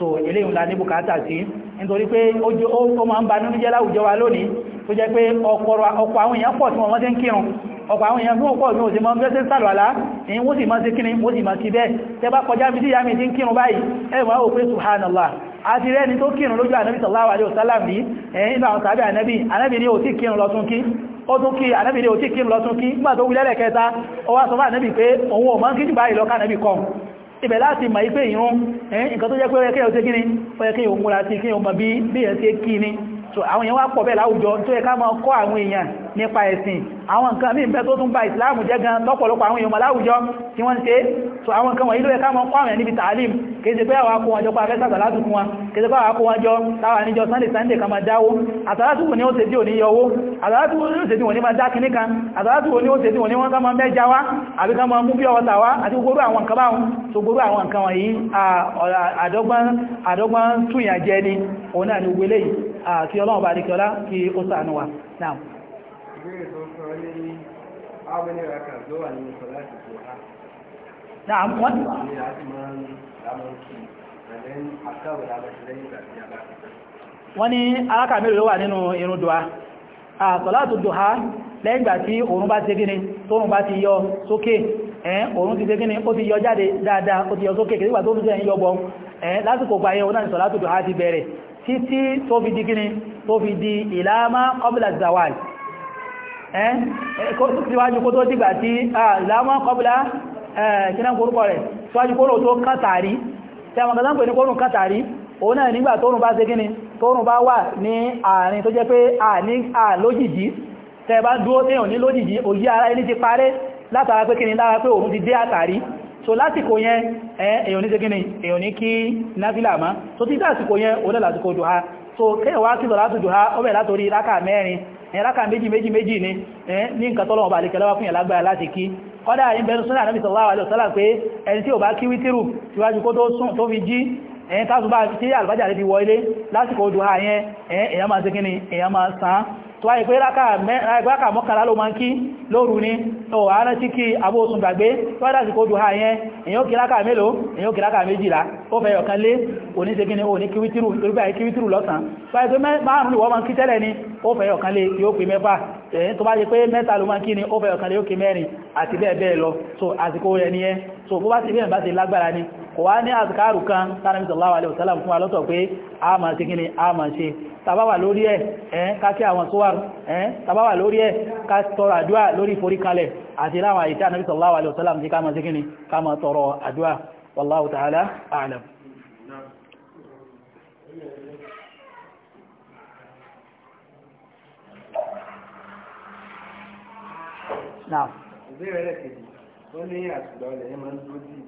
so eléyìí la ní bùkátà sí nítorí pé ó máa ń ba nínú jẹ́ láwùjọ wa lónìí tó jẹ́ pé ọ̀pọ̀ àwọn èèyàn pọ̀ tí wọ́n ti ń kírun ọ̀pọ̀ àwọn èèyàn fún ọ̀pọ̀ ní òsì mọ́ gẹ́sẹ̀ sàlọ̀lá ní wọ́n sì máa sí kíní wọ́n sì máa sí bẹ́ẹ̀ tẹ́ bá kọjá bí síyàmì tí ń kírun báyìí ẹ̀wọ̀n ó pé subhanallah àti rẹ́ni tó kírun lójú ànábì sallallahu alaihi wasallam bí ẹ̀yìn ìbá àwọn tàbí ànábì ànábì ní òsì kírun lọ́tún kí ó tún kí ànábì ní òsì kírun lọ́tún kí nígbà tó wílẹ̀lẹ̀ kẹta ó wá sọ fún ànábì pé òun ò mọ́ kí jù báyìí lọ́kà ànábì ibẹ̀ láti ma ipé ìrún nǹkan tó jẹ́ pé ẹkẹ́ ọ̀tẹ́ kíni ọ̀yẹ́kẹ́ òmúra sí kí o mọ̀ bí bí ẹ̀ sí kíni so àwọn èèyàn wá pọ̀ bẹ́ẹ̀ láwùjọ tó yẹ ká máa kọ́ àwọn èèyàn nípa ẹ̀sìn àwọn nǹkan míì bẹ́ẹ̀ tó tún bà ìsìláàmù jẹ́ gan lọ́pọ̀lọpọ̀ àwọn èèyàn láwùjọ tí wọ́n ṣe so àwọn nǹkan wọ̀nyí ló yẹ ká máa kọ́ àwọn èèyàn níbi tààlim kéde pé àwọn akó wọn ni ó ṣe tí ò ní yọwó àtàlátù wo ni ó ṣe tí ò ní máa dá kinní kan àtàlátù wo ni ó ṣe tí ò ní wọ́n ká máa mẹ́ja wá àbí ká máa mú bí ọwọ́ tàwa àti ni òun náà kí ọlọ́run bá díkẹ́ ọlá kí ó ṣàánú wa náà wọ́n ní alákà mẹ́rin ló wà nínú irun dùá àtọ̀látò dùá lẹ́yìn ìgbà tí òun bá ti gíní tóun bá ti yọ sókè ẹ̀ẹ́ òun ti gíní ó ti yọ jáde dáadáa ó ti yọ sókè kìí gbà tó ń jẹ́ yọ bọ́ ẹ̀ẹ́ lásìkò gbáyẹ òun náà ni sọ̀látò dùá ti bẹ̀rẹ̀ títí tó fi di gíní tó fi di ìlàmá kọbílà zawal ẹ́ síwájú kó tó dìgbà tí ìlàmá kọbílà kíná kórúkọ rẹ̀ síwájú kóró tó kátàrí tí a mọ̀ kátàrí ní kórùn kátàrí òun náà nígbà tóòrùn bá ṣe gíní tóòrùn bá wà ní àárín tó jẹ́ pé à lójìjì tẹ́ bá dúó téèyàn ní lójìjì òyí so lásìkò yẹn èyàn ní ṣegínì èyàn ní kí náfílà má so títà àsìkò yẹn olè lásìkò jù ha so kéèwà kí lọ́lá tó jù ha ó bẹ̀ látorí rákà mẹ́rin rákà méjì méjì méjì ní ní nǹkan tọ́lọ́wọ́ bà lè kẹlẹ́wà fún ìyàlágbà láti kí kọ́dá ìbẹ̀rún súnà náà sallallahu alaihi wasallam pé ẹni tí ò bá kí wítírù síwájú kó tó fi jí ẹ̀yẹn tásùbá tí àlùfájà rẹ̀ fi wọ ilé lásìkò tó wáyé pé rákà mọ́kànlá ló máa ń kí lóru ní tó wà rántí kí abóòsùn gbàgbé tọ́dásí kó dùhá yẹn èyàn kí rákà mélòó èyàn kí rákà méjìlá ó fẹ́ yọ̀kan lé òní ṣe gíní òní kíwítírù lórúkà kíwítírù lọ́sàn tó wáyé pé márùn-ún ìwọ́n máa ń kí tẹ́lẹ̀ ni ó fẹ́ yọ̀kan lé yóò pè mẹ́fà ẹ̀yìn tó bá jẹ́ pé mẹ́ta ló máa kí ni ó fẹ́ ọ̀kan lé ó kí mẹ́rin àti bẹ́ẹ̀ bẹ́ẹ̀ lọ so àsìkò rẹ̀ ni ẹ́ so bó bá ti bí ẹ̀ bá ti lágbára ni kò wá ní àzikáàrù kan tánàbí sallallahu alaihi wasallam fún alọ́tọ̀ pé a máa ṣe kíni a máa ṣe tàbáwà lórí ẹ̀ ẹ́ kákí àwọn sówàrù ẹ́ tàbáwà lórí ẹ̀ ká tọrọ àdúà lórí ìforíkalẹ̀ àti láwọn àyíká ànàbí sallallahu alaihi wasallam ti ká máa ṣe ní àtìgbà ọlẹ̀ yẹn ń dúró dì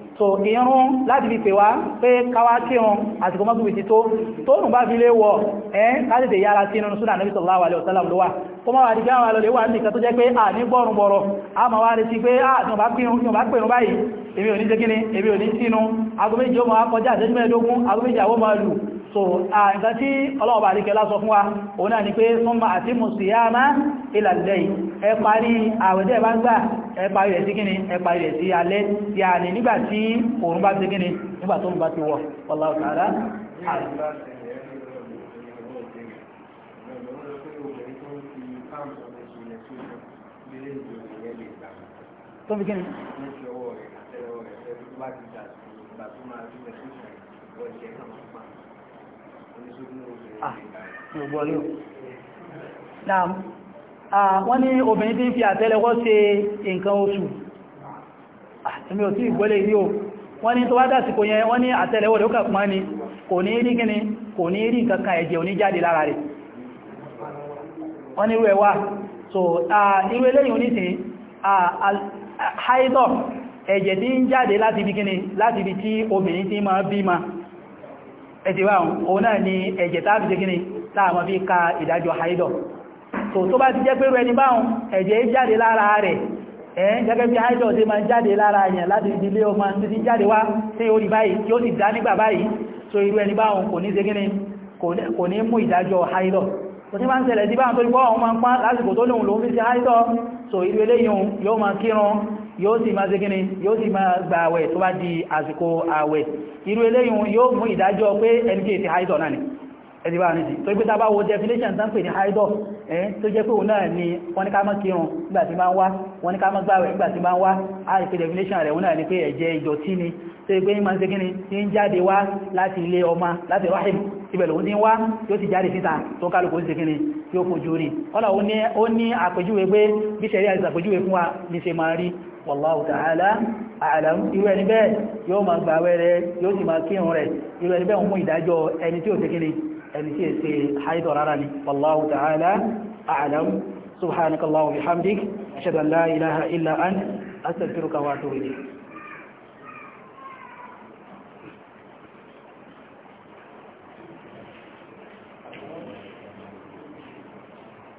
so irun láti fi pè wá pé káwá tí irun àsìkò mọ́gbìbì ti tó tó nù bá fi lé wọ ẹ́ láti tè yára sí irun súnà Nabi sallallahu alaihi wasallam ló wà kó máa wà ní gáwọn alọ́lẹ̀ wà nìkan tó jẹ́ pé à ní gbọ́rùn bọ̀rọ̀ a máa wá rí sí pé à ah, tí wọ́n bá pèrún báyìí èmi ò ní jẹ́ kíní èmi ò ní sínú agoméjì ó so nǹkan tí ọlọ́ọ̀bà àríkẹ́ lásọ fún wa òun náà ni pé summa atimmu siyama ila al-layl ẹ parí àwẹ̀dẹ́ bá ń gbà ẹ parí rẹ̀ sí kíni ẹ parí rẹ̀ sí alẹ́ tí a ní nígbà tí òun bá ti kíni nígbà tó ń bá ti wọ̀ Thank you. Ah, ah, wọ́n ní obìnrin tí ń fi àtẹ́lẹwọ́ ṣe nǹkan oṣù àtìmí ah, ò tí ìgbọ́lẹ̀ yìí o wọ́n ní tó wá dásìkò yẹn wọ́n ní àtẹ́lẹwọ́ rẹ̀ ó kàpùmá ní kò ní rí gíní kò ní rí nǹkankan ẹ̀jẹ̀ ò ní jáde lára rẹ̀ wọ́n ní rẹ̀ wá so irú eléyìn onísìn haidọ̀ ẹ̀jẹ̀ tí ń jáde láti bí gíní láti bí tí obìnrin tí máa bí ma ẹ̀tìwà òun náà ni ẹ̀jẹ̀ tàbí jẹ́ gíní láàmọ́ fi ka ìdájọ́ haidọ̀ so tó bá ti jẹ́ pé rẹni báhùn ẹ̀jẹ̀ jáde lára rẹ̀ ẹ̀yìn gẹ́gẹ́ bí haidọ̀ tí ma jáde lára yẹn láti ilé ọmọ títí jáde wá so irú ẹni báhùn kò ní ṣe gíní kò ní mú ìdájọ́ haidọ̀ kò tí máa ń ṣẹlẹ̀ sí báhùn tó rí bọ́ ọmọ pán so irú eléyìn yóò máa yóò sì máa ségíní yóò sì máa gba àwẹ̀ tó bá di àsìkò àwẹ̀ irú eléyìí yóò mú ìdájọ́ pé ẹni kí èsì haidọ̀ náà ni ẹ̀dì bá ní sí tó gbé tábá wo definition tán pè ní haidọ̀ ẹ̀ tó jẹ́ pé òun náà ni wọ́n ní ká má kírun nígbà tí bá ń wá wọ́n ní ká má gbàwẹ̀ nígbà tí bá ń wá a ìpè definition rẹ̀ òun náà ni ni tó gbé ní máa ń ṣe kíni tí ń jáde wá láti ilé ọmọ láti rahim ibẹ̀ lòun ti ń wá yóò ti jáde síta tó kálukú ń ṣe kíni tí ó fojú rí kọ́lá ó ní àpèjúwe pé bí sẹ́rí àti àpèjúwe fún wa ní ṣe máa rí wallahu ta'ala a'lam irú ẹni bẹ́ẹ̀ yóò máa gba àwẹ̀ rẹ̀ yóò sì máa kírun rẹ̀ irú ẹni bẹ́ẹ̀ ń mú ìdájọ́ ẹni tí ò ṣe kíni ẹni tí èsè haidọ̀ rárá ni wallahu ta'ala a'lam subhanakallahu bihamdik ashhadu ilaha illa ant astaghfiruka wa atubu